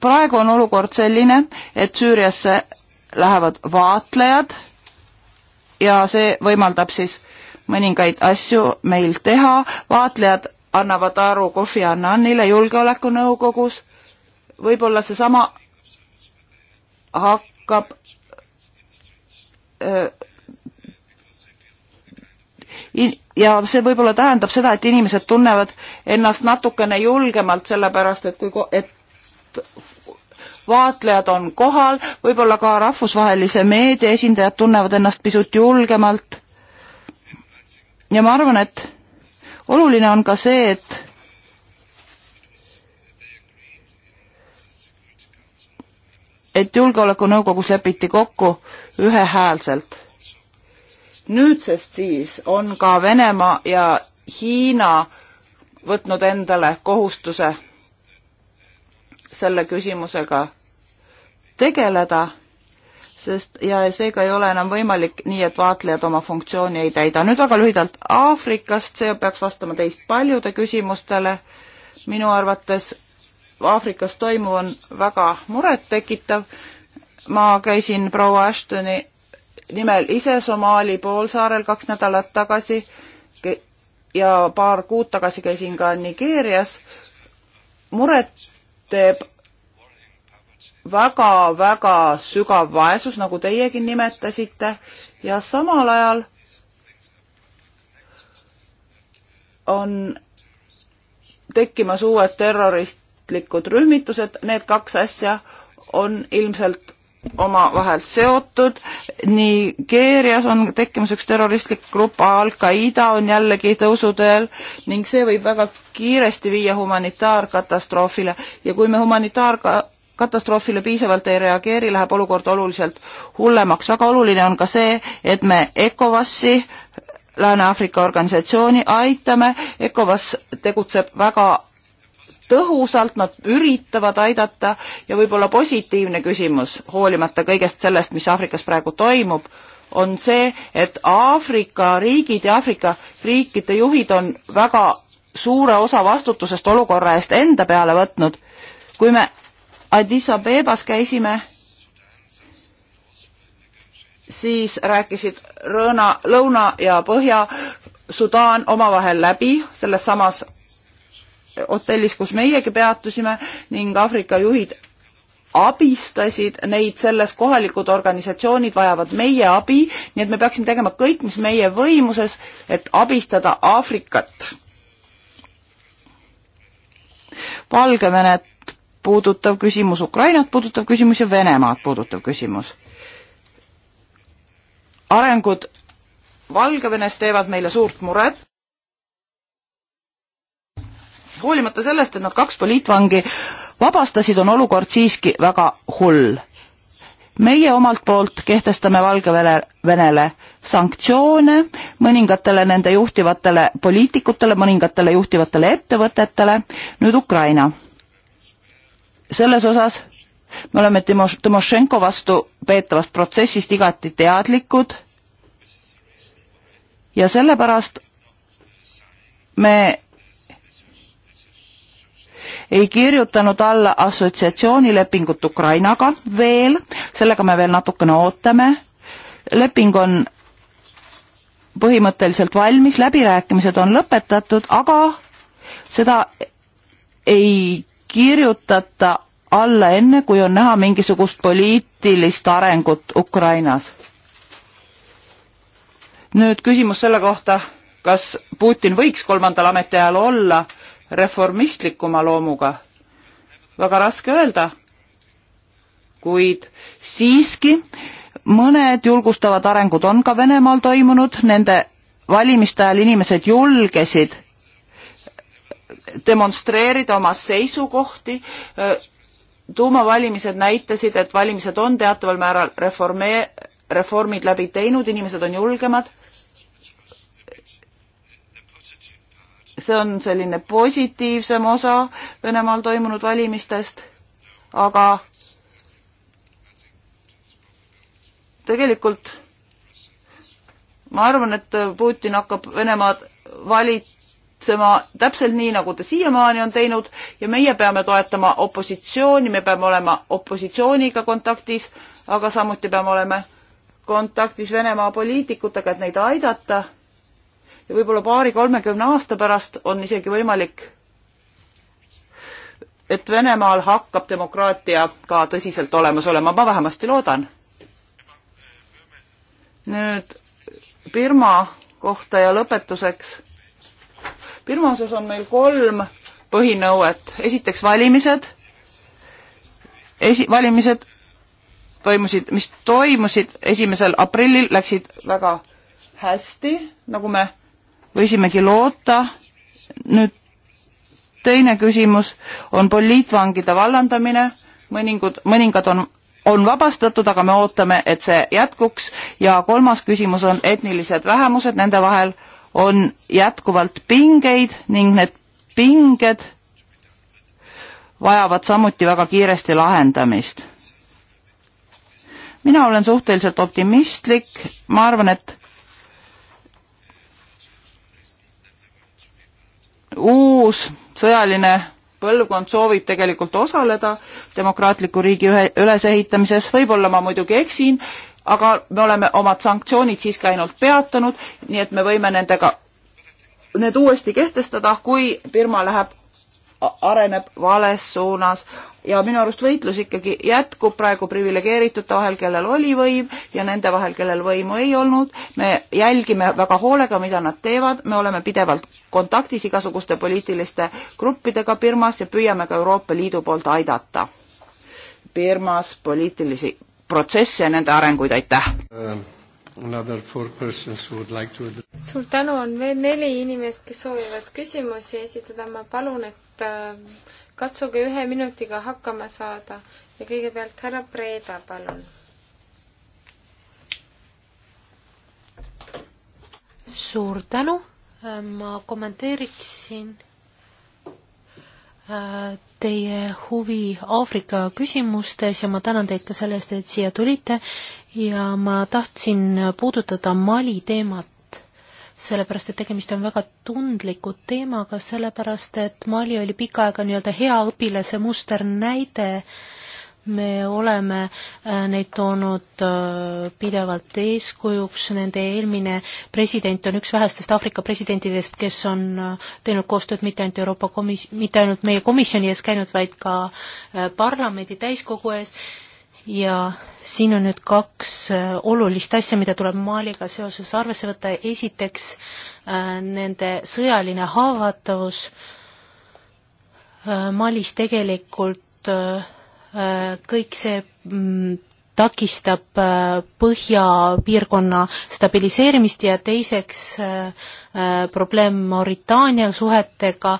praegu on olukord selline, et Süüriasse lähevad vaatlejad ja see võimaldab siis mõningaid asju meil teha. vaatlejad annavad aru Kofi Annanile julgeolekunõukogus. võib-olla seesama hakkab ja see võib-olla tähendab seda, et inimesed tunnevad ennast natukene julgemalt, sellepärast et kui, et vaatlejad on kohal, võib-olla ka rahvusvahelise meedia esindajad tunnevad ennast pisut julgemalt. ja ma arvan, et oluline on ka see, et et Julgeolekunõukogus lepiti kokku ühehäälselt. nüüdsest siis on ka Venemaa ja Hiina võtnud endale kohustuse selle küsimusega tegeleda, sest ja seega ei ole enam võimalik nii, et vaatlejad oma funktsiooni ei täida. nüüd väga lühidalt Aafrikast, see peaks vastama teist paljude küsimustele. minu arvates Aafrikas toimuv on väga murettekitav. ma käisin proua Ashtoni nimel ise Somaali poolsaarel kaks nädalat tagasi ja paar kuud tagasi käisin ka Nigeerias. muret teeb väga-väga sügav vaesus, nagu teiegi nimetasite, ja samal ajal on tekkimas uued terroristlikud rühmitused, need kaks asja on ilmselt omavahel seotud. Nigeerias on tekkimas üks terroristlik grupp, Al-Qaeda on jällegi tõusuteel ning see võib väga kiiresti viia humanitaarkatastroofile ja kui me humanitaarka-, katastroofile piisavalt ei reageeri, läheb olukord oluliselt hullemaks. väga oluline on ka see, et me ECOWAS-i Lääne-Aafrika organisatsiooni aitame, ECOWAS tegutseb väga tõhusalt, nad üritavad aidata ja võib-olla positiivne küsimus, hoolimata kõigest sellest, mis Aafrikas praegu toimub, on see, et Aafrika riigid ja Aafrika riikide juhid on väga suure osa vastutusest olukorra eest enda peale võtnud. kui me Addis Abebas käisime, siis rääkisid Rõõna, Lõuna ja Põhja-Sudaan omavahel läbi selles samas hotellis, kus meiegi peatusime ning Aafrika juhid abistasid neid selles, kohalikud organisatsioonid vajavad meie abi, nii et me peaksime tegema kõik, mis meie võimuses, et abistada Aafrikat. Valgevenet puudutav küsimus, Ukrainat puudutav küsimus ja Venemaad puudutav küsimus. arengud Valgevenes teevad meile suurt muret. hoolimata sellest, et nad kaks poliitvangi vabastasid, on olukord siiski väga hull. meie omalt poolt kehtestame Valgevene, Venele sanktsioone mõningatele nende juhtivatele poliitikutele, mõningatele juhtivatele ettevõtetele, nüüd Ukraina selles osas me oleme Timošenko vastu peetavast protsessist igati teadlikud ja sellepärast me ei kirjutanud alla assotsiatsioonilepingut Ukrainaga veel, sellega me veel natukene ootame. leping on põhimõtteliselt valmis, läbirääkimised on lõpetatud, aga seda ei kirjutata alla enne, kui on näha mingisugust poliitilist arengut Ukrainas. nüüd küsimus selle kohta, kas Putin võiks kolmandal ametiajal olla reformistlikuma loomuga? väga raske öelda, kuid siiski mõned julgustavad arengud on ka Venemaal toimunud, nende valimiste ajal inimesed julgesid demonstreerida oma seisukohti. Äh, tuumavalimised näitasid, et valimised on teataval määral reforme, reformid läbi teinud, inimesed on julgemad. see on selline positiivsem osa Venemaal toimunud valimistest, aga tegelikult ma arvan, et Putin hakkab Venemaad valit-, tegutsema täpselt nii, nagu ta siiamaani on teinud ja meie peame toetama opositsiooni, me peame olema opositsiooniga kontaktis, aga samuti peame olema kontaktis Venemaa poliitikutega, et neid aidata. ja võib-olla paari-kolmekümne aasta pärast on isegi võimalik, et Venemaal hakkab demokraatia ka tõsiselt olemas olema, ma vähemasti loodan. nüüd Birma kohta ja lõpetuseks Birma osas on meil kolm põhinõuet. esiteks valimised, esi-, valimised toimusid, mis toimusid esimesel aprillil, läksid väga hästi, nagu me võisimegi loota. nüüd teine küsimus on poliitvangide vallandamine, mõningud, mõningad on on vabastatud, aga me ootame, et see jätkuks ja kolmas küsimus on etnilised vähemused, nende vahel äh, on jätkuvalt pingeid ning need pinged vajavad samuti väga kiiresti lahendamist. mina olen suhteliselt optimistlik, ma arvan, et uus sõjaline põlvkond soovib tegelikult osaleda demokraatliku riigi ühe ülesehitamises, võib-olla ma muidugi eksin, aga me oleme omad sanktsioonid siiski ainult peatanud, nii et me võime nendega, need uuesti kehtestada, kui firma läheb, areneb vales suunas ja minu arust võitlus ikkagi jätkub praegu priviligeeritute vahel, kellel oli võim ja nende vahel, kellel võimu ei olnud. me jälgime väga hoolega, mida nad teevad, me oleme pidevalt kontaktis igasuguste poliitiliste gruppidega Birmas ja püüame ka Euroopa Liidu poolt aidata Birmas poliitilisi protsesse ja nende arenguid, aitäh! Um, like to... suur tänu, on veel neli inimest, kes soovivad küsimusi esitada, ma palun, et äh, katsuge ühe minutiga hakkama saada ja kõigepealt härra Preeda, palun. suur tänu, äh, ma kommenteeriksin teie huvi Aafrika küsimustes ja ma tänan teid ka selle eest, et siia tulite ja ma tahtsin puudutada Mali teemat, sellepärast et tegemist on väga tundliku teemaga, sellepärast et Mali oli pikka aega nii-öelda hea õpilase musternäide äh, me oleme äh, neid toonud äh, pidevalt eeskujuks, nende eelmine president on üks vähestest Aafrika presidentidest, kes on äh, teinud koostööd mitte ainult Euroopa komis-, mitte ainult meie komisjoni ees käinud, vaid ka parlamendi täiskogu ees, ja siin on nüüd kaks olulist asja, mida tuleb Maliga seoses arvesse võtta, esiteks nende sõjaline haavatavus, Malis tegelikult äh, Äh, kõik see mm, takistab äh, põhjapiirkonna stabiliseerimist ja teiseks äh, probleem Mauritaania suhetega,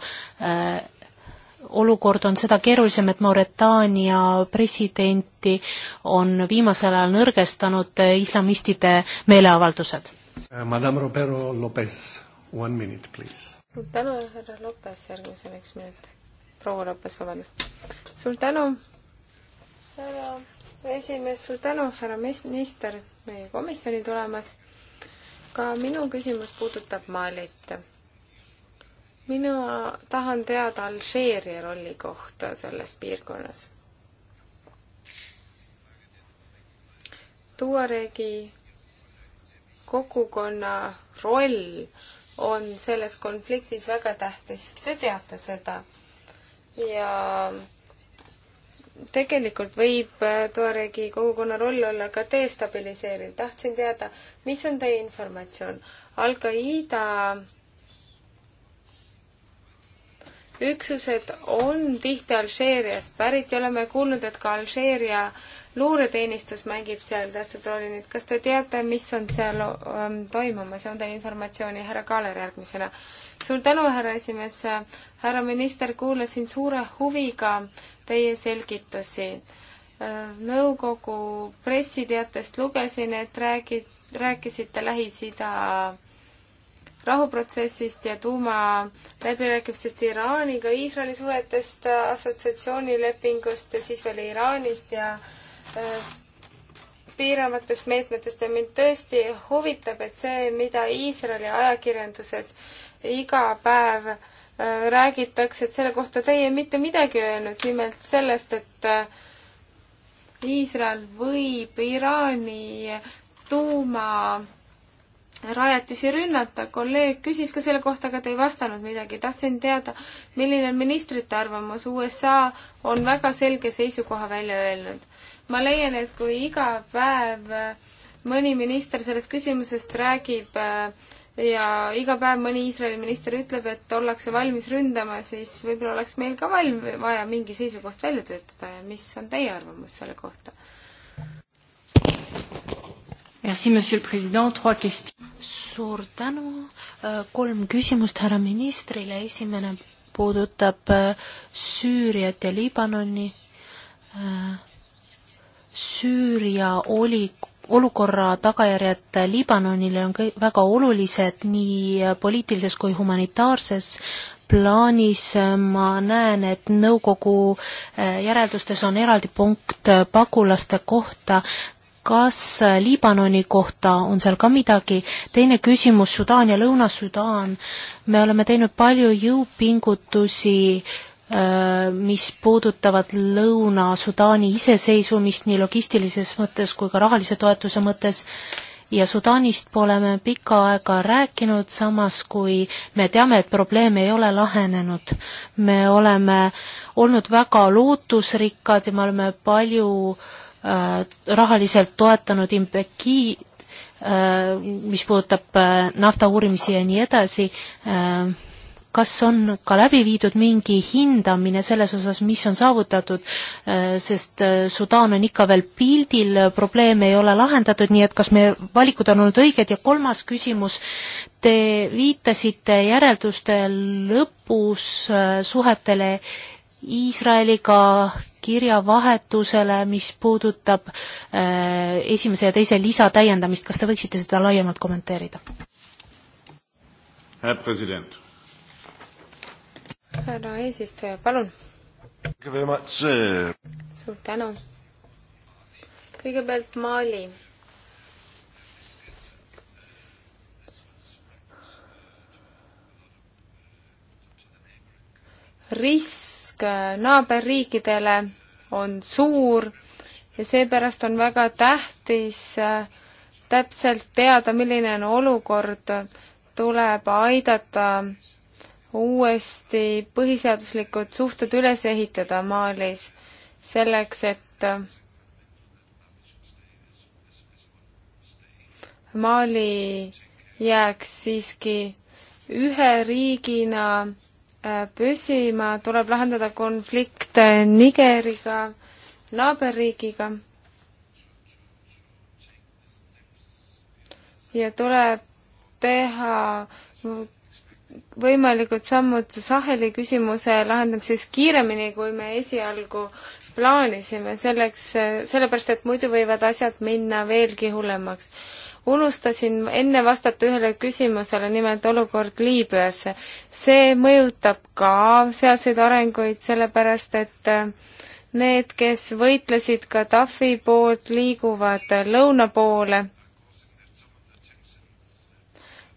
olukord on seda keerulisem, et Mauritaania presidenti on viimasel ajal nõrgestanud islamistide meeleavaldused. Madame Roberto Lopez, one minute, please. suur tänu, härra Lopez, järgmisena üks minut. proua Lopez, vabandust. suur tänu täna esimees, suur tänu, härra minister, meie komisjoni tulemast. ka minu küsimus puudutab Malit. mina tahan teada Alžeeria rolli kohta selles piirkonnas. Tuaregi kogukonna roll on selles konfliktis väga tähtis, te teate seda. ja tegelikult võib äh, Tuaregi kogukonna roll olla ka destabiliseeriv. tahtsin teada, mis on teie informatsioon? Al-Qaeda üksused on tihti Alžeeriast pärit ja oleme kuulnud, et ka Alžeeria äh, luureteenistus mängib seal tähtsat rolli, nii et kas te teate, mis on seal ähm, toimumas ja on teil informatsiooni, härra Kaaler järgmisena. suur tänu, härra esimees, härra minister, kuulasin suure huviga teie selgitusi. Äh, nõukogu pressiteatest lugesin, et räägi, rääkisite Lähis-Ida rahuprotsessist ja tuumaläbirääkimistest Iraaniga, Iisraeli suhetest, äh, assotsiatsioonilepingust ja siis veel Iraanist ja Äh, piiramatest meetmetest ja mind tõesti huvitab, et see, mida Iisraeli ajakirjanduses iga päev äh, räägitakse, et selle kohta teie mitte midagi öelnud, nimelt sellest, et äh, Iisrael võib Iraani tuuma rajatisi rünnata. kolleeg küsis ka selle kohta, aga te ei vastanud midagi. tahtsin teada, milline on ministrite arvamus. USA on väga selge seisukoha välja öelnud ma leian, et kui iga päev äh, mõni minister sellest küsimusest räägib äh, ja iga päev mõni Iisraeli minister ütleb, et ollakse valmis ründama, siis võib-olla oleks meil ka valm-, vaja mingi seisukoht välja töötada ja mis on teie arvamus selle kohta? Merci, monsieur le président, trois questions. suur tänu, äh, kolm küsimust härra ministrile, esimene puudutab Süüriat ja Liibanoni äh, Süüria oli olukorra tagajärjed Liibanonile on kõik väga olulised nii poliitilises kui humanitaarses plaanis ma näen, et nõukogu äh, järeldustes on eraldi punkt äh, pagulaste kohta. kas äh, Liibanoni kohta on seal ka midagi? teine küsimus, Sudaan ja Lõuna-Sudaan. me oleme teinud palju jõupingutusi äh, Äh, mis puudutavad Lõuna-Sudaani iseseisvumist nii logistilises mõttes kui ka rahalise toetuse mõttes ja Sudaanist pole me pikka aega rääkinud, samas kui me teame, et probleem ei ole lahenenud. me oleme olnud väga lootusrikkad ja me oleme palju äh, rahaliselt toetanud Imbeki äh,, mis puudutab äh, nafta uurimisi ja nii edasi äh,, kas on ka läbi viidud mingi hindamine selles osas, mis on saavutatud, äh, sest äh, Sudaan on ikka veel pildil, äh, probleeme ei ole lahendatud, nii et kas meie valikud on olnud õiged ja kolmas küsimus, te viitasite järelduste lõpus suhetele Iisraeliga kirjavahetusele, mis puudutab äh, esimese ja teise lisa täiendamist, kas te võiksite seda laiemalt kommenteerida? härra president härra eesistuja, palun. suur tänu. kõigepealt Mali. risk äh, naaberriikidele on suur ja seepärast on väga tähtis äh, täpselt teada, milline on olukord, tuleb aidata uuesti põhiseaduslikud suhted üles ehitada Malis selleks, et äh, Mali jääks siiski ühe riigina äh, püsima, tuleb lahendada konflikte äh, Nigeriga, naaberriigiga ja tuleb teha võimalikud sammud Saheli küsimuse lahendamises kiiremini, kui me esialgu plaanisime, selleks, sellepärast et muidu võivad asjad minna veelgi hullemaks. unustasin enne vastata ühele küsimusele, nimelt olukord Liibüas. see mõjutab ka sealseid arenguid, sellepärast et äh, need, kes võitlesid Gaddafi poolt, liiguvad lõuna poole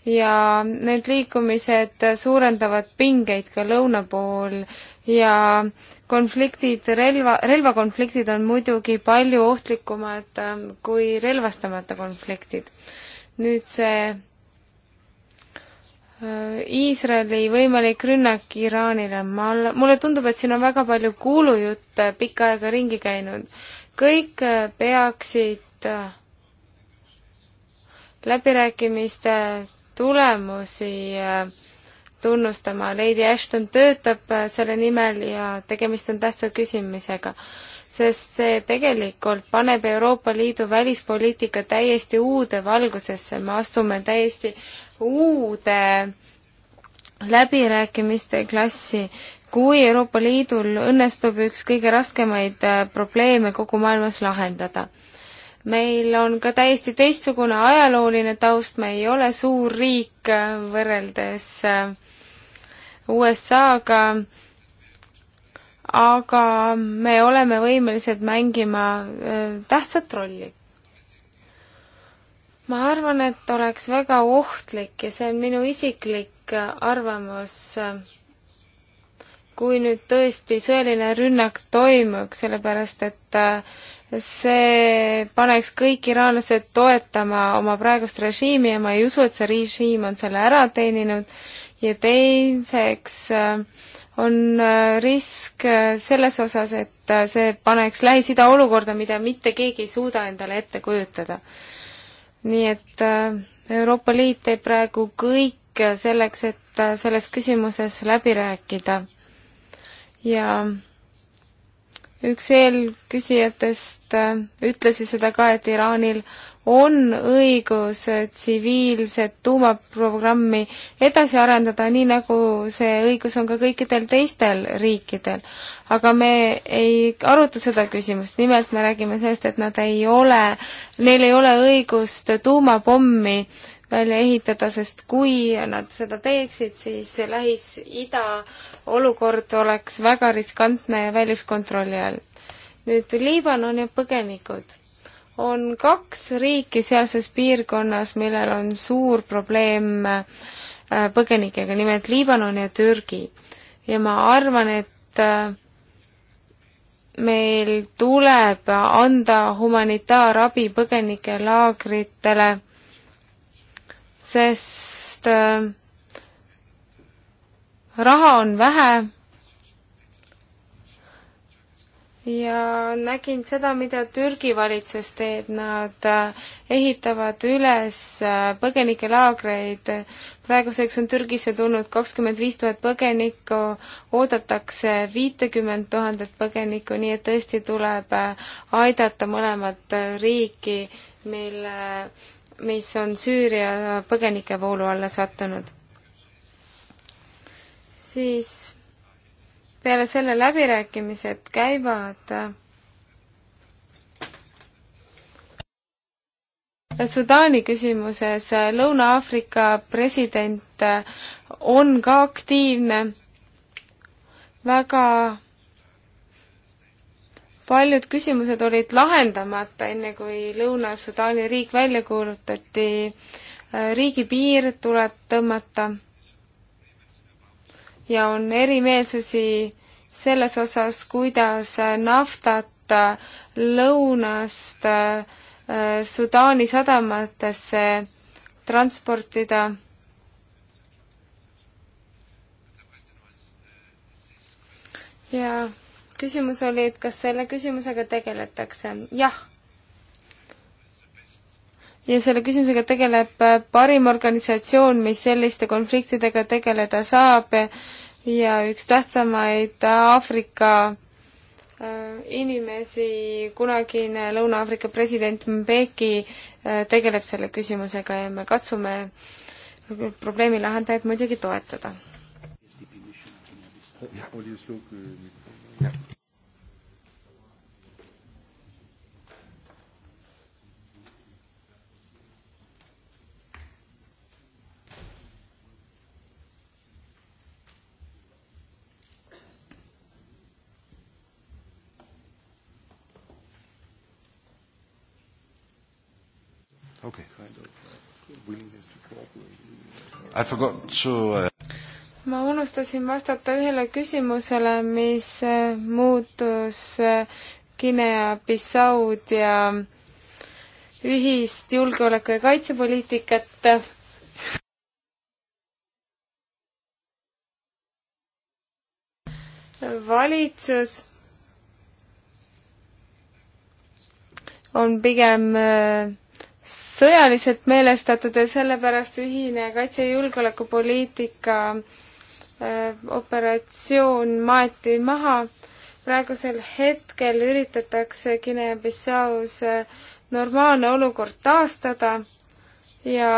ja need liikumised suurendavad pingeid ka lõuna pool ja konfliktid, relva, relvakonfliktid on muidugi palju ohtlikumad ähm, kui relvastamata konfliktid. nüüd see äh, Iisraeli võimalik rünnak Iraanile, ma, mulle tundub, et siin on väga palju kuulujutte pikka aega ringi käinud. kõik äh, peaksid äh, läbirääkimiste tulemusi äh, tunnustama. Lady Ashton töötab äh, selle nimel ja tegemist on tähtsa küsimisega, sest see tegelikult paneb Euroopa Liidu välispoliitika täiesti uude valgusesse, me astume täiesti uude läbirääkimiste klassi, kui Euroopa Liidul õnnestub üks kõige raskemaid äh, probleeme kogu maailmas lahendada meil on ka täiesti teistsugune ajalooline taust, me ei ole suur riik äh, võrreldes äh, USA-ga, aga me oleme võimelised mängima äh, tähtsat rolli. ma arvan, et oleks väga ohtlik ja see on minu isiklik arvamus, kui nüüd tõesti sõeline rünnak toimuks, sellepärast et see paneks kõik iraanlased toetama oma praegust režiimi ja ma ei usu, et see režiim on selle ära teeninud. ja teiseks äh, on äh, risk äh, selles osas, et see paneks Lähis-Ida olukorda, mida mitte keegi ei suuda endale ette kujutada. nii et Euroopa Liit teeb praegu kõik selleks, et selles küsimuses läbi rääkida ja üks eelküsijatest äh, ütles ju seda ka, et Iraanil on õigus tsiviilset tuumaprogrammi edasi arendada, nii nagu see õigus on ka kõikidel teistel riikidel. aga me ei aruta seda küsimust, nimelt me räägime sellest, et nad ei ole, neil ei ole õigust tuumapommi välja ehitada, sest kui nad seda teeksid, siis Lähis-Ida olukord oleks väga riskantne ja väliskontrolli all. nüüd Liibanon ja põgenikud. on kaks riiki sealses piirkonnas, millel on suur probleem äh, põgenikega, nimelt Liibanon ja Türgi. ja ma arvan, et äh, meil tuleb anda humanitaarabi põgenikelaagritele, sest äh, raha on vähe. ja nägin seda, mida Türgi valitsus teeb, nad äh, ehitavad üles äh, põgenikelaagreid. praeguseks on Türgisse tulnud kakskümmend viis tuhat põgenikku, oodatakse viitekümmet tuhandet põgenikku, nii et tõesti tuleb äh, aidata mõlemat riiki, mille, mis on Süüria põgenikevoolu alla sattunud siis peale selle läbirääkimised käivad äh, Sudaani küsimuses äh, Lõuna-Aafrika president äh, on ka aktiivne, väga paljud küsimused olid lahendamata, enne kui Lõuna-Sudaani riik välja kuulutati. riigipiir tuleb tõmmata ja on erimeelsusi selles osas, kuidas naftat lõunast äh, Sudaani sadamatesse transportida. ja küsimus oli, et kas selle küsimusega tegeletakse. jah ja selle küsimusega tegeleb äh, parim organisatsioon, mis selliste konfliktidega tegeleda saab ja üks tähtsamaid äh, Aafrika äh, inimesi, kunagine Lõuna-Aafrika president Mbeki tegeleb selle küsimusega ja me katsume probleemi lahendajaid muidugi toetada. jah, I forgot to uh, ma unustasin vastata ühele küsimusele, mis äh, muutus äh, Guinea-Bissaud ja ühist julgeoleku- ja kaitsepoliitikat. valitsus on pigem äh, sõjaliselt meelestatud ja sellepärast ühine kaitse- ja julgeolekupoliitika äh, operatsioon maeti maha. praegusel hetkel üritatakse Guinea-Bissaus äh, normaalne olukord taastada ja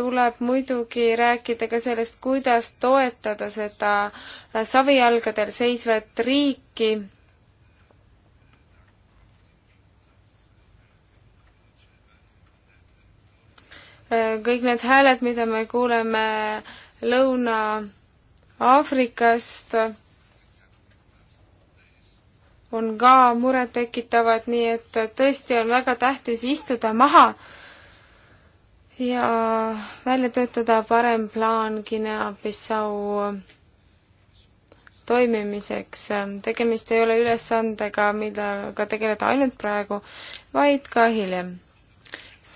tuleb muidugi rääkida ka sellest, kuidas toetada seda äh, savijalgadel seisvat riiki kõik need hääled, mida me kuuleme Lõuna-Aafrikast, on ka murettekitavad, nii et tõesti on väga tähtis istuda maha ja välja töötada parem plaan Guinea-Bissau toimimiseks. tegemist ei ole ülesandega, millega tegeleda ainult praegu, vaid ka hiljem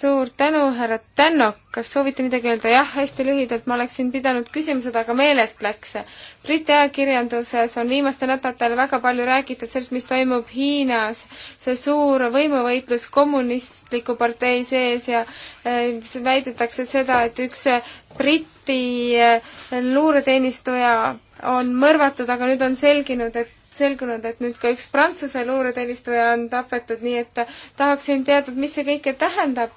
suur tänu, härra Tänno, kas soovite midagi öelda? jah, hästi lühidalt, ma oleksin pidanud küsima seda, aga meelest läks. Briti ajakirjanduses on viimastel nädalatel väga palju räägitud sellest, mis toimub Hiinas, see suur võimuvõitlus kommunistliku partei sees ja äh, väidetakse seda, et üks äh, Briti äh, luureteenistuja on mõrvatud, aga nüüd on selginud, et selgunud, et nüüd ka üks Prantsuse luureteenistuja on tapetud, nii et tahaksin teada, mis see kõike tähendab,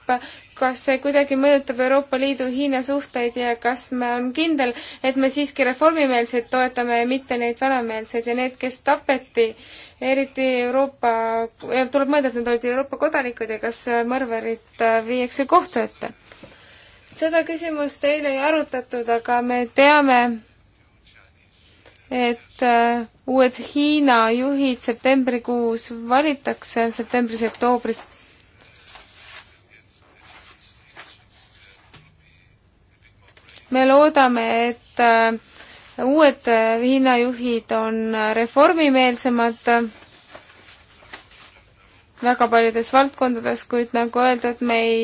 kas see kuidagi mõjutab Euroopa Liidu Hiina suhteid ja kas me on kindel, et me siiski reformimeelseid toetame ja mitte neid vanameelseid ja need, kes tapeti, eriti Euroopa, tuleb mõelda, et nad olid Euroopa kodanikud ja kas mõrvarid äh, viiakse kohtu ette? seda küsimust eile ei arutatud, aga me teame, et äh, uued Hiina juhid septembrikuus valitakse, septembris ja oktoobris. me loodame, et äh, uued äh, Hiina juhid on reformimeelsemad väga paljudes valdkondades, kuid nagu öeldud, me ei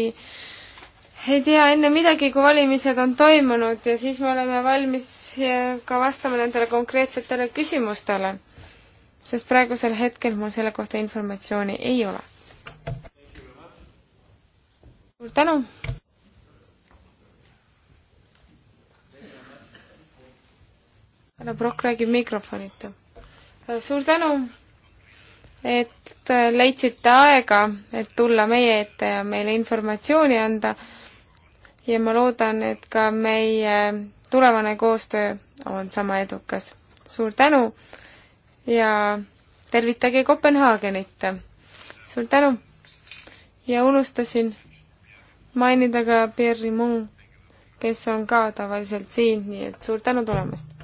ei tea enne midagi, kui valimised on toimunud ja siis me oleme valmis ka vastama nendele konkreetsetele küsimustele. sest praegusel hetkel mul selle kohta informatsiooni ei ole. suur tänu! härra Prokk räägib mikrofonita. suur tänu, et leidsite aega, et tulla meie ette ja meile informatsiooni anda ja ma loodan, et ka meie tulevane koostöö on sama edukas. suur tänu ja tervitage Kopenhaagenit! suur tänu! ja unustasin mainida ka Pierre Rimont, kes on ka tavaliselt siin, nii et suur tänu tulemast!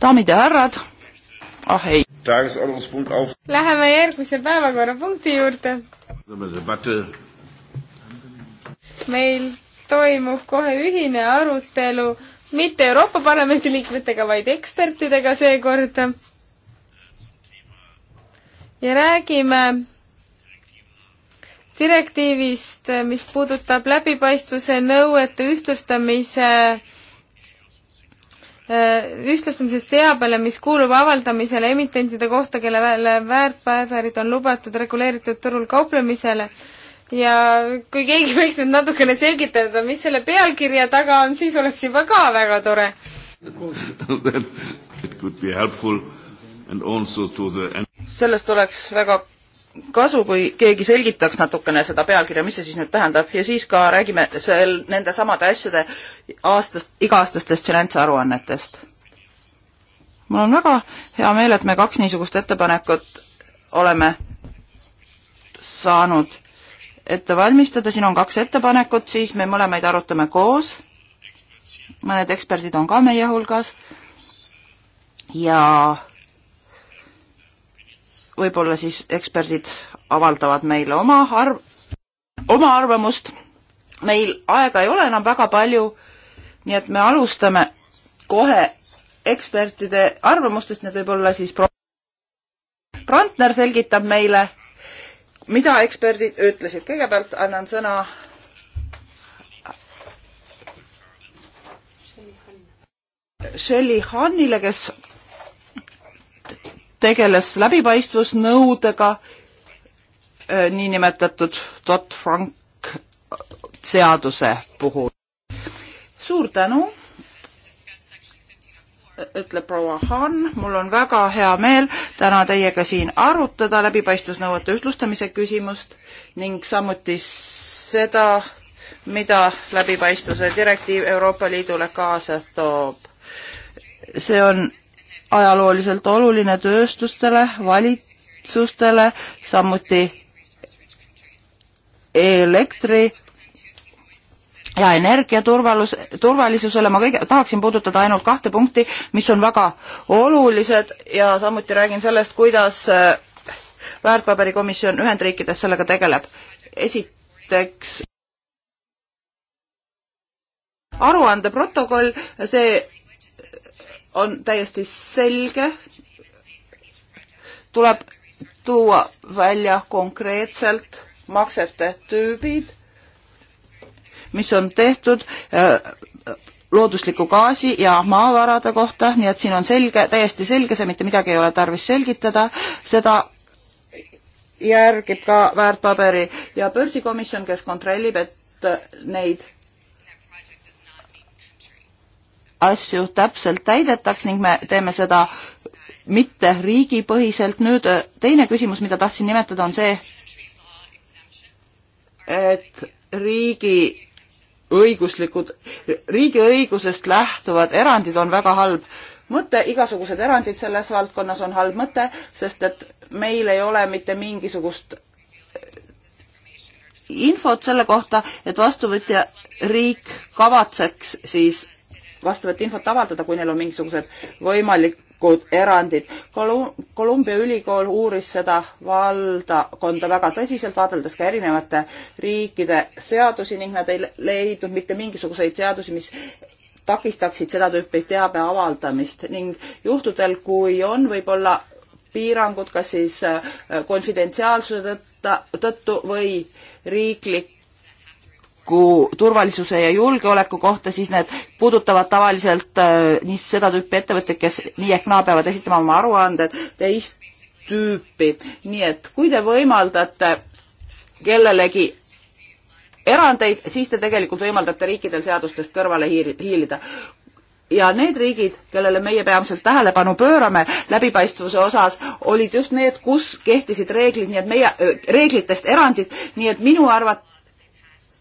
daamid ja härrad, ah ei. Läheme järgmise päevakorrapunkti juurde. meil toimub kohe ühine arutelu mitte Euroopa Parlamendi liikmetega, vaid ekspertidega seekord. ja räägime direktiivist, mis puudutab läbipaistvuse nõuete ühtlustamise Äh, ühtlustamisest teabele, mis kuulub avaldamisele emitentide kohta, kellele väärtpaberid on lubatud reguleeritud turul kauplemisele. ja kui keegi võiks nüüd natukene selgitada, mis selle pealkirja taga on, siis oleks juba ka väga tore. The... sellest oleks väga kasu, kui keegi selgitaks natukene seda pealkirja, mis see siis nüüd tähendab ja siis ka räägime sel, nende samade asjade aastast, iga-aastastest finantsaruannetest. mul on väga hea meel, et me kaks niisugust ettepanekut oleme saanud ette valmistada, siin on kaks ettepanekut, siis me mõlemaid arutame koos, mõned eksperdid on ka meie hulgas ja võib-olla siis eksperdid avaldavad meile oma arv-, oma arvamust. meil aega ei ole enam väga palju, nii et me alustame kohe ekspertide arvamustest, need võib-olla siis pro-, Brandner selgitab meile, mida eksperdid ütlesid. kõigepealt annan sõna Shelly Hannile, kes tegeles läbipaistvusnõudega, äh, niinimetatud Dodd-Frank seaduse puhul. suur tänu, ütleb proua Hahn, mul on väga hea meel täna teiega siin arutada läbipaistvusnõuete ühtlustamise küsimust ning samuti seda, mida läbipaistvuse direktiiv Euroopa Liidule kaasa toob. see on ajalooliselt oluline tööstustele, valitsustele, samuti elektri ja energiaturvalus, turvalisusele ma kõige, tahaksin puudutada ainult kahte punkti, mis on väga olulised ja samuti räägin sellest, kuidas äh, väärtpaberikomisjon Ühendriikides sellega tegeleb. esiteks aruandeprotokoll, see on täiesti selge, tuleb tuua välja konkreetselt maksete tüübid, mis on tehtud äh, loodusliku gaasi ja maavarade kohta, nii et siin on selge, täiesti selge, see mitte midagi ei ole tarvis selgitada, seda järgib ka väärtpaberi ja börsikomisjon, kes kontrollib, et neid asju täpselt täidetaks ning me teeme seda mitte riigipõhiselt. nüüd äh, teine küsimus, mida tahtsin nimetada, on see, et riigi õiguslikud, riigi õigusest lähtuvad erandid on väga halb mõte, igasugused erandid selles valdkonnas on halb mõte, sest et meil ei ole mitte mingisugust äh, infot selle kohta, et vastuvõtja riik kavatseks siis vastavat infot avaldada, kui neil on mingisugused võimalikud erandid. Kolumbia ülikool uuris seda valdakonda väga tõsiselt, vaadeldes ka erinevate riikide seadusi ning nad ei leidnud mitte mingisuguseid seadusi, mis takistaksid seda tüüpi teabe avaldamist ning juhtudel, kui on võib-olla piirangud kas siis äh, konfidentsiaalsuse tõttu või riiklik julgeoleku, turvalisuse ja julgeoleku kohta, siis need puudutavad tavaliselt äh, nii seda tüüpi ettevõtteid, kes nii ehk naa peavad esitama oma aruanded, teist tüüpi. nii et kui te võimaldate kellelegi erandeid, siis te tegelikult võimaldate riikidel seadustest kõrvale hiilida ja need riigid, kellele meie peamiselt tähelepanu pöörame läbipaistvuse osas, olid just need, kus kehtisid reeglid, nii et meie, äh, reeglitest erandid, nii et minu arvates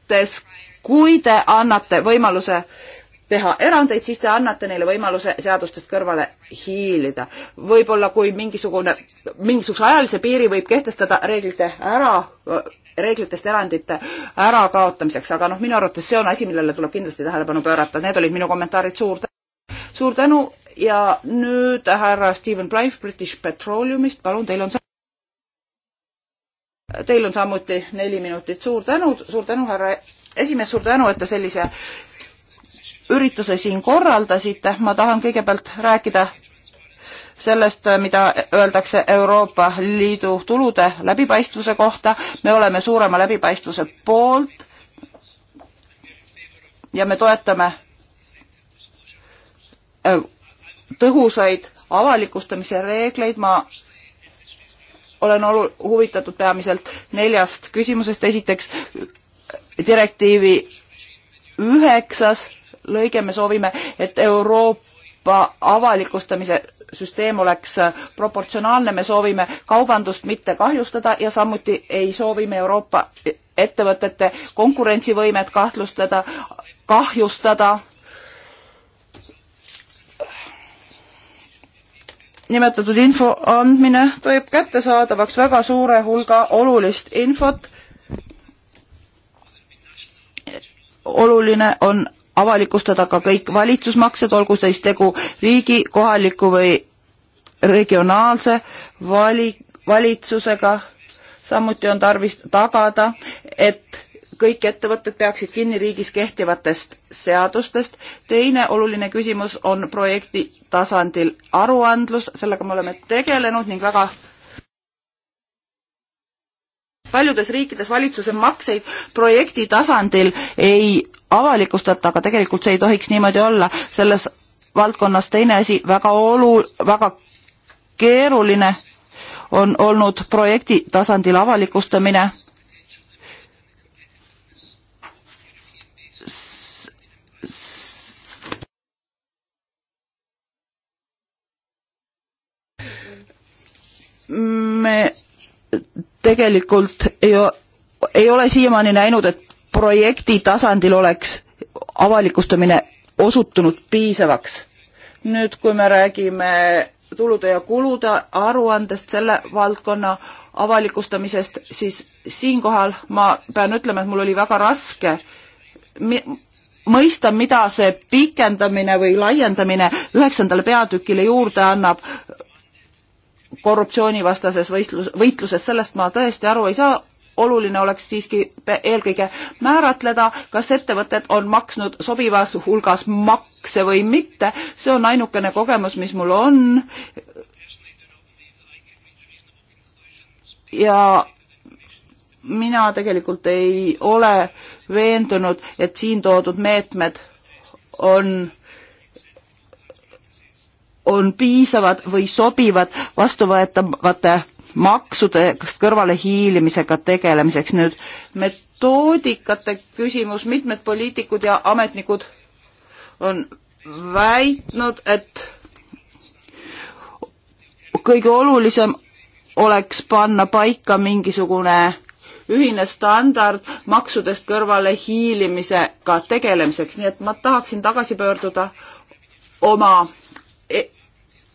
suhtes, kui te annate võimaluse teha erandeid, siis te annate neile võimaluse seadustest kõrvale hiilida. võib-olla kui mingisugune, mingisuguse ajalise piiri võib kehtestada reeglite ära, reeglitest erandite ärakaotamiseks, aga noh, minu arvates see on asi, millele tuleb kindlasti tähelepanu pöörata, need olid minu kommentaarid, suur tänu, suur tänu ja nüüd härra Steven Blythe British Petroleumist, palun, teil on sõna. Teil on samuti neli minutit. suur tänu, suur tänu, härra esimees, suur tänu, et te sellise ürituse siin korraldasite. ma tahan kõigepealt rääkida sellest, mida öeldakse Euroopa Liidu tulude läbipaistvuse kohta. me oleme suurema läbipaistvuse poolt ja me toetame äh, tõhusaid avalikustamise reegleid. ma olen olu-, huvitatud peamiselt neljast küsimusest, esiteks direktiivi üheksas lõige, me soovime, et Euroopa avalikustamise süsteem oleks proportsionaalne, me soovime kaubandust mitte kahjustada ja samuti ei soovi me Euroopa ettevõtete konkurentsivõimet kahtlustada, kahjustada nimetatud info andmine teeb kättesaadavaks väga suure hulga olulist infot. oluline on avalikustada ka kõik valitsusmaksed, olgu siis tegu riigi, kohaliku või regionaalse vali-, valitsusega. samuti on tarvis tagada, et kõik ettevõtted peaksid kinni riigis kehtivatest seadustest. teine oluline küsimus on projekti tasandil aruandlus, sellega me oleme tegelenud ning väga paljudes riikides valitsuse makseid projekti tasandil ei avalikustata, aga tegelikult see ei tohiks niimoodi olla. selles valdkonnas teine asi, väga olu-, väga keeruline on olnud projekti tasandil avalikustamine me tegelikult ei, ei ole siiamaani näinud, et projekti tasandil oleks avalikustamine osutunud piisavaks. nüüd, kui me räägime tulude ja kulude aruandest selle valdkonna avalikustamisest, siis siinkohal ma pean ütlema, et mul oli väga raske mõista, mida see pikendamine või laiendamine üheksandale peatükile juurde annab korruptsioonivastases võistlus, võitluses, sellest ma tõesti aru ei saa, oluline oleks siiski eelkõige määratleda, kas ettevõtted on maksnud sobivas hulgas makse või mitte, see on ainukene kogemus, mis mul on. ja mina tegelikult ei ole äh, veendunud, et siin toodud meetmed on on piisavad või sobivad vastuvõetavate maksudest kõrvalehiilimisega tegelemiseks. nüüd metoodikate küsimus, mitmed poliitikud ja ametnikud on väitnud, et kõige olulisem oleks panna paika mingisugune ühine standard maksudest kõrvale hiilimisega tegelemiseks, nii et ma tahaksin tagasi pöörduda oma e-,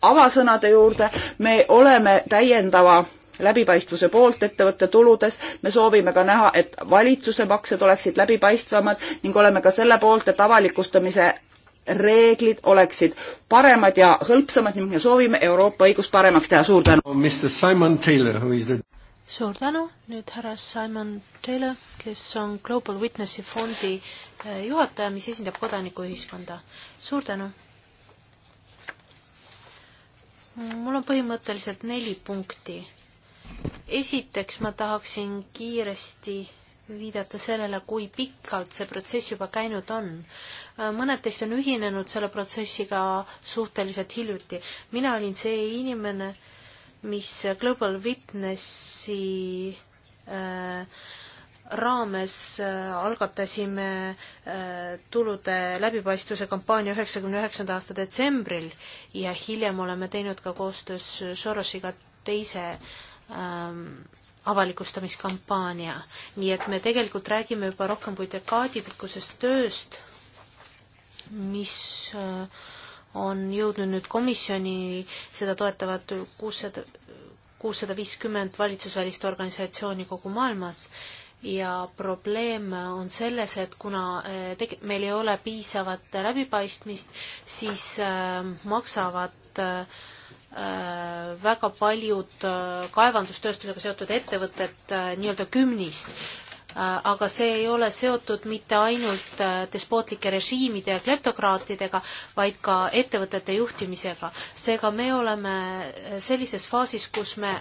avasõnade juurde, me oleme täiendava läbipaistvuse poolt ettevõtte tuludes, me soovime ka näha, et valitsuse maksed oleksid läbipaistvamad ning oleme ka selle poolt, et avalikustamise reeglid oleksid paremad ja hõlpsamad ning me soovime Euroopa õigust paremaks teha, suur tänu. The suur tänu, nüüd härra Simon Taylor, kes on Global Witnessi fondi äh, juhataja, mis esindab kodanikuühiskonda. suur tänu! mul on põhimõtteliselt neli punkti. esiteks ma tahaksin kiiresti viidata sellele, kui pikalt see protsess juba käinud on äh, mõned teist on ühinenud selle protsessiga suhteliselt hiljuti. mina olin see inimene, mis Global Witnessi äh, raames äh, algatasime äh, tulude läbipaistvuse kampaania üheksakümne üheksanda aasta detsembril ja hiljem oleme teinud ka koostöös Sorosiga teise ähm, avalikustamiskampaania. nii et me tegelikult räägime juba rohkem kui dekaadi pikkusest tööst, mis äh, on jõudnud nüüd komisjoni, seda toetavad kuussada, kuussada viiskümmend valitsusvälist organisatsiooni kogu maailmas ja probleem on selles, et kuna eh, teg-, meil ei ole piisavat läbipaistmist, siis äh, maksavad äh, väga paljud kaevandustööstusega seotud ettevõtted nii-öelda kümnist Äh, aga see ei ole seotud mitte ainult äh, despootlike režiimide ja kleptokraatidega, vaid ka ettevõtete juhtimisega. seega me oleme äh, sellises faasis, kus me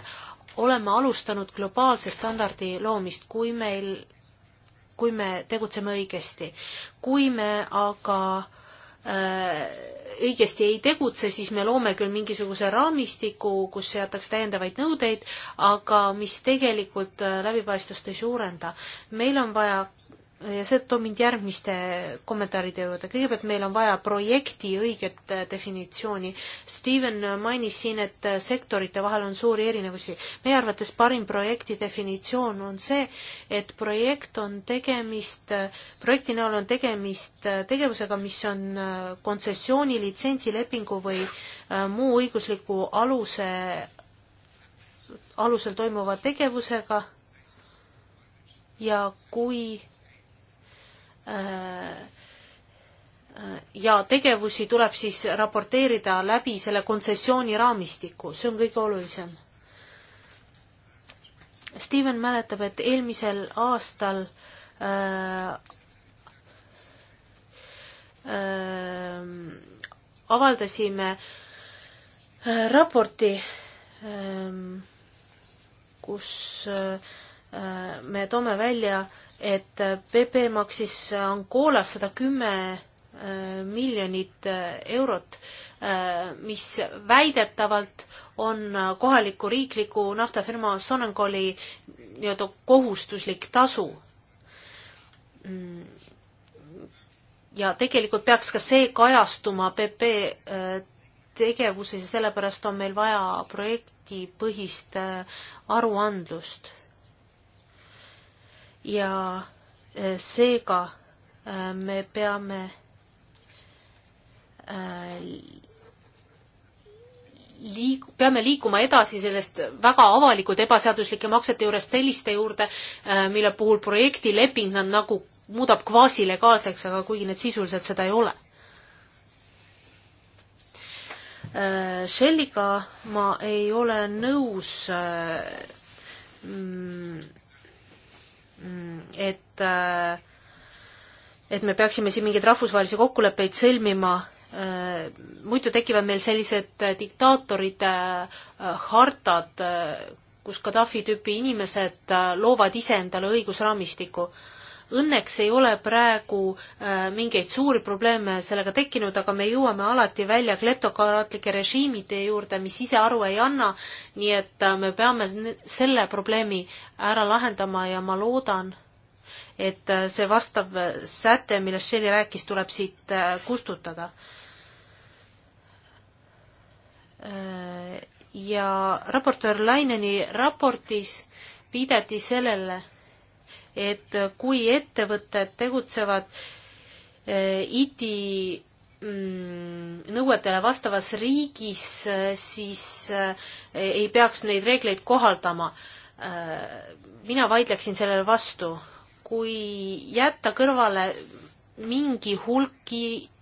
oleme alustanud globaalse standardi loomist, kui meil, kui me tegutseme õigesti. kui me aga äh, Äh, õigesti ei tegutse, siis me loome küll mingisuguse raamistiku, kus seatakse täiendavaid nõudeid, aga mis tegelikult äh, läbipaistvust ei suurenda. meil on vaja ja see toob mind järgmiste kommentaaride juurde. kõigepealt meil on vaja projekti õiget äh, definitsiooni. Steven äh, mainis siin, et äh, sektorite vahel on suuri erinevusi. meie arvates parim projekti definitsioon on see, et projekt on tegemist, projekti näol on tegemist tegevusega, mis on kontsessiooni, litsentsilepingu või muu õigusliku aluse, alusel toimuva tegevusega ja kui Äh, äh, ja tegevusi tuleb siis raporteerida läbi selle kontsessiooni raamistiku, see on kõige olulisem. Steven mäletab, et eelmisel aastal äh, äh, avaldasime äh, raporti äh,, kus äh, äh me toome välja äh, et PP maksis Angolas sada kümme äh, miljonit äh, eurot, äh, mis väidetavalt on kohaliku riikliku naftafirma Sonangoli nii-öelda kohustuslik tasu mm. ja tegelikult peaks ka see kajastuma PP tegevuses ja sellepärast on meil vaja projektipõhist aruandlust ja eh, seega eh, me peame eh, liik-, peame liikuma edasi sellest väga avalikult ebaseaduslike maksete juurest selliste juurde, mille puhul projektileping nad nagu muudab kvaasilegaalseks, aga kuigi need sisuliselt seda ei ole. Shelliga ma ei ole nõus mm, et, äh, et me peaksime siin mingeid rahvusvahelisi kokkuleppeid sõlmima, äh, muidu tekivad meil sellised äh, diktaatorite hartad, kus Gaddafi tüüpi inimesed loovad ise endale õigusraamistiku Õnneks ei ole praegu äh, mingeid suuri probleeme sellega tekkinud, aga me jõuame alati välja kleptokraatlike režiimide juurde, mis ise aru ei anna, nii et äh, me peame selle probleemi ära lahendama ja ma loodan, et äh, see vastav säte, millest Shelly rääkis, tuleb siit kustutada. ja raportöör Laineni raportis viidati sellele, et kui ettevõtted tegutsevad ITI eh, mm, nõuetele vastavas riigis, eh, siis eh, ei peaks neid reegleid kohaldama. mina vaidleksin sellele vastu. kui jätta kõrvale mingi hulk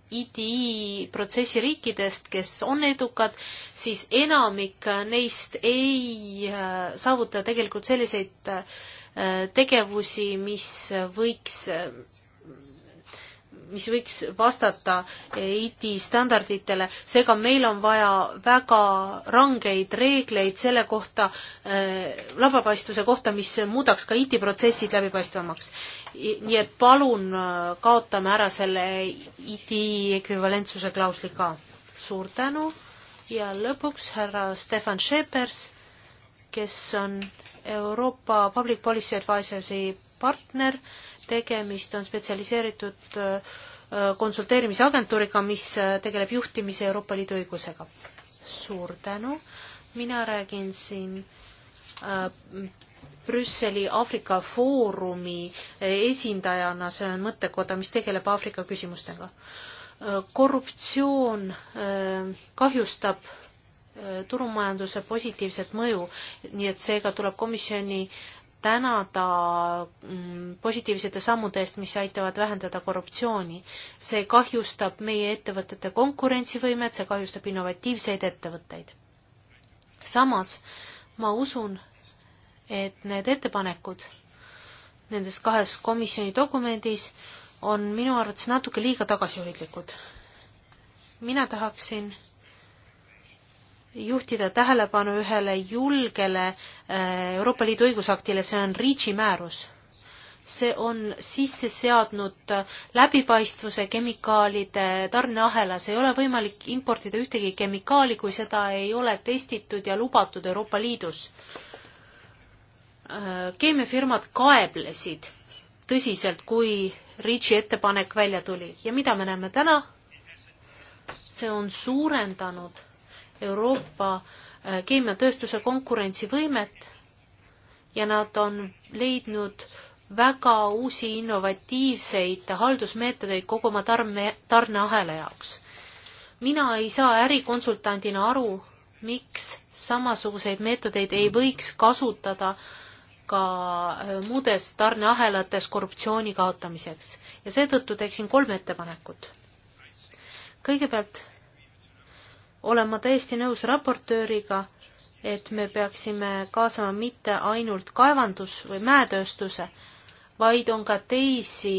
ITI protsessi riikidest, kes on edukad, siis enamik neist ei saavuta tegelikult selliseid äh, tegevusi, mis võiks mis võiks vastata e IT standarditele, seega meil on vaja väga rangeid reegleid selle kohta äh,, läbipaistvuse kohta, mis muudaks ka IT-protsessid läbipaistvamaks. nii et palun äh, kaotame ära selle IT ekvivalentsuse klausli ka. suur tänu ja lõpuks härra Stefan Schepers, kes on Euroopa Public Policy Advisorsi partner, tegemist on spetsialiseeritud äh, konsulteerimisagentuuriga, mis äh, tegeleb juhtimise Euroopa Liidu õigusega. suur tänu, mina räägin siin äh, Brüsseli Aafrika Foorumi esindajana, see on mõttekoda, mis tegeleb Aafrika küsimustega. korruptsioon kahjustab turumajanduse positiivset mõju, nii et seega tuleb komisjoni tänada mm, positiivsete sammude eest, mis aitavad vähendada korruptsiooni. see kahjustab meie ettevõtete konkurentsivõimet, see kahjustab innovatiivseid ettevõtteid. samas ma usun, et need ettepanekud nendes kahes komisjoni dokumendis on minu arvates natuke liiga tagasihoidlikud. mina tahaksin juhtida tähelepanu ühele julgele äh, Euroopa Liidu õigusaktile, see on REACH-i määrus. see on sisse seadnud läbipaistvuse kemikaalide tarneahelas, ei ole võimalik importida ühtegi kemikaali, kui seda ei ole testitud ja lubatud Euroopa Liidus. Äh, keemiafirmad kaeblesid tõsiselt, kui REACH-i ettepanek välja tuli ja mida me näeme täna? see on suurendanud Euroopa äh, keemiatööstuse konkurentsivõimet ja nad on leidnud väga uusi innovatiivseid haldusmeetodeid kogu oma tarne, tarneahela jaoks. mina ei saa ärikonsultandina aru, miks samasuguseid meetodeid ei võiks kasutada ka äh, muudes tarneahelates korruptsiooni kaotamiseks ja seetõttu teeksin kolm ettepanekut. kõigepealt olen ma täiesti nõus raportööriga, et me peaksime kaasama mitte ainult kaevandus- või mäetööstuse, vaid on ka teisi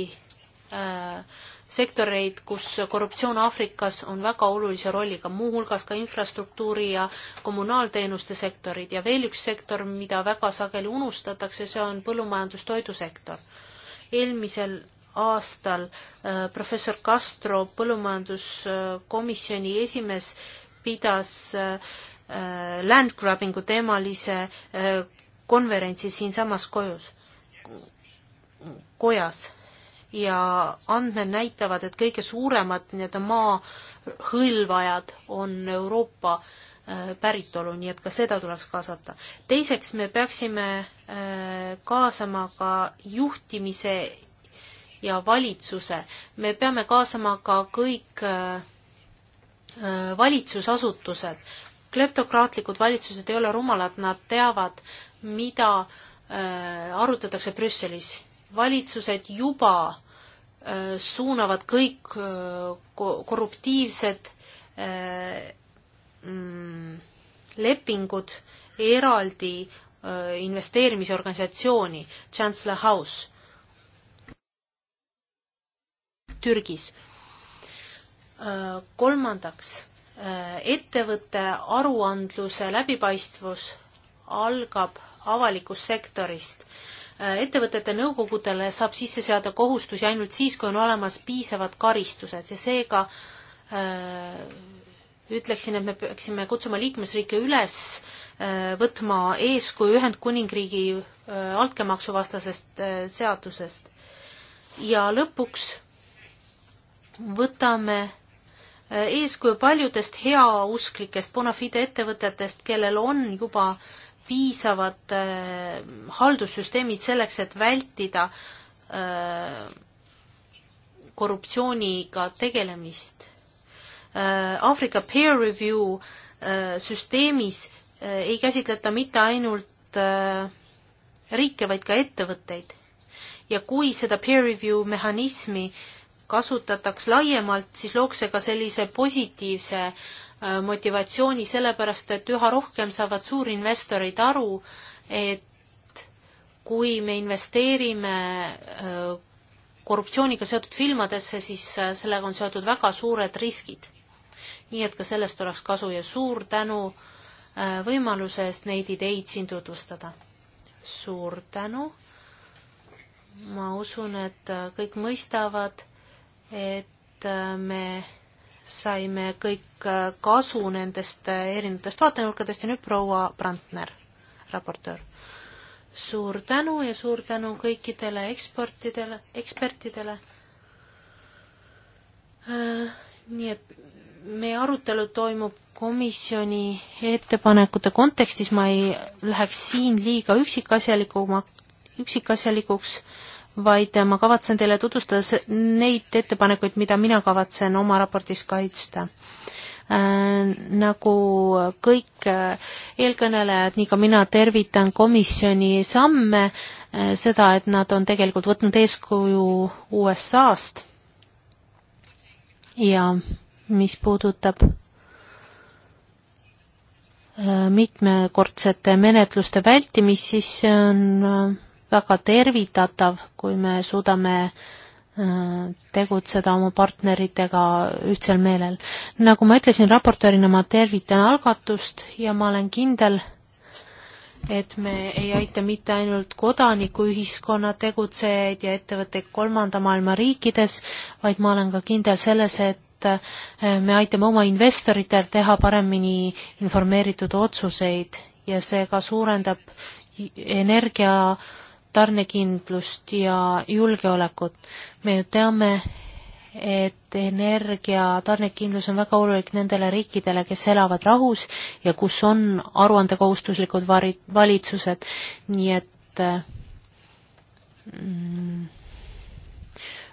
äh, sektoreid, kus korruptsioon Aafrikas on väga olulise rolliga, muuhulgas ka infrastruktuuri ja kommunaalteenuste sektorid ja veel üks sektor, mida väga sageli unustatakse, see on põllumajandus-toidusektor. eelmisel aastal äh, professor Castro, põllumajanduskomisjoni esimees äh,, pidas äh, äh, landgrabbingu teemalise äh, konverentsi siinsamas kojus, kojas ja andmed näitavad, et kõige suuremad nii-öelda maa hõlvajad on Euroopa päritolu, nii et ka seda tuleks kaasata. teiseks, me peaksime kaasama ka juhtimise ja valitsuse, me peame kaasama ka kõik äh, Äh, valitsusasutused, kleptokraatlikud valitsused ei ole rumalad, nad teavad, mida äh, arutatakse Brüsselis. valitsused juba äh, suunavad kõik korruptiivsed mm, lepingud eraldi investeerimisorganisatsiooni Chancellor House Türgis Äh, kolmandaks, äh, ettevõtte aruandluse läbipaistvus algab avalikust sektorist. Äh, ettevõtete nõukogudele saab sisse seada kohustusi ainult siis, kui on olemas piisavad karistused ja seega ütleksin, et me peaksime kutsuma liikmesriike üles võtma eeskuju Ühendkuningriigi altkäemaksuvastasest seadusest. ja lõpuks võtame Eh, eeskuju paljudest heausklikest bona fide ettevõtetest, kellel on juba piisavad äh, haldussüsteemid selleks, et vältida äh, korruptsiooniga tegelemist äh,. Aafrika peer review äh, süsteemis äh, ei käsitleta mitte ainult äh, riike, vaid ka ettevõtteid. ja kui seda peer review mehhanismi äh, kasutataks laiemalt, siis looks see ka sellise positiivse äh, motivatsiooni, sellepärast et üha rohkem saavad suurinvestorid aru, et kui me investeerime äh, korruptsiooniga seotud firmadesse, siis äh, sellega on seotud väga suured riskid. nii et ka sellest oleks kasu ja suur tänu võimaluse eest neid ideid siin tutvustada. suur tänu! ma usun, et kõik mõistavad et äh, me saime kõik äh, kasu nendest äh, erinevatest vaatenurkadest ja nüüd proua Brandner, raportöör. suur tänu ja suur tänu kõikidele eksportidele, ekspertidele. nii et meie arutelu toimub komisjoni ettepanekute kontekstis, ma ei läheks siin liiga üksikasjalikuma, üksikasjalikuks vaid ma kavatsen teile tutvustada neid ettepanekuid, mida mina kavatsen oma raportis kaitsta äh, nagu kõik äh, eelkõnelejad, nii ka mina tervitan komisjoni samme, äh, seda, et nad on tegelikult võtnud eeskuju USA-st ja mis puudutab mitmekordsete menetluste vältimist, siis see on väga tervitatav, kui me suudame äh, tegutseda oma partneritega ühtsel meelel. nagu ma ütlesin, raportöörina ma tervitan algatust ja ma olen kindel, et me ei aita mitte ainult kodanikuühiskonna tegutsejaid ja ettevõtteid kolmanda maailma riikides, vaid ma olen ka kindel selles, et äh, me aitame oma investoritel teha paremini informeeritud otsuseid ja see ka suurendab energia äh, tarnekindlust ja julgeolekut. me ju teame, et energia tarnekindlus on väga oluline nendele riikidele, kes elavad rahus ja kus on aruandekohustuslikud vari-, valitsused, nii et mm,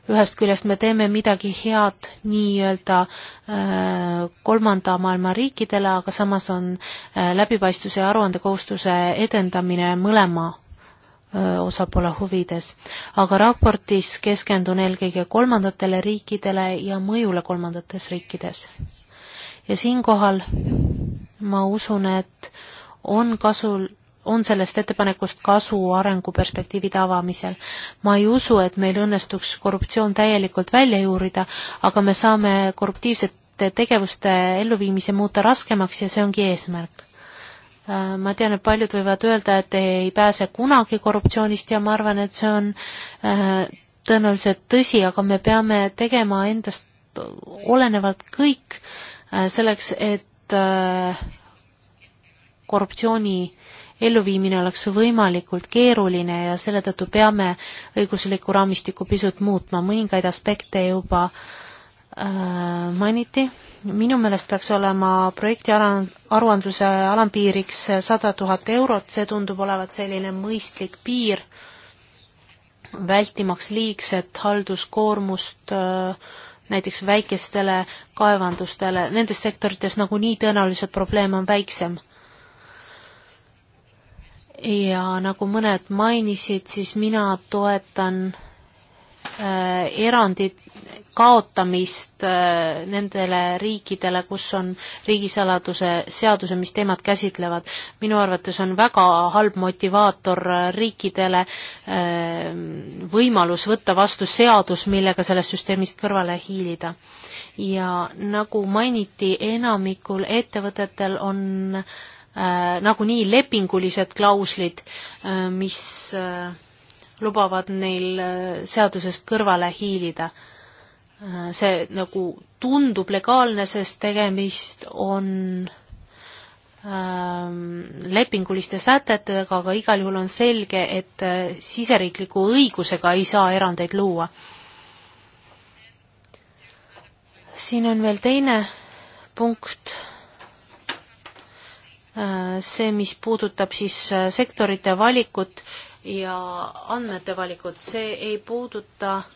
ühest küljest me teeme midagi head nii-öelda äh, kolmanda maailma riikidele, aga samas on äh, läbipaistvuse ja aruandekohustuse edendamine mõlema osapoole huvides. aga raportis keskendun eelkõige kolmandatele riikidele ja mõjule kolmandates riikides. ja siinkohal ma usun, et on kasul, on sellest ettepanekust kasu arenguperspektiivide avamisel. ma ei usu, et meil õnnestuks korruptsioon täielikult välja juurida, aga me saame korruptiivsete tegevuste elluviimise muuta raskemaks ja see ongi eesmärk Äh, ma tean, et paljud võivad öelda, et ei pääse kunagi korruptsioonist ja ma arvan, et see on äh, tõenäoliselt tõsi, aga me peame tegema endast olenevalt kõik äh, selleks, et korruptsiooni elluviimine oleks võimalikult keeruline ja selle tõttu peame õiguslikku raamistikku pisut muutma, mõningaid aspekte juba äh, mainiti minu meelest peaks olema projekti aruandluse alampiiriks sada tuhat eurot, see tundub olevat selline mõistlik piir, vältimaks liigset halduskoormust äh, näiteks väikestele kaevandustele, nendes sektorites nagunii tõenäoliselt probleem on väiksem. ja nagu mõned mainisid, siis mina toetan äh, erandit kaotamist äh, nendele riikidele, kus on riigisaladuse seaduse, mis teemat käsitlevad. minu arvates on väga halb motivaator riikidele äh, võimalus võtta vastu seadus, millega sellest süsteemist kõrvale hiilida. ja nagu mainiti, enamikul ettevõtetel on äh, nagunii lepingulised klauslid äh,, mis äh, lubavad neil äh, seadusest kõrvale hiilida äh, see nagu tundub legaalne, sest tegemist on ähm, lepinguliste sätetega, aga igal juhul on selge, et äh, siseriikliku õigusega ei saa erandeid luua. siin on veel teine punkt, äh, see, mis puudutab siis äh, sektorite valikut ja andmete valikut, see ei puuduta äh,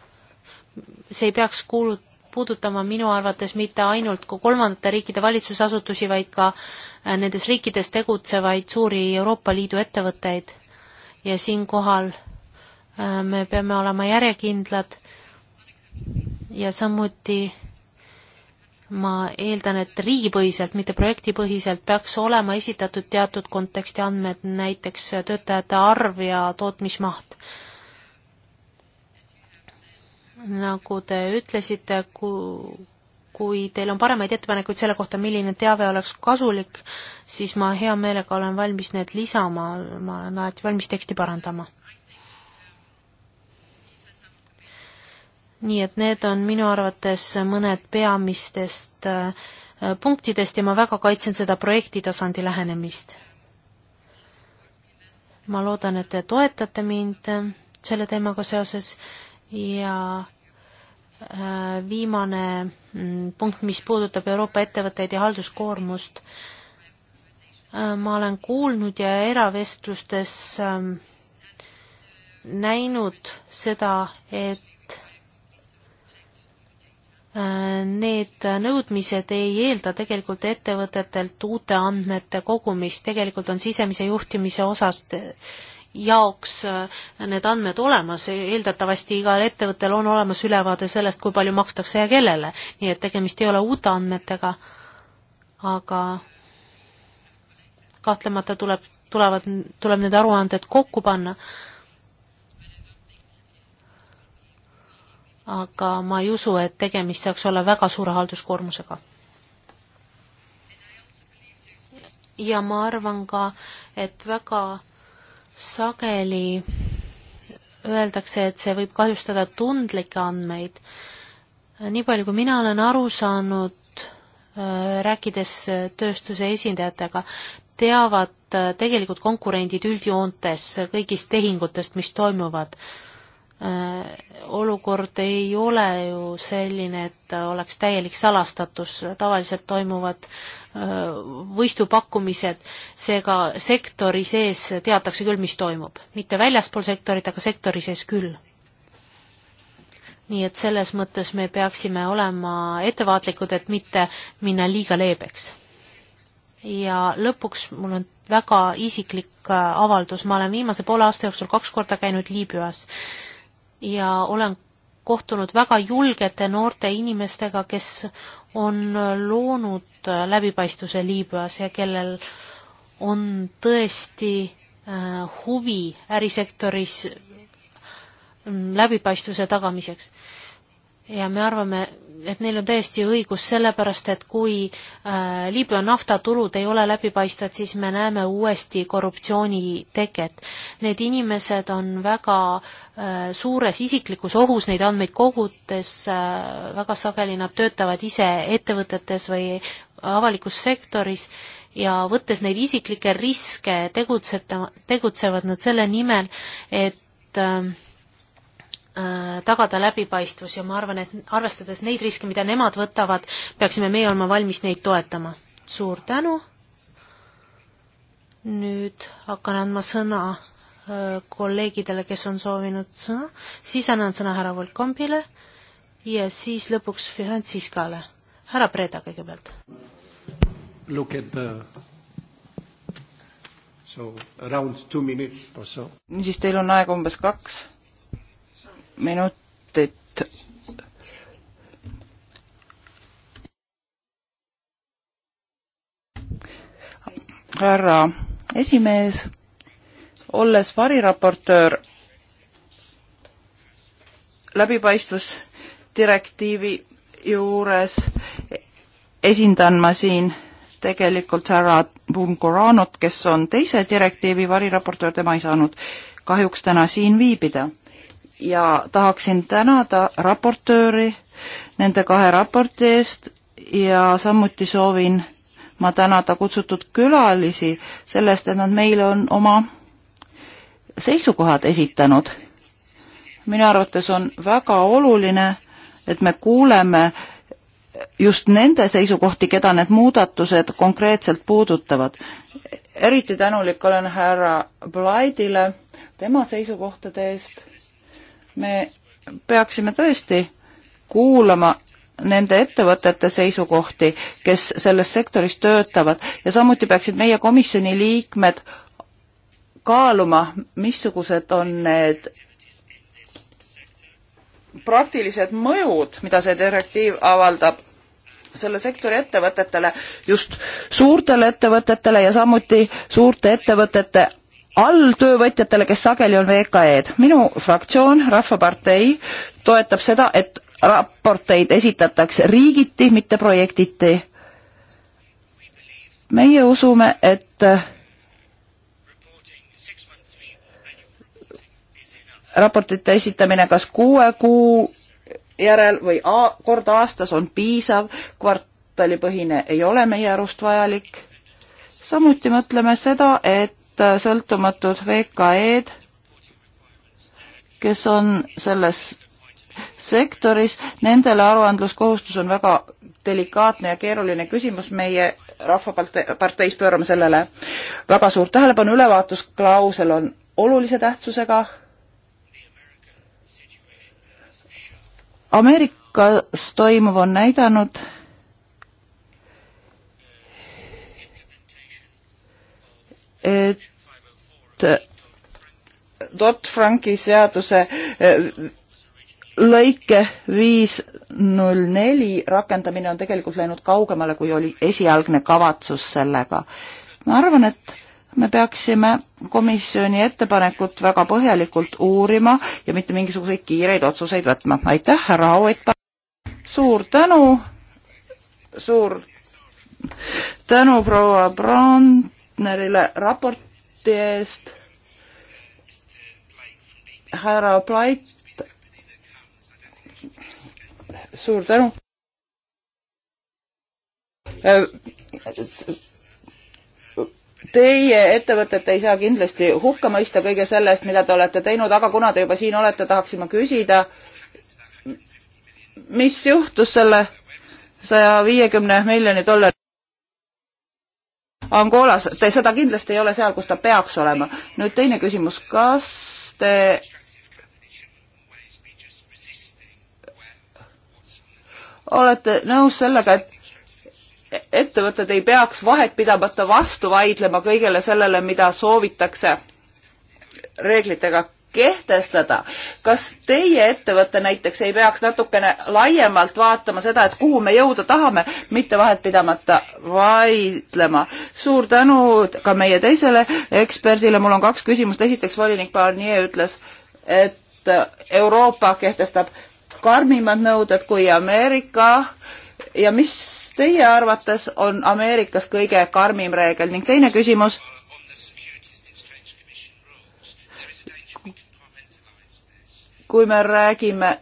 see ei peaks kuulu-, puudutama minu arvates mitte ainult kolmandate riikide valitsusasutusi, vaid ka äh, nendes riikides tegutsevaid suuri Euroopa Liidu ettevõtteid. ja siinkohal äh, me peame olema järjekindlad ja samuti ma eeldan, et riigipõhiselt, mitte projektipõhiselt, peaks olema esitatud teatud konteksti andmed, näiteks töötajate arv ja tootmismaht nagu te ütlesite, kui kui teil on paremaid ettepanekuid selle kohta, milline teave oleks kasulik, siis ma hea meelega olen valmis need lisama, ma olen alati valmis teksti parandama. nii et need on minu arvates mõned peamistest äh, punktidest ja ma väga kaitsen seda projekti tasandi lähenemist. ma loodan, et te toetate mind äh, selle teemaga seoses ja Äh, viimane mm, punkt, mis puudutab Euroopa ettevõtteid ja halduskoormust. Äh, ma olen kuulnud ja eravestlustes ähm, näinud seda, et äh, need nõudmised ei eelda tegelikult ettevõtetelt uute andmete kogumist, tegelikult on sisemise juhtimise osast jaoks äh, need andmed olemas, eeldatavasti igal ettevõttel on olemas ülevaade sellest, kui palju makstakse ja kellele, nii et tegemist ei ole uute andmetega, aga kahtlemata tuleb, tulevad, tuleb need aruanded kokku panna. aga ma ei usu, et tegemist saaks olla väga suure halduskoormusega ja ma arvan ka, et väga sageli öeldakse, et see võib kahjustada tundlikke andmeid. nii palju, kui mina olen aru saanud, äh, rääkides äh, tööstuse esindajatega, teavad äh, tegelikult konkurendid üldjoontes kõigist tehingutest, mis toimuvad. Olukord ei ole ju selline, et oleks täielik salastatus, tavaliselt toimuvad võistupakkumised, seega sektori sees teatakse küll, mis toimub. mitte väljaspool sektorit, aga sektori sees küll. nii et selles mõttes me peaksime olema ettevaatlikud, et mitte minna liiga leebeks. ja lõpuks mul on väga isiklik äh, avaldus, ma olen viimase poole aasta jooksul kaks korda käinud Liibüas ja olen kohtunud väga julgete noorte inimestega, kes on loonud läbipaistvuse Liibüas ja kellel on tõesti äh, huvi ärisektoris läbipaistvuse tagamiseks. ja me arvame, et neil on täiesti õigus, sellepärast et kui äh, Liibüa naftatulud ei ole läbipaistvad, siis me näeme uuesti korruptsiooni teket. Need inimesed on väga äh, suures isiklikus ohus neid andmeid kogudes äh,, väga sageli nad töötavad ise ettevõtetes või avalikus sektoris ja võttes neid isiklikke riske, tegutseta-, tegutsevad nad selle nimel, et äh, Äh, tagada läbipaistvus ja ma arvan, et arvestades neid riske, mida nemad võtavad, peaksime meie olema valmis neid toetama. suur tänu, nüüd hakkan andma sõna äh, kolleegidele, kes on soovinud sõna, siis annan sõna härra Volkombile ja siis lõpuks Franziskale. härra Preda kõigepealt. Look at the so around two minutes or so. niisiis, teil on aega umbes kaks minutit. härra esimees, olles variraportöör läbipaistvusdirektiivi juures esindan ma siin tegelikult härra Bumguranot, kes on teise direktiivi variraportöör, tema ei saanud kahjuks täna siin viibida ja tahaksin tänada raportööri nende kahe raporti eest ja samuti soovin ma tänada kutsutud külalisi sellest, et nad meile on oma seisukohad esitanud. minu arvates on väga oluline, et me kuuleme just nende seisukohti, keda need muudatused konkreetselt puudutavad. eriti tänulik olen härra Blaidile tema seisukohtade eest me peaksime tõesti kuulama nende ettevõtete seisukohti, kes selles sektoris töötavad ja samuti peaksid meie komisjoni liikmed kaaluma, missugused on need praktilised mõjud, mida see direktiiv avaldab selle sektori ettevõtetele, just suurtele ettevõtetele ja samuti suurte ettevõtete alltöövõtjatele, kes sageli on VKE-d. minu fraktsioon, Rahvapartei, toetab seda, et raporteid esitatakse riigiti, mitte projektiti. meie usume, et raportite esitamine kas kuue kuu järel või a kord aastas on piisav, kvartalipõhine ei ole meie arust vajalik. samuti mõtleme seda, et Äh, sõltumatud VKE-d, kes on selles sektoris, nendele aruandluskohustus on väga delikaatne ja keeruline küsimus, meie Rahvaparteis pöörame sellele väga suurt tähelepanu, ülevaatusklausel on olulise tähtsusega. Ameerikas toimuv on näidanud, et Dodd-Franki seaduse eh, lõike viis null neli rakendamine on tegelikult läinud kaugemale, kui oli esialgne kavatsus sellega. ma arvan, et me peaksime komisjoni ettepanekut väga põhjalikult uurima ja mitte mingisuguseid kiireid otsuseid võtma. aitäh, härra Auet! suur tänu, suur tänu, proua Brand! partnerile raporti eest. härra Plait, suur tänu. Teie ettevõtet ei saa kindlasti hukka mõista kõige sellest, mida te olete teinud, aga kuna te juba siin olete, tahaksin ma küsida, mis juhtus selle saja viiekümne miljoni dollari Angolas, seda kindlasti ei ole seal, kus ta peaks olema. nüüd teine küsimus, kas te olete nõus sellega, et ettevõtted ei peaks vahetpidamata vastu vaidlema kõigele sellele, mida soovitakse reeglitega kehtestada. kas teie ettevõte näiteks ei peaks natukene laiemalt vaatama seda, et kuhu me jõuda tahame, mitte vahet pidamata vaidlema? suur tänu ka meie teisele eksperdile, mul on kaks küsimust, esiteks volinik Barnier ütles, et Euroopa kehtestab karmimad nõuded kui Ameerika ja mis teie arvates on Ameerikas kõige karmim reegel ning teine küsimus kui me räägime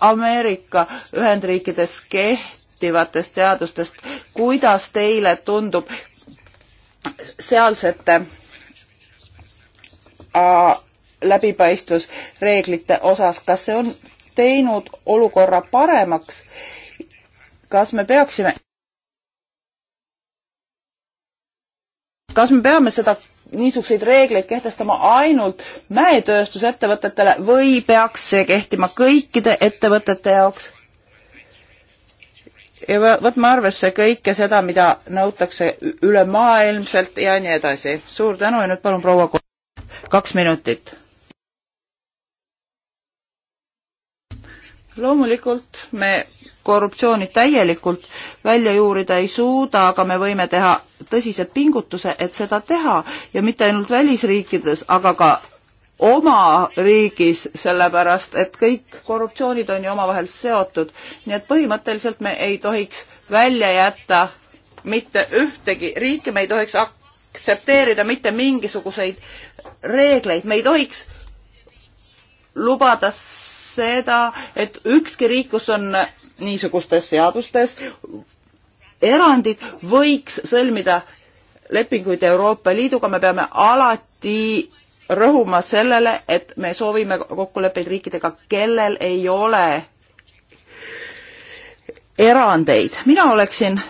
Ameerika Ühendriikides kehtivatest seadustest, kuidas teile tundub sealsete äh, läbipaistvusreeglite osas, kas see on teinud olukorra paremaks? kas me peaksime kas me peame seda niisuguseid reegleid kehtestama ainult mäetööstusettevõtetele või peaks see kehtima kõikide ettevõtete jaoks? ja võtma arvesse kõike seda, mida nõutakse ülemaailmselt ja nii edasi. suur tänu ja nüüd palun proua kaks minutit loomulikult me korruptsiooni täielikult välja juurida ei suuda, aga me võime teha tõsise pingutuse, et seda teha ja mitte ainult välisriikides, aga ka oma riigis, sellepärast et kõik korruptsioonid on ju omavahel seotud. nii et põhimõtteliselt me ei tohiks välja jätta mitte ühtegi riiki, me ei tohiks aktsepteerida mitte mingisuguseid reegleid, me ei tohiks lubada seda, et ükski riik, kus on niisugustes seadustes erandid, võiks sõlmida lepinguid Euroopa Liiduga, me peame alati rõhuma sellele, et me soovime kokkuleppeid riikidega, kellel ei ole erandeid. mina oleksin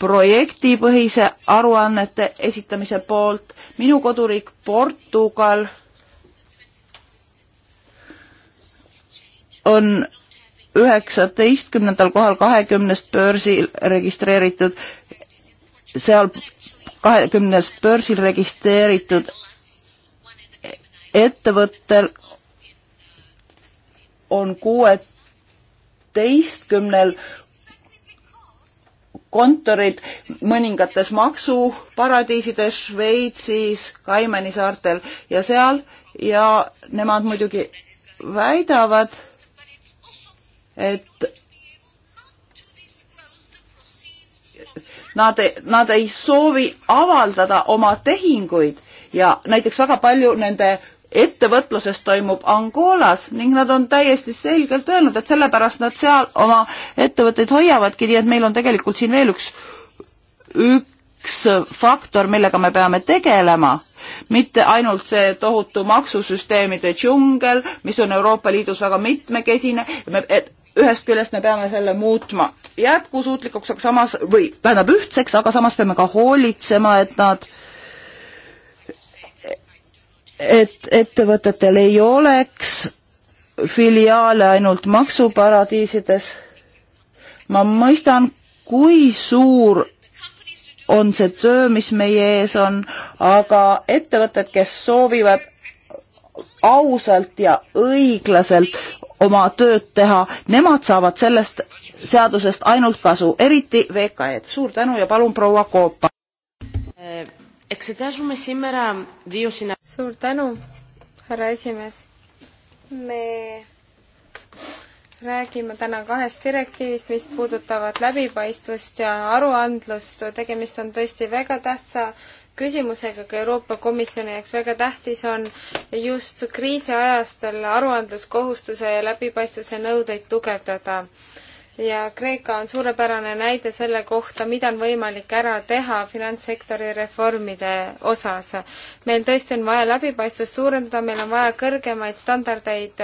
projektipõhise aruannete esitamise poolt, minu koduriik Portugal on üheksateistkümnendal kohal kahekümnest börsil registreeritud, seal kahekümnest börsil registreeritud ettevõttel on kuueteistkümnel kontorid mõningates maksuparadiisides Šveitsis, Kaimani saartel ja seal ja nemad muidugi väidavad, et nad, nad ei soovi avaldada oma tehinguid ja näiteks väga palju nende ettevõtluses toimub Angolas ning nad on täiesti selgelt öelnud, et sellepärast nad seal oma ettevõtteid hoiavadki, nii et meil on tegelikult siin veel üks, üks faktor, millega me peame tegelema. mitte ainult see tohutu maksusüsteemide džungel, mis on Euroopa Liidus väga mitmekesine, et ühest küljest me peame selle muutma jätkusuutlikuks, aga samas, või tähendab ühtseks, aga samas peame ka hoolitsema, et nad, et ettevõtetel ei oleks filiaale ainult maksuparadiisides. ma mõistan, kui suur on see töö, mis meie ees on, aga ettevõtted, kes soovivad ausalt ja õiglaselt oma tööd teha, nemad saavad sellest seadusest ainult kasu, eriti VKE-d. suur tänu ja palun proua Koopa. suur tänu, härra esimees. me räägime täna kahest direktiivist, mis puudutavad läbipaistvust ja aruandlust. tegemist on tõesti väga tähtsa küsimusega ka Euroopa Komisjoni jaoks väga tähtis on just kriisiajastel aruandluskohustuse ja läbipaistvuse nõudeid tugevdada ja Kreeka on suurepärane näide selle kohta, mida on võimalik ära teha finantssektori reformide osas. meil tõesti on vaja läbipaistvust suurendada, meil on vaja kõrgemaid standardeid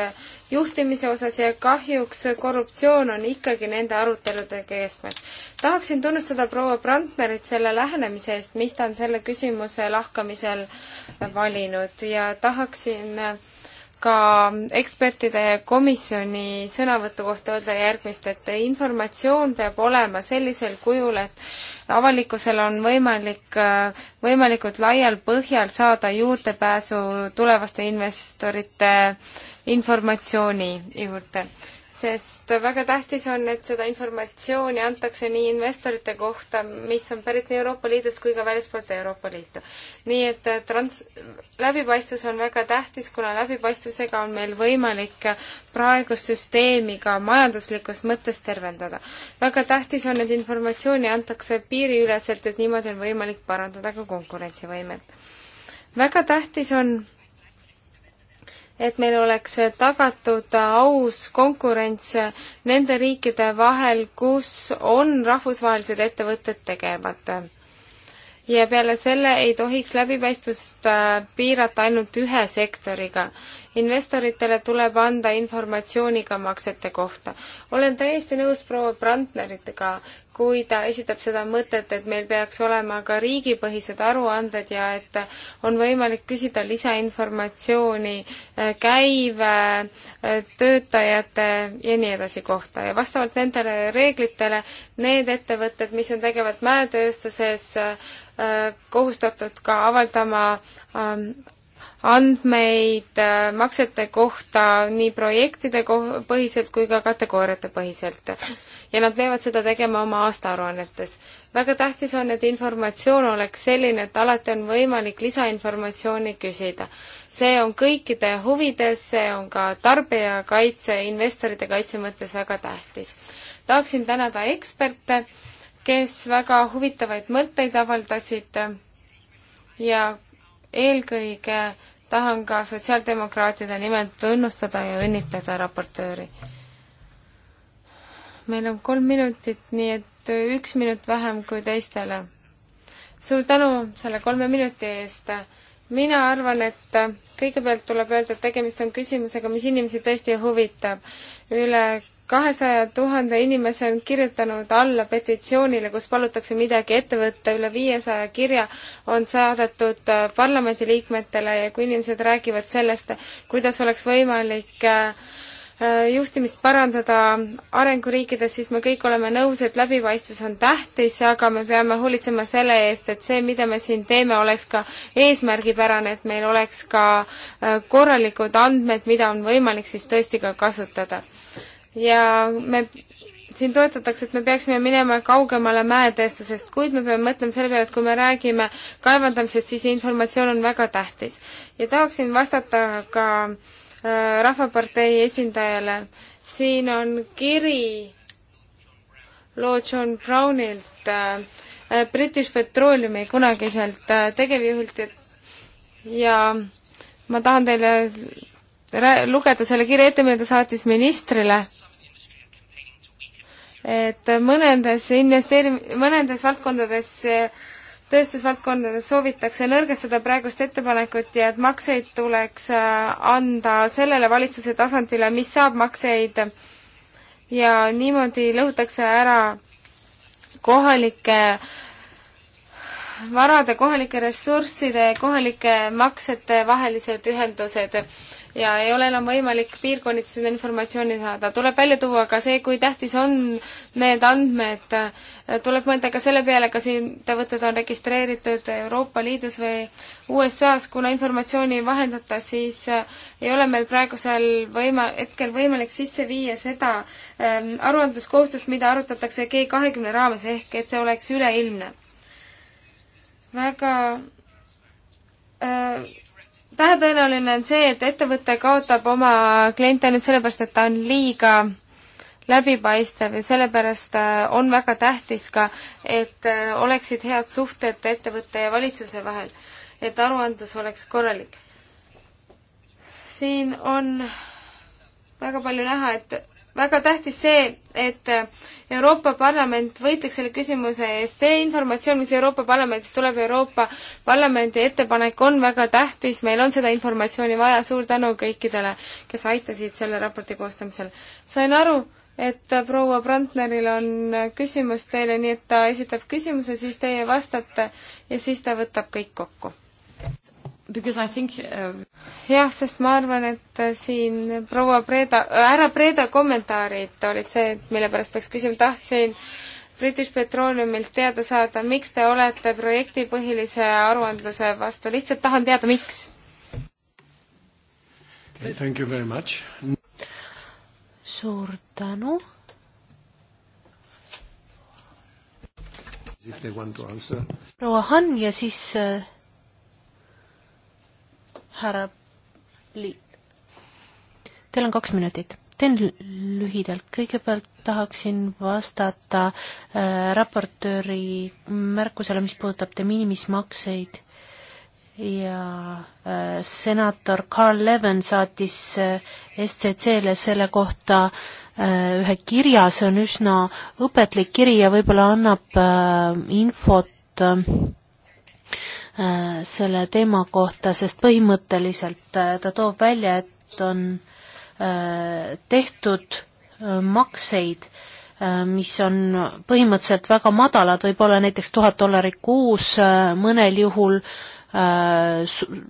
juhtimise osas ja kahjuks korruptsioon on ikkagi nende arutelude keskmes. tahaksin tunnustada proua Brandnerit selle lähenemise eest, mis ta on selle küsimuse lahkamisel valinud ja tahaksin äh, ka ekspertide ja komisjoni sõnavõtu kohta öelda järgmist, et informatsioon peab olema sellisel kujul, et avalikkusel on võimalik võimalikult laial põhjal saada juurdepääsu tulevaste investorite informatsiooni juurde sest väga tähtis on, et seda informatsiooni antakse nii investorite kohta, mis on pärit nii Euroopa Liidust kui ka väljaspoolt Euroopa Liitu. nii et äh, trans-, läbipaistvus on väga tähtis, kuna läbipaistvusega on meil võimalik äh, praegust süsteemi ka majanduslikus mõttes tervendada. väga tähtis on, et informatsiooni antakse piiriüleselt, et niimoodi on võimalik parandada ka konkurentsivõimet. väga tähtis on et meil oleks tagatud aus konkurents nende riikide vahel, kus on rahvusvahelised ettevõtted tegevad. ja peale selle ei tohiks läbipaistvust äh, piirata ainult ühe sektoriga investoritele tuleb anda informatsiooni ka maksete kohta. olen täiesti nõus proua Brandneritega, kui ta esitab seda mõtet, et meil peaks olema ka riigipõhised aruanded ja et on võimalik küsida lisainformatsiooni äh, käive, äh, töötajate ja nii edasi kohta ja vastavalt nendele reeglitele need ettevõtted, mis on tegevad mäetööstuses, äh, kohustatud ka avaldama ähm, andmeid äh, maksete kohta nii projektide ko-, põhiselt kui ka kategooriate põhiselt. ja nad peavad seda tegema oma aastaaruannetes. väga tähtis on, et informatsioon oleks selline, et alati on võimalik lisainformatsiooni küsida. see on kõikide huvides, see on ka tarbijakaitse, investorite kaitse mõttes väga tähtis. tahaksin tänada eksperte, kes väga huvitavaid mõtteid avaldasid ja eelkõige tahan ka sotsiaaldemokraatide nimel tunnustada ja õnnitleda raportööri. meil on kolm minutit, nii et üks minut vähem kui teistele. suur tänu selle kolme minuti eest. mina arvan, et kõigepealt tuleb öelda, et tegemist on küsimusega, mis inimesi tõesti huvitab. üle kahesaja tuhande inimese on kirjutanud alla petitsioonile, kus palutakse midagi ette võtta, üle viiesaja kirja on saadetud äh, parlamendiliikmetele ja kui inimesed räägivad sellest, kuidas oleks võimalik äh, äh, juhtimist parandada arenguriikides, siis me kõik oleme nõus, et läbipaistvus on tähtis, aga me peame hoolitsema selle eest, et see, mida me siin teeme, oleks ka eesmärgipärane, et meil oleks ka korralikud andmed, mida on võimalik siis tõesti ka kasutada ja me siin toetatakse, et me peaksime minema kaugemale mäetööstusest, kuid me peame mõtlema selle peale, et kui me räägime kaevandamisest, siis informatsioon on väga tähtis. ja tahaksin vastata ka äh, Rahvapartei esindajale. siin on kiri Lord John Brownilt äh,, British Petroleumi kunagiselt äh, tegevjuhilt ja ma tahan teile lugeda selle kirja ette, mille ta saatis ministrile, et mõnedes investeerim-, mõnedes valdkondades tööstusvaldkondades soovitakse nõrgestada praegust ettepanekut ja et makseid tuleks äh, anda sellele valitsuse tasandile, mis saab makseid ja niimoodi lõhutakse ära kohalike varade, kohalike ressursside, kohalike maksete vahelised ühendused ja ei ole enam võimalik piirkonniti seda informatsiooni saada. tuleb välja tuua ka see, kui tähtis on need andmed. tuleb mõelda ka selle peale, kas ettevõtted on registreeritud Euroopa Liidus või USA-s, kuna informatsiooni ei vahendata, siis ei ole meil praegusel võima-, hetkel võimalik sisse viia seda ähm, aruandluskohustust, mida arutatakse G kahekümne raames, ehk et see oleks üleilmne. väga äh, vähetõenäoline on see, et ettevõte kaotab oma kliente ainult sellepärast, et ta on liiga läbipaistev ja sellepärast äh, on väga tähtis ka, et äh, oleksid head suhted ettevõtte ja valitsuse vahel, et aruandlus oleks korralik. siin on väga palju näha, et väga tähtis see, et Euroopa Parlament võitleks selle küsimuse eest, see informatsioon, mis Euroopa Parlamendist tuleb, Euroopa Parlamendi ettepanek on väga tähtis, meil on seda informatsiooni vaja, suur tänu kõikidele, kes aitasid selle raporti koostamisel. sain aru, et proua Brandneril on küsimus teile, nii et ta esitab küsimuse, siis teie vastate ja siis ta võtab kõik kokku. Uh, jah, sest ma arvan, et äh, siin proua Breda äh,, härra Breda kommentaarid olid see, mille pärast peaks küsima, tahtsin British Petroleumilt teada saada, miks te olete projektipõhilise aruandluse vastu, lihtsalt tahan teada, miks okay,. Thank you very much. suur tänu. proua Han ja siis äh, härra Liit. Teil on kaks minutit. teen lühidalt, kõigepealt tahaksin vastata äh, raportööri märkusele, mis puudutab de minimis makseid ja äh, senator Carl Levin saatis äh, STC-le selle kohta äh, ühe kirja, see on üsna õpetlik kiri ja võib-olla annab äh, infot äh, Äh, selle teema kohta, sest põhimõtteliselt äh, ta toob välja, et on äh, tehtud makseid, mis on põhimõtteliselt väga madalad, võib-olla näiteks tuhat dollarit kuus, mõnel juhul Äh,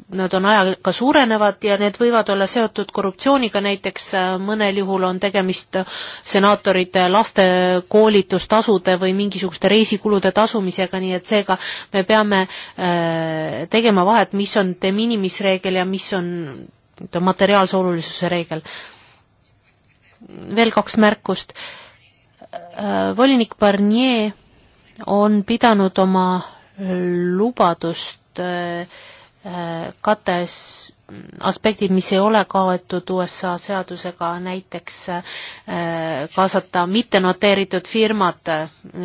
nad on ajaga suurenevad ja need võivad olla seotud korruptsiooniga, näiteks äh, mõnel juhul on tegemist äh, senaatorite laste koolitustasude või mingisuguste reisikulude tasumisega, nii et seega me peame tegema vahet, mis on de minimis reegel ja mis on materiaalse olulisuse reegel. veel kaks märkust. volinik Barnier on pidanud oma lubadust Äh, kates aspektid, mis ei ole kaetud USA seadusega, näiteks äh, kaasata mittenoteeritud firmad,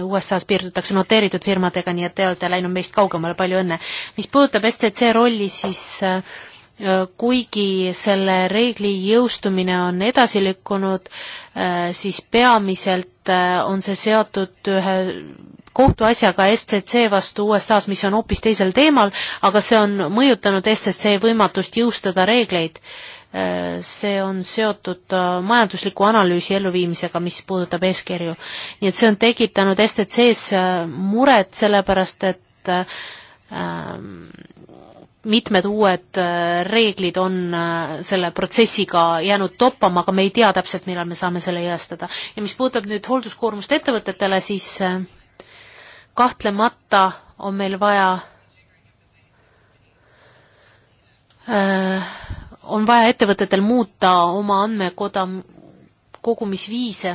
USA-s piirdutakse noteeritud firmadega, nii et te olete läinud meist kaugemale, palju õnne. mis puudutab STC rolli, siis äh, kuigi selle reegli jõustumine on edasi lükkunud, siis peamiselt on see seotud ühe kohtuasjaga STC vastu USA-s, mis on hoopis teisel teemal, aga see on mõjutanud STC võimatust jõustada reegleid. Äh, see on seotud äh, majandusliku analüüsi elluviimisega, mis puudutab eeskirju. nii et see on tekitanud STC-s äh, muret, sellepärast et mitmed uued reeglid on selle protsessiga jäänud toppama, aga me ei tea täpselt, millal me saame selle heastada. ja mis puudutab nüüd hoolduskoormust ettevõtetele, siis kahtlemata on meil vaja äh, on vaja ettevõtetel muuta oma andmekoda kogumisviise,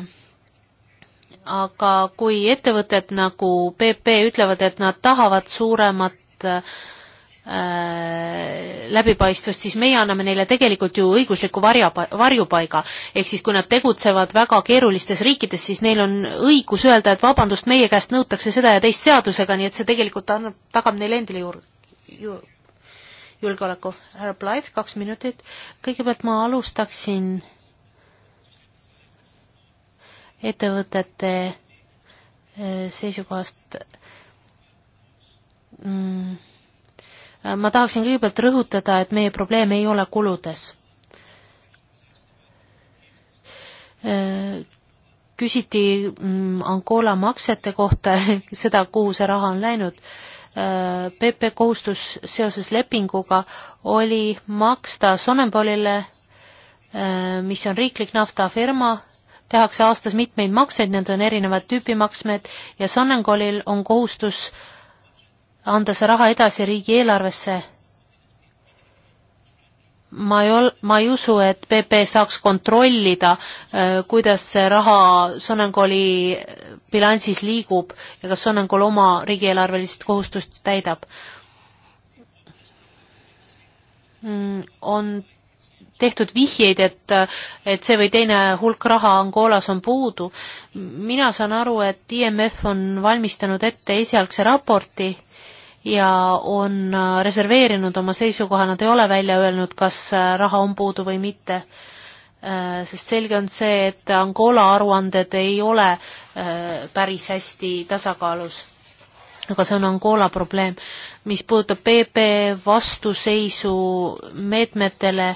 aga kui ettevõtted nagu PP ütlevad, et nad tahavad suuremat äh, Äh, läbipaistvust, siis meie anname neile tegelikult ju õigusliku varja, varjupaiga. ehk siis, kui nad tegutsevad väga keerulistes riikides, siis neil on õigus öelda, et vabandust, meie käest nõutakse seda ja teist seadusega, nii et see tegelikult annab, tagab neile endile juur-, ju-, julgeoleku. härra Blythe, kaks minutit. kõigepealt ma alustaksin ettevõtete äh, seisukohast mm Äh, ma tahaksin kõigepealt rõhutada, et meie probleem ei ole kuludes. Äh, küsiti mm, Angola maksete kohta seda, kuhu see raha on läinud. Äh, PP kohustus seoses lepinguga oli maksta Sonenpolile, mis on riiklik naftafirma, tehakse aastas mitmeid makseid, need on erinevat tüüpi maksmed ja Sonengolil on kohustus äh, anda see raha edasi riigieelarvesse. ma ei ol-, ma ei usu, et PP saaks kontrollida, äh, kuidas see raha Sonengoli äh, bilansis liigub ja kas Sonengol oma riigieelarvelist kohustust täidab. Mm, on tehtud vihjeid, et, äh, et see või teine hulk raha Angolas on puudu. mina saan aru, et IMF on valmistanud ette esialgse raporti ja on äh, reserveerinud oma seisukoha, nad ei ole välja öelnud, kas äh, raha on puudu või mitte. Äh, sest selge on see, et Angola aruanded ei ole päris hästi tasakaalus. aga see on Angola probleem. mis puudutab PP vastuseisu meetmetele,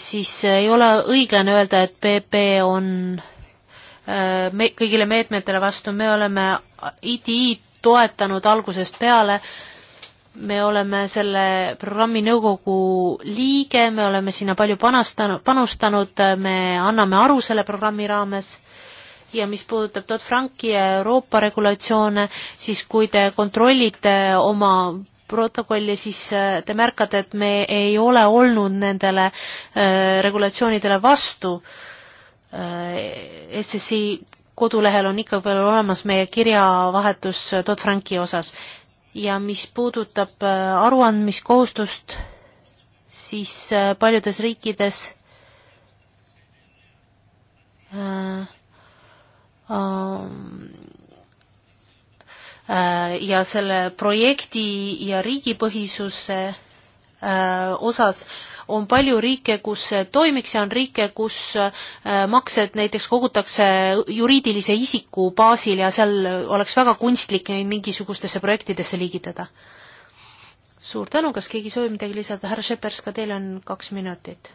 siis ei ole õiglane öelda, et PP on me, kõigile meetmetele vastu, me oleme IDI-d toetanud algusest peale. me oleme selle programmi nõukogu liige, me oleme sinna palju panastanud, panustanud, me anname aru selle programmi raames ja mis puudutab Dodd-Franki ja Euroopa regulatsioone, siis kui te kontrollite oma protokolli, siis äh, te märkate, et me ei ole olnud nendele äh, regulatsioonidele vastu. Äh, SSI kodulehel on ikka veel olemas meie kirjavahetus Todd Franki osas. ja mis puudutab äh, aruandmiskohustust, siis äh, paljudes riikides äh, äh, äh, ja selle projekti ja riigipõhisuse äh, osas on palju riike, kus see toimiks ja on riike, kus äh, maksed näiteks kogutakse juriidilise isiku baasil ja seal oleks väga kunstlik neid mingisugustesse projektidesse liigitada. suur tänu, kas keegi soovib midagi lisada, härra Šepers, ka teil on kaks minutit?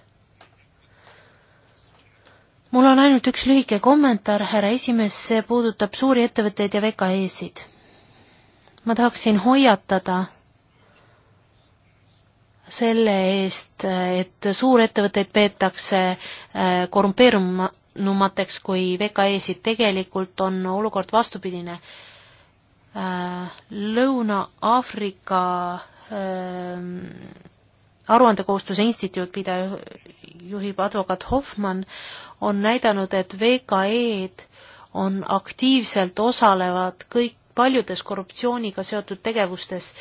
mul on ainult üks lühike kommentaar, härra esimees, see puudutab suuri ettevõtteid ja VKE-sid. ma tahaksin hoiatada selle eest, et suurettevõtteid peetakse äh, korrumpeerunumateks kui VKE-sid, tegelikult on olukord vastupidine. Äh, Lõuna-Aafrika äh, aruandekohustuse instituut, mida juhib advokaat Hoffmann, on näidanud, et VKE-d on aktiivselt osalevad kõik paljudes korruptsiooniga seotud tegevustes äh,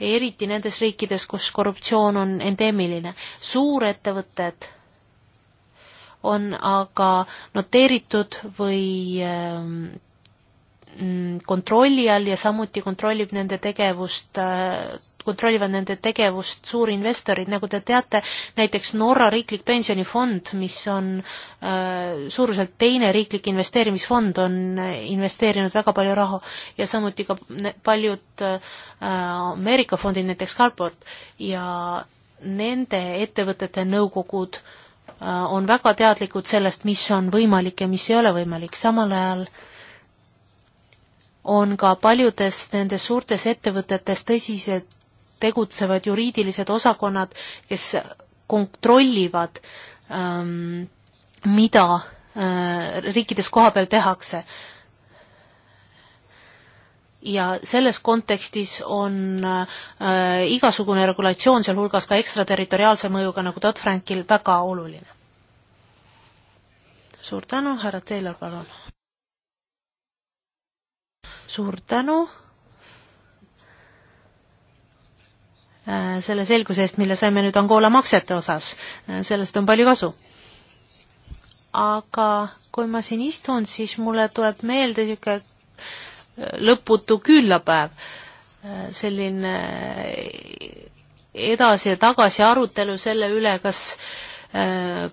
eriti nendes riikides, kus korruptsioon on endeemiline. suurettevõtted on aga noteeritud või äh, Mm, kontrolli all ja samuti kontrollib nende tegevust, äh, kontrollivad nende tegevust suurinvestorid, nagu te teate, näiteks Norra riiklik pensionifond, mis on äh, suuruselt teine riiklik investeerimisfond, on äh, investeerinud väga palju raha ja samuti ka paljud äh, Ameerika fondid, näiteks Carport ja nende ettevõtete nõukogud äh, on väga teadlikud sellest, mis on võimalik ja mis ei ole võimalik, samal ajal äh, on ka paljudes nendes suurtes ettevõtetes tõsised tegutsevad juriidilised osakonnad, kes kontrollivad ähm,, mida äh, riikides kohapeal tehakse. ja selles kontekstis on äh, igasugune regulatsioon, sealhulgas ka ekstraterritoriaalse mõjuga, nagu Dodd-Frankil, väga oluline. suur tänu, härra Taylor, palun suur tänu äh, selle selguse eest, mille saime nüüd Angola maksete osas, äh, sellest on palju kasu. aga kui ma siin istun, siis mulle tuleb meelde niisugune äh, lõputu küllapäev, selline edasi ja tagasi arutelu selle üle, kas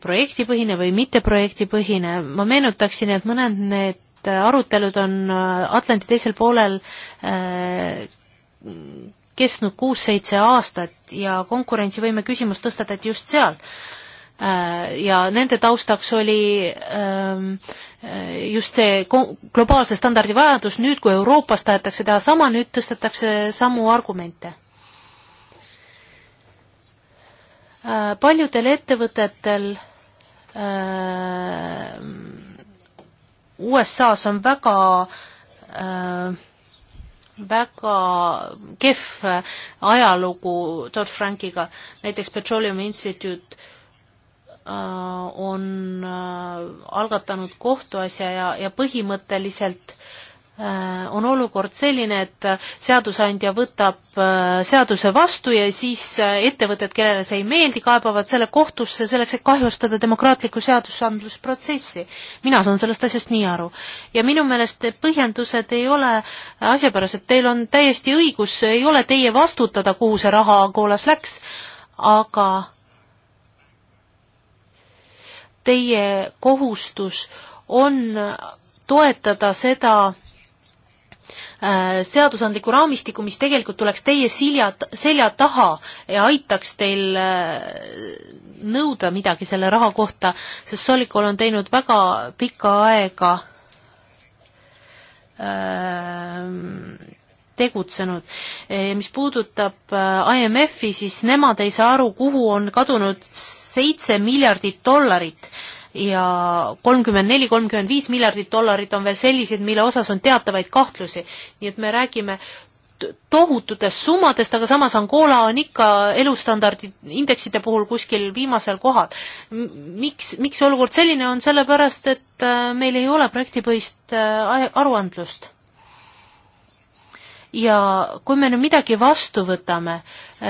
projektipõhine või mitte projektipõhine, ma meenutaksin, et mõned need et äh, arutelud on äh, Atlandi teisel poolel äh, kestnud kuus-seitse aastat ja konkurentsivõime küsimus tõstatati just seal. Ja nende taustaks oli ähm, just see globaalse standardi vajadus, nüüd kui Euroopas tahetakse teha sama, nüüd tõstetakse samu argumente paljudel ettevõtetel äh, USA-s on väga äh, väga kehv ajalugu Todd Frankiga, näiteks Petroleum Institute äh, on äh, algatanud kohtuasja ja, ja põhimõtteliselt äh, Äh, on olukord selline, et seadusandja võtab äh, seaduse vastu ja siis äh, ettevõtted, kellele see ei meeldi, kaebavad selle kohtusse selleks, et kahjustada demokraatlikku seadusandlusprotsessi. mina saan sellest asjast nii aru. ja minu meelest põhjendused ei ole asjapärased, teil on täiesti õigus, ei ole teie vastutada, kuhu see raha Angolas läks, aga teie kohustus on toetada seda Äh, seadusandliku raamistiku, mis tegelikult tuleks teie silja, selja taha ja aitaks teil äh, nõuda midagi selle raha kohta, sest Solikol on teinud väga pikka aega äh, tegutsenud. mis puudutab IMF-i, siis nemad ei saa aru, kuhu on kadunud seitse miljardit dollarit ja kolmkümmend neli, kolmkümmend viis miljardit dollarit on veel selliseid, mille osas on teatavaid kahtlusi. nii et me räägime tohututest summadest, aga samas Angola on ikka elustandardi indeksite puhul kuskil viimasel kohal. miks, miks see olukord selline on, sellepärast et äh, meil ei ole projektipõhist äh, aruandlust ja kui me nüüd midagi vastu võtame,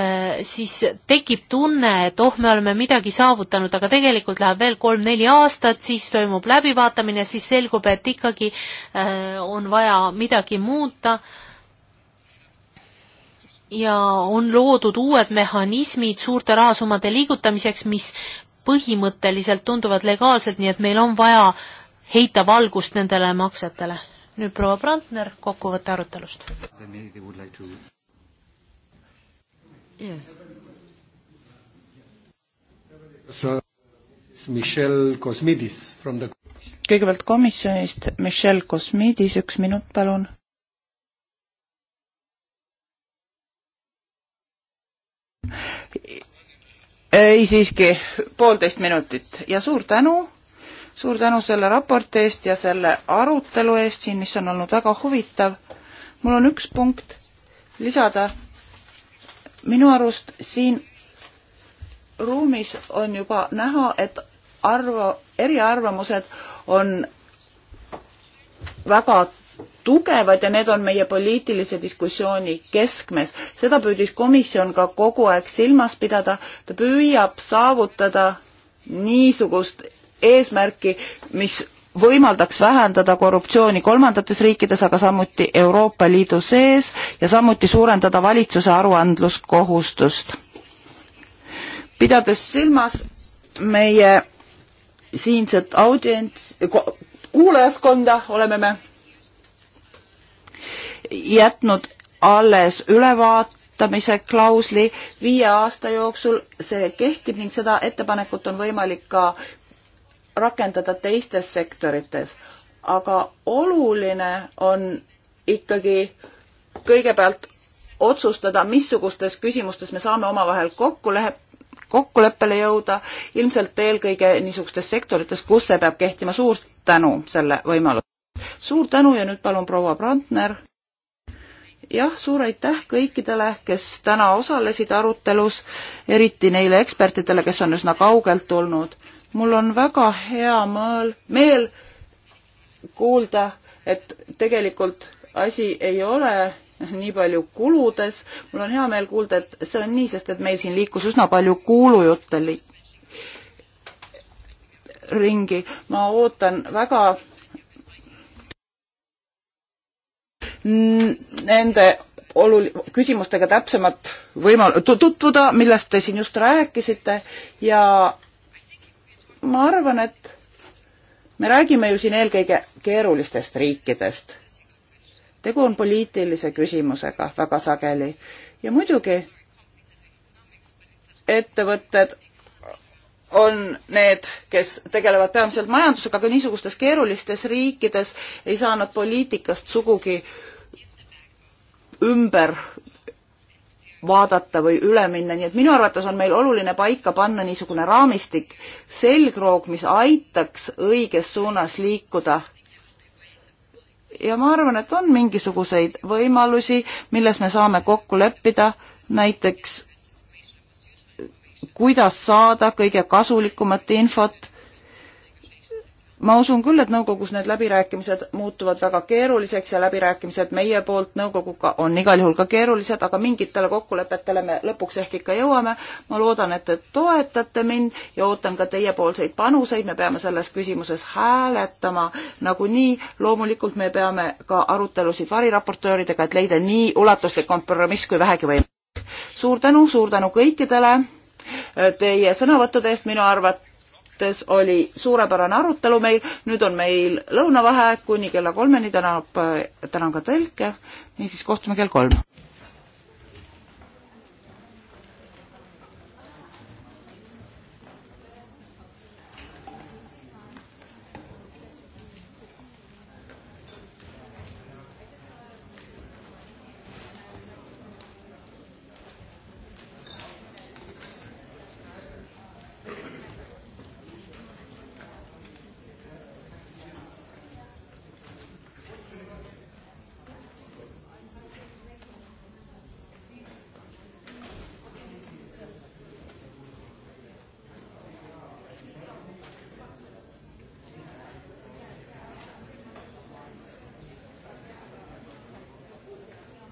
eh, siis tekib tunne, et oh, me oleme midagi saavutanud, aga tegelikult läheb veel kolm-neli aastat, siis toimub läbivaatamine, siis selgub, et ikkagi eh, on vaja midagi muuta ja on loodud uued mehhanismid suurte rahasummade liigutamiseks, mis põhimõtteliselt tunduvad legaalselt, nii et meil on vaja heita valgust nendele maksetele nüüd proua Brandner, kokkuvõte arutelust. Yes. Michel Kosmidis from the kõigepealt komisjonist Michel Kosmidis, üks minut, palun. ei siiski, poolteist minutit ja suur tänu suur tänu selle raporti eest ja selle arutelu eest siin, mis on olnud väga huvitav. mul on üks punkt lisada. minu arust siin ruumis on juba näha, et arvo, eriarvamused on väga tugevad ja need on meie poliitilise diskussiooni keskmes. seda püüdis komisjon ka kogu aeg silmas pidada. ta püüab saavutada niisugust eesmärki, mis võimaldaks vähendada korruptsiooni kolmandates riikides, aga samuti Euroopa Liidu sees ja samuti suurendada valitsuse aruandluskohustust. pidades silmas meie siinset audients, kuulajaskonda, oleme me jätnud alles ülevaatamise klausli viie aasta jooksul, see kehtib ning seda ettepanekut on võimalik ka rakendada teistes sektorites, aga oluline on ikkagi kõigepealt otsustada, missugustes küsimustes me saame omavahel kokkulehe, kokkuleppele jõuda, ilmselt eelkõige niisugustes sektorites, kus see peab kehtima, suur tänu selle võimaluse. suur tänu ja nüüd palun proua Brandner. jah, suur aitäh kõikidele, kes täna osalesid arutelus, eriti neile ekspertidele, kes on üsna kaugelt tulnud mul on väga hea mõel, meel kuulda, et tegelikult asi ei ole nii palju kuludes. mul on hea meel kuulda, et see on nii, sest et meil siin liikus üsna palju kuulujutte li-, ringi. ma ootan väga nende olul-, küsimustega täpsemat võimal-, tutvuda, millest te siin just rääkisite ja ma arvan, et me räägime ju siin eelkõige keerulistest riikidest. tegu on poliitilise küsimusega väga sageli ja muidugi ettevõtted on need, kes tegelevad peamiselt majandusega, aga niisugustes keerulistes riikides ei saa nad poliitikast sugugi ümber vaadata või üle minna, nii et minu arvates on meil oluline paika panna niisugune raamistik, selgroog, mis aitaks õiges suunas liikuda. ja ma arvan, et on mingisuguseid võimalusi, milles me saame kokku leppida, näiteks kuidas saada kõige kasulikumat infot ma usun küll, et nõukogus need läbirääkimised muutuvad väga keeruliseks ja läbirääkimised meie poolt nõukoguga on igal juhul ka keerulised, aga mingitele kokkulepetele me lõpuks ehk ikka jõuame. ma loodan, et te toetate mind ja ootan ka teiepoolseid panuseid, me peame selles küsimuses hääletama nagunii. loomulikult me peame ka arutelusid variraportööridega, et leida nii ulatuslik kompromiss kui vähegi võimalik. suur tänu, suur tänu kõikidele teie sõnavõttude eest, minu arvates mõttes oli suurepärane arutelu meil, nüüd on meil lõunavaheaeg kuni kella kolmeni, tänab, tänan ka tõlke, niisiis kohtume kell kolm.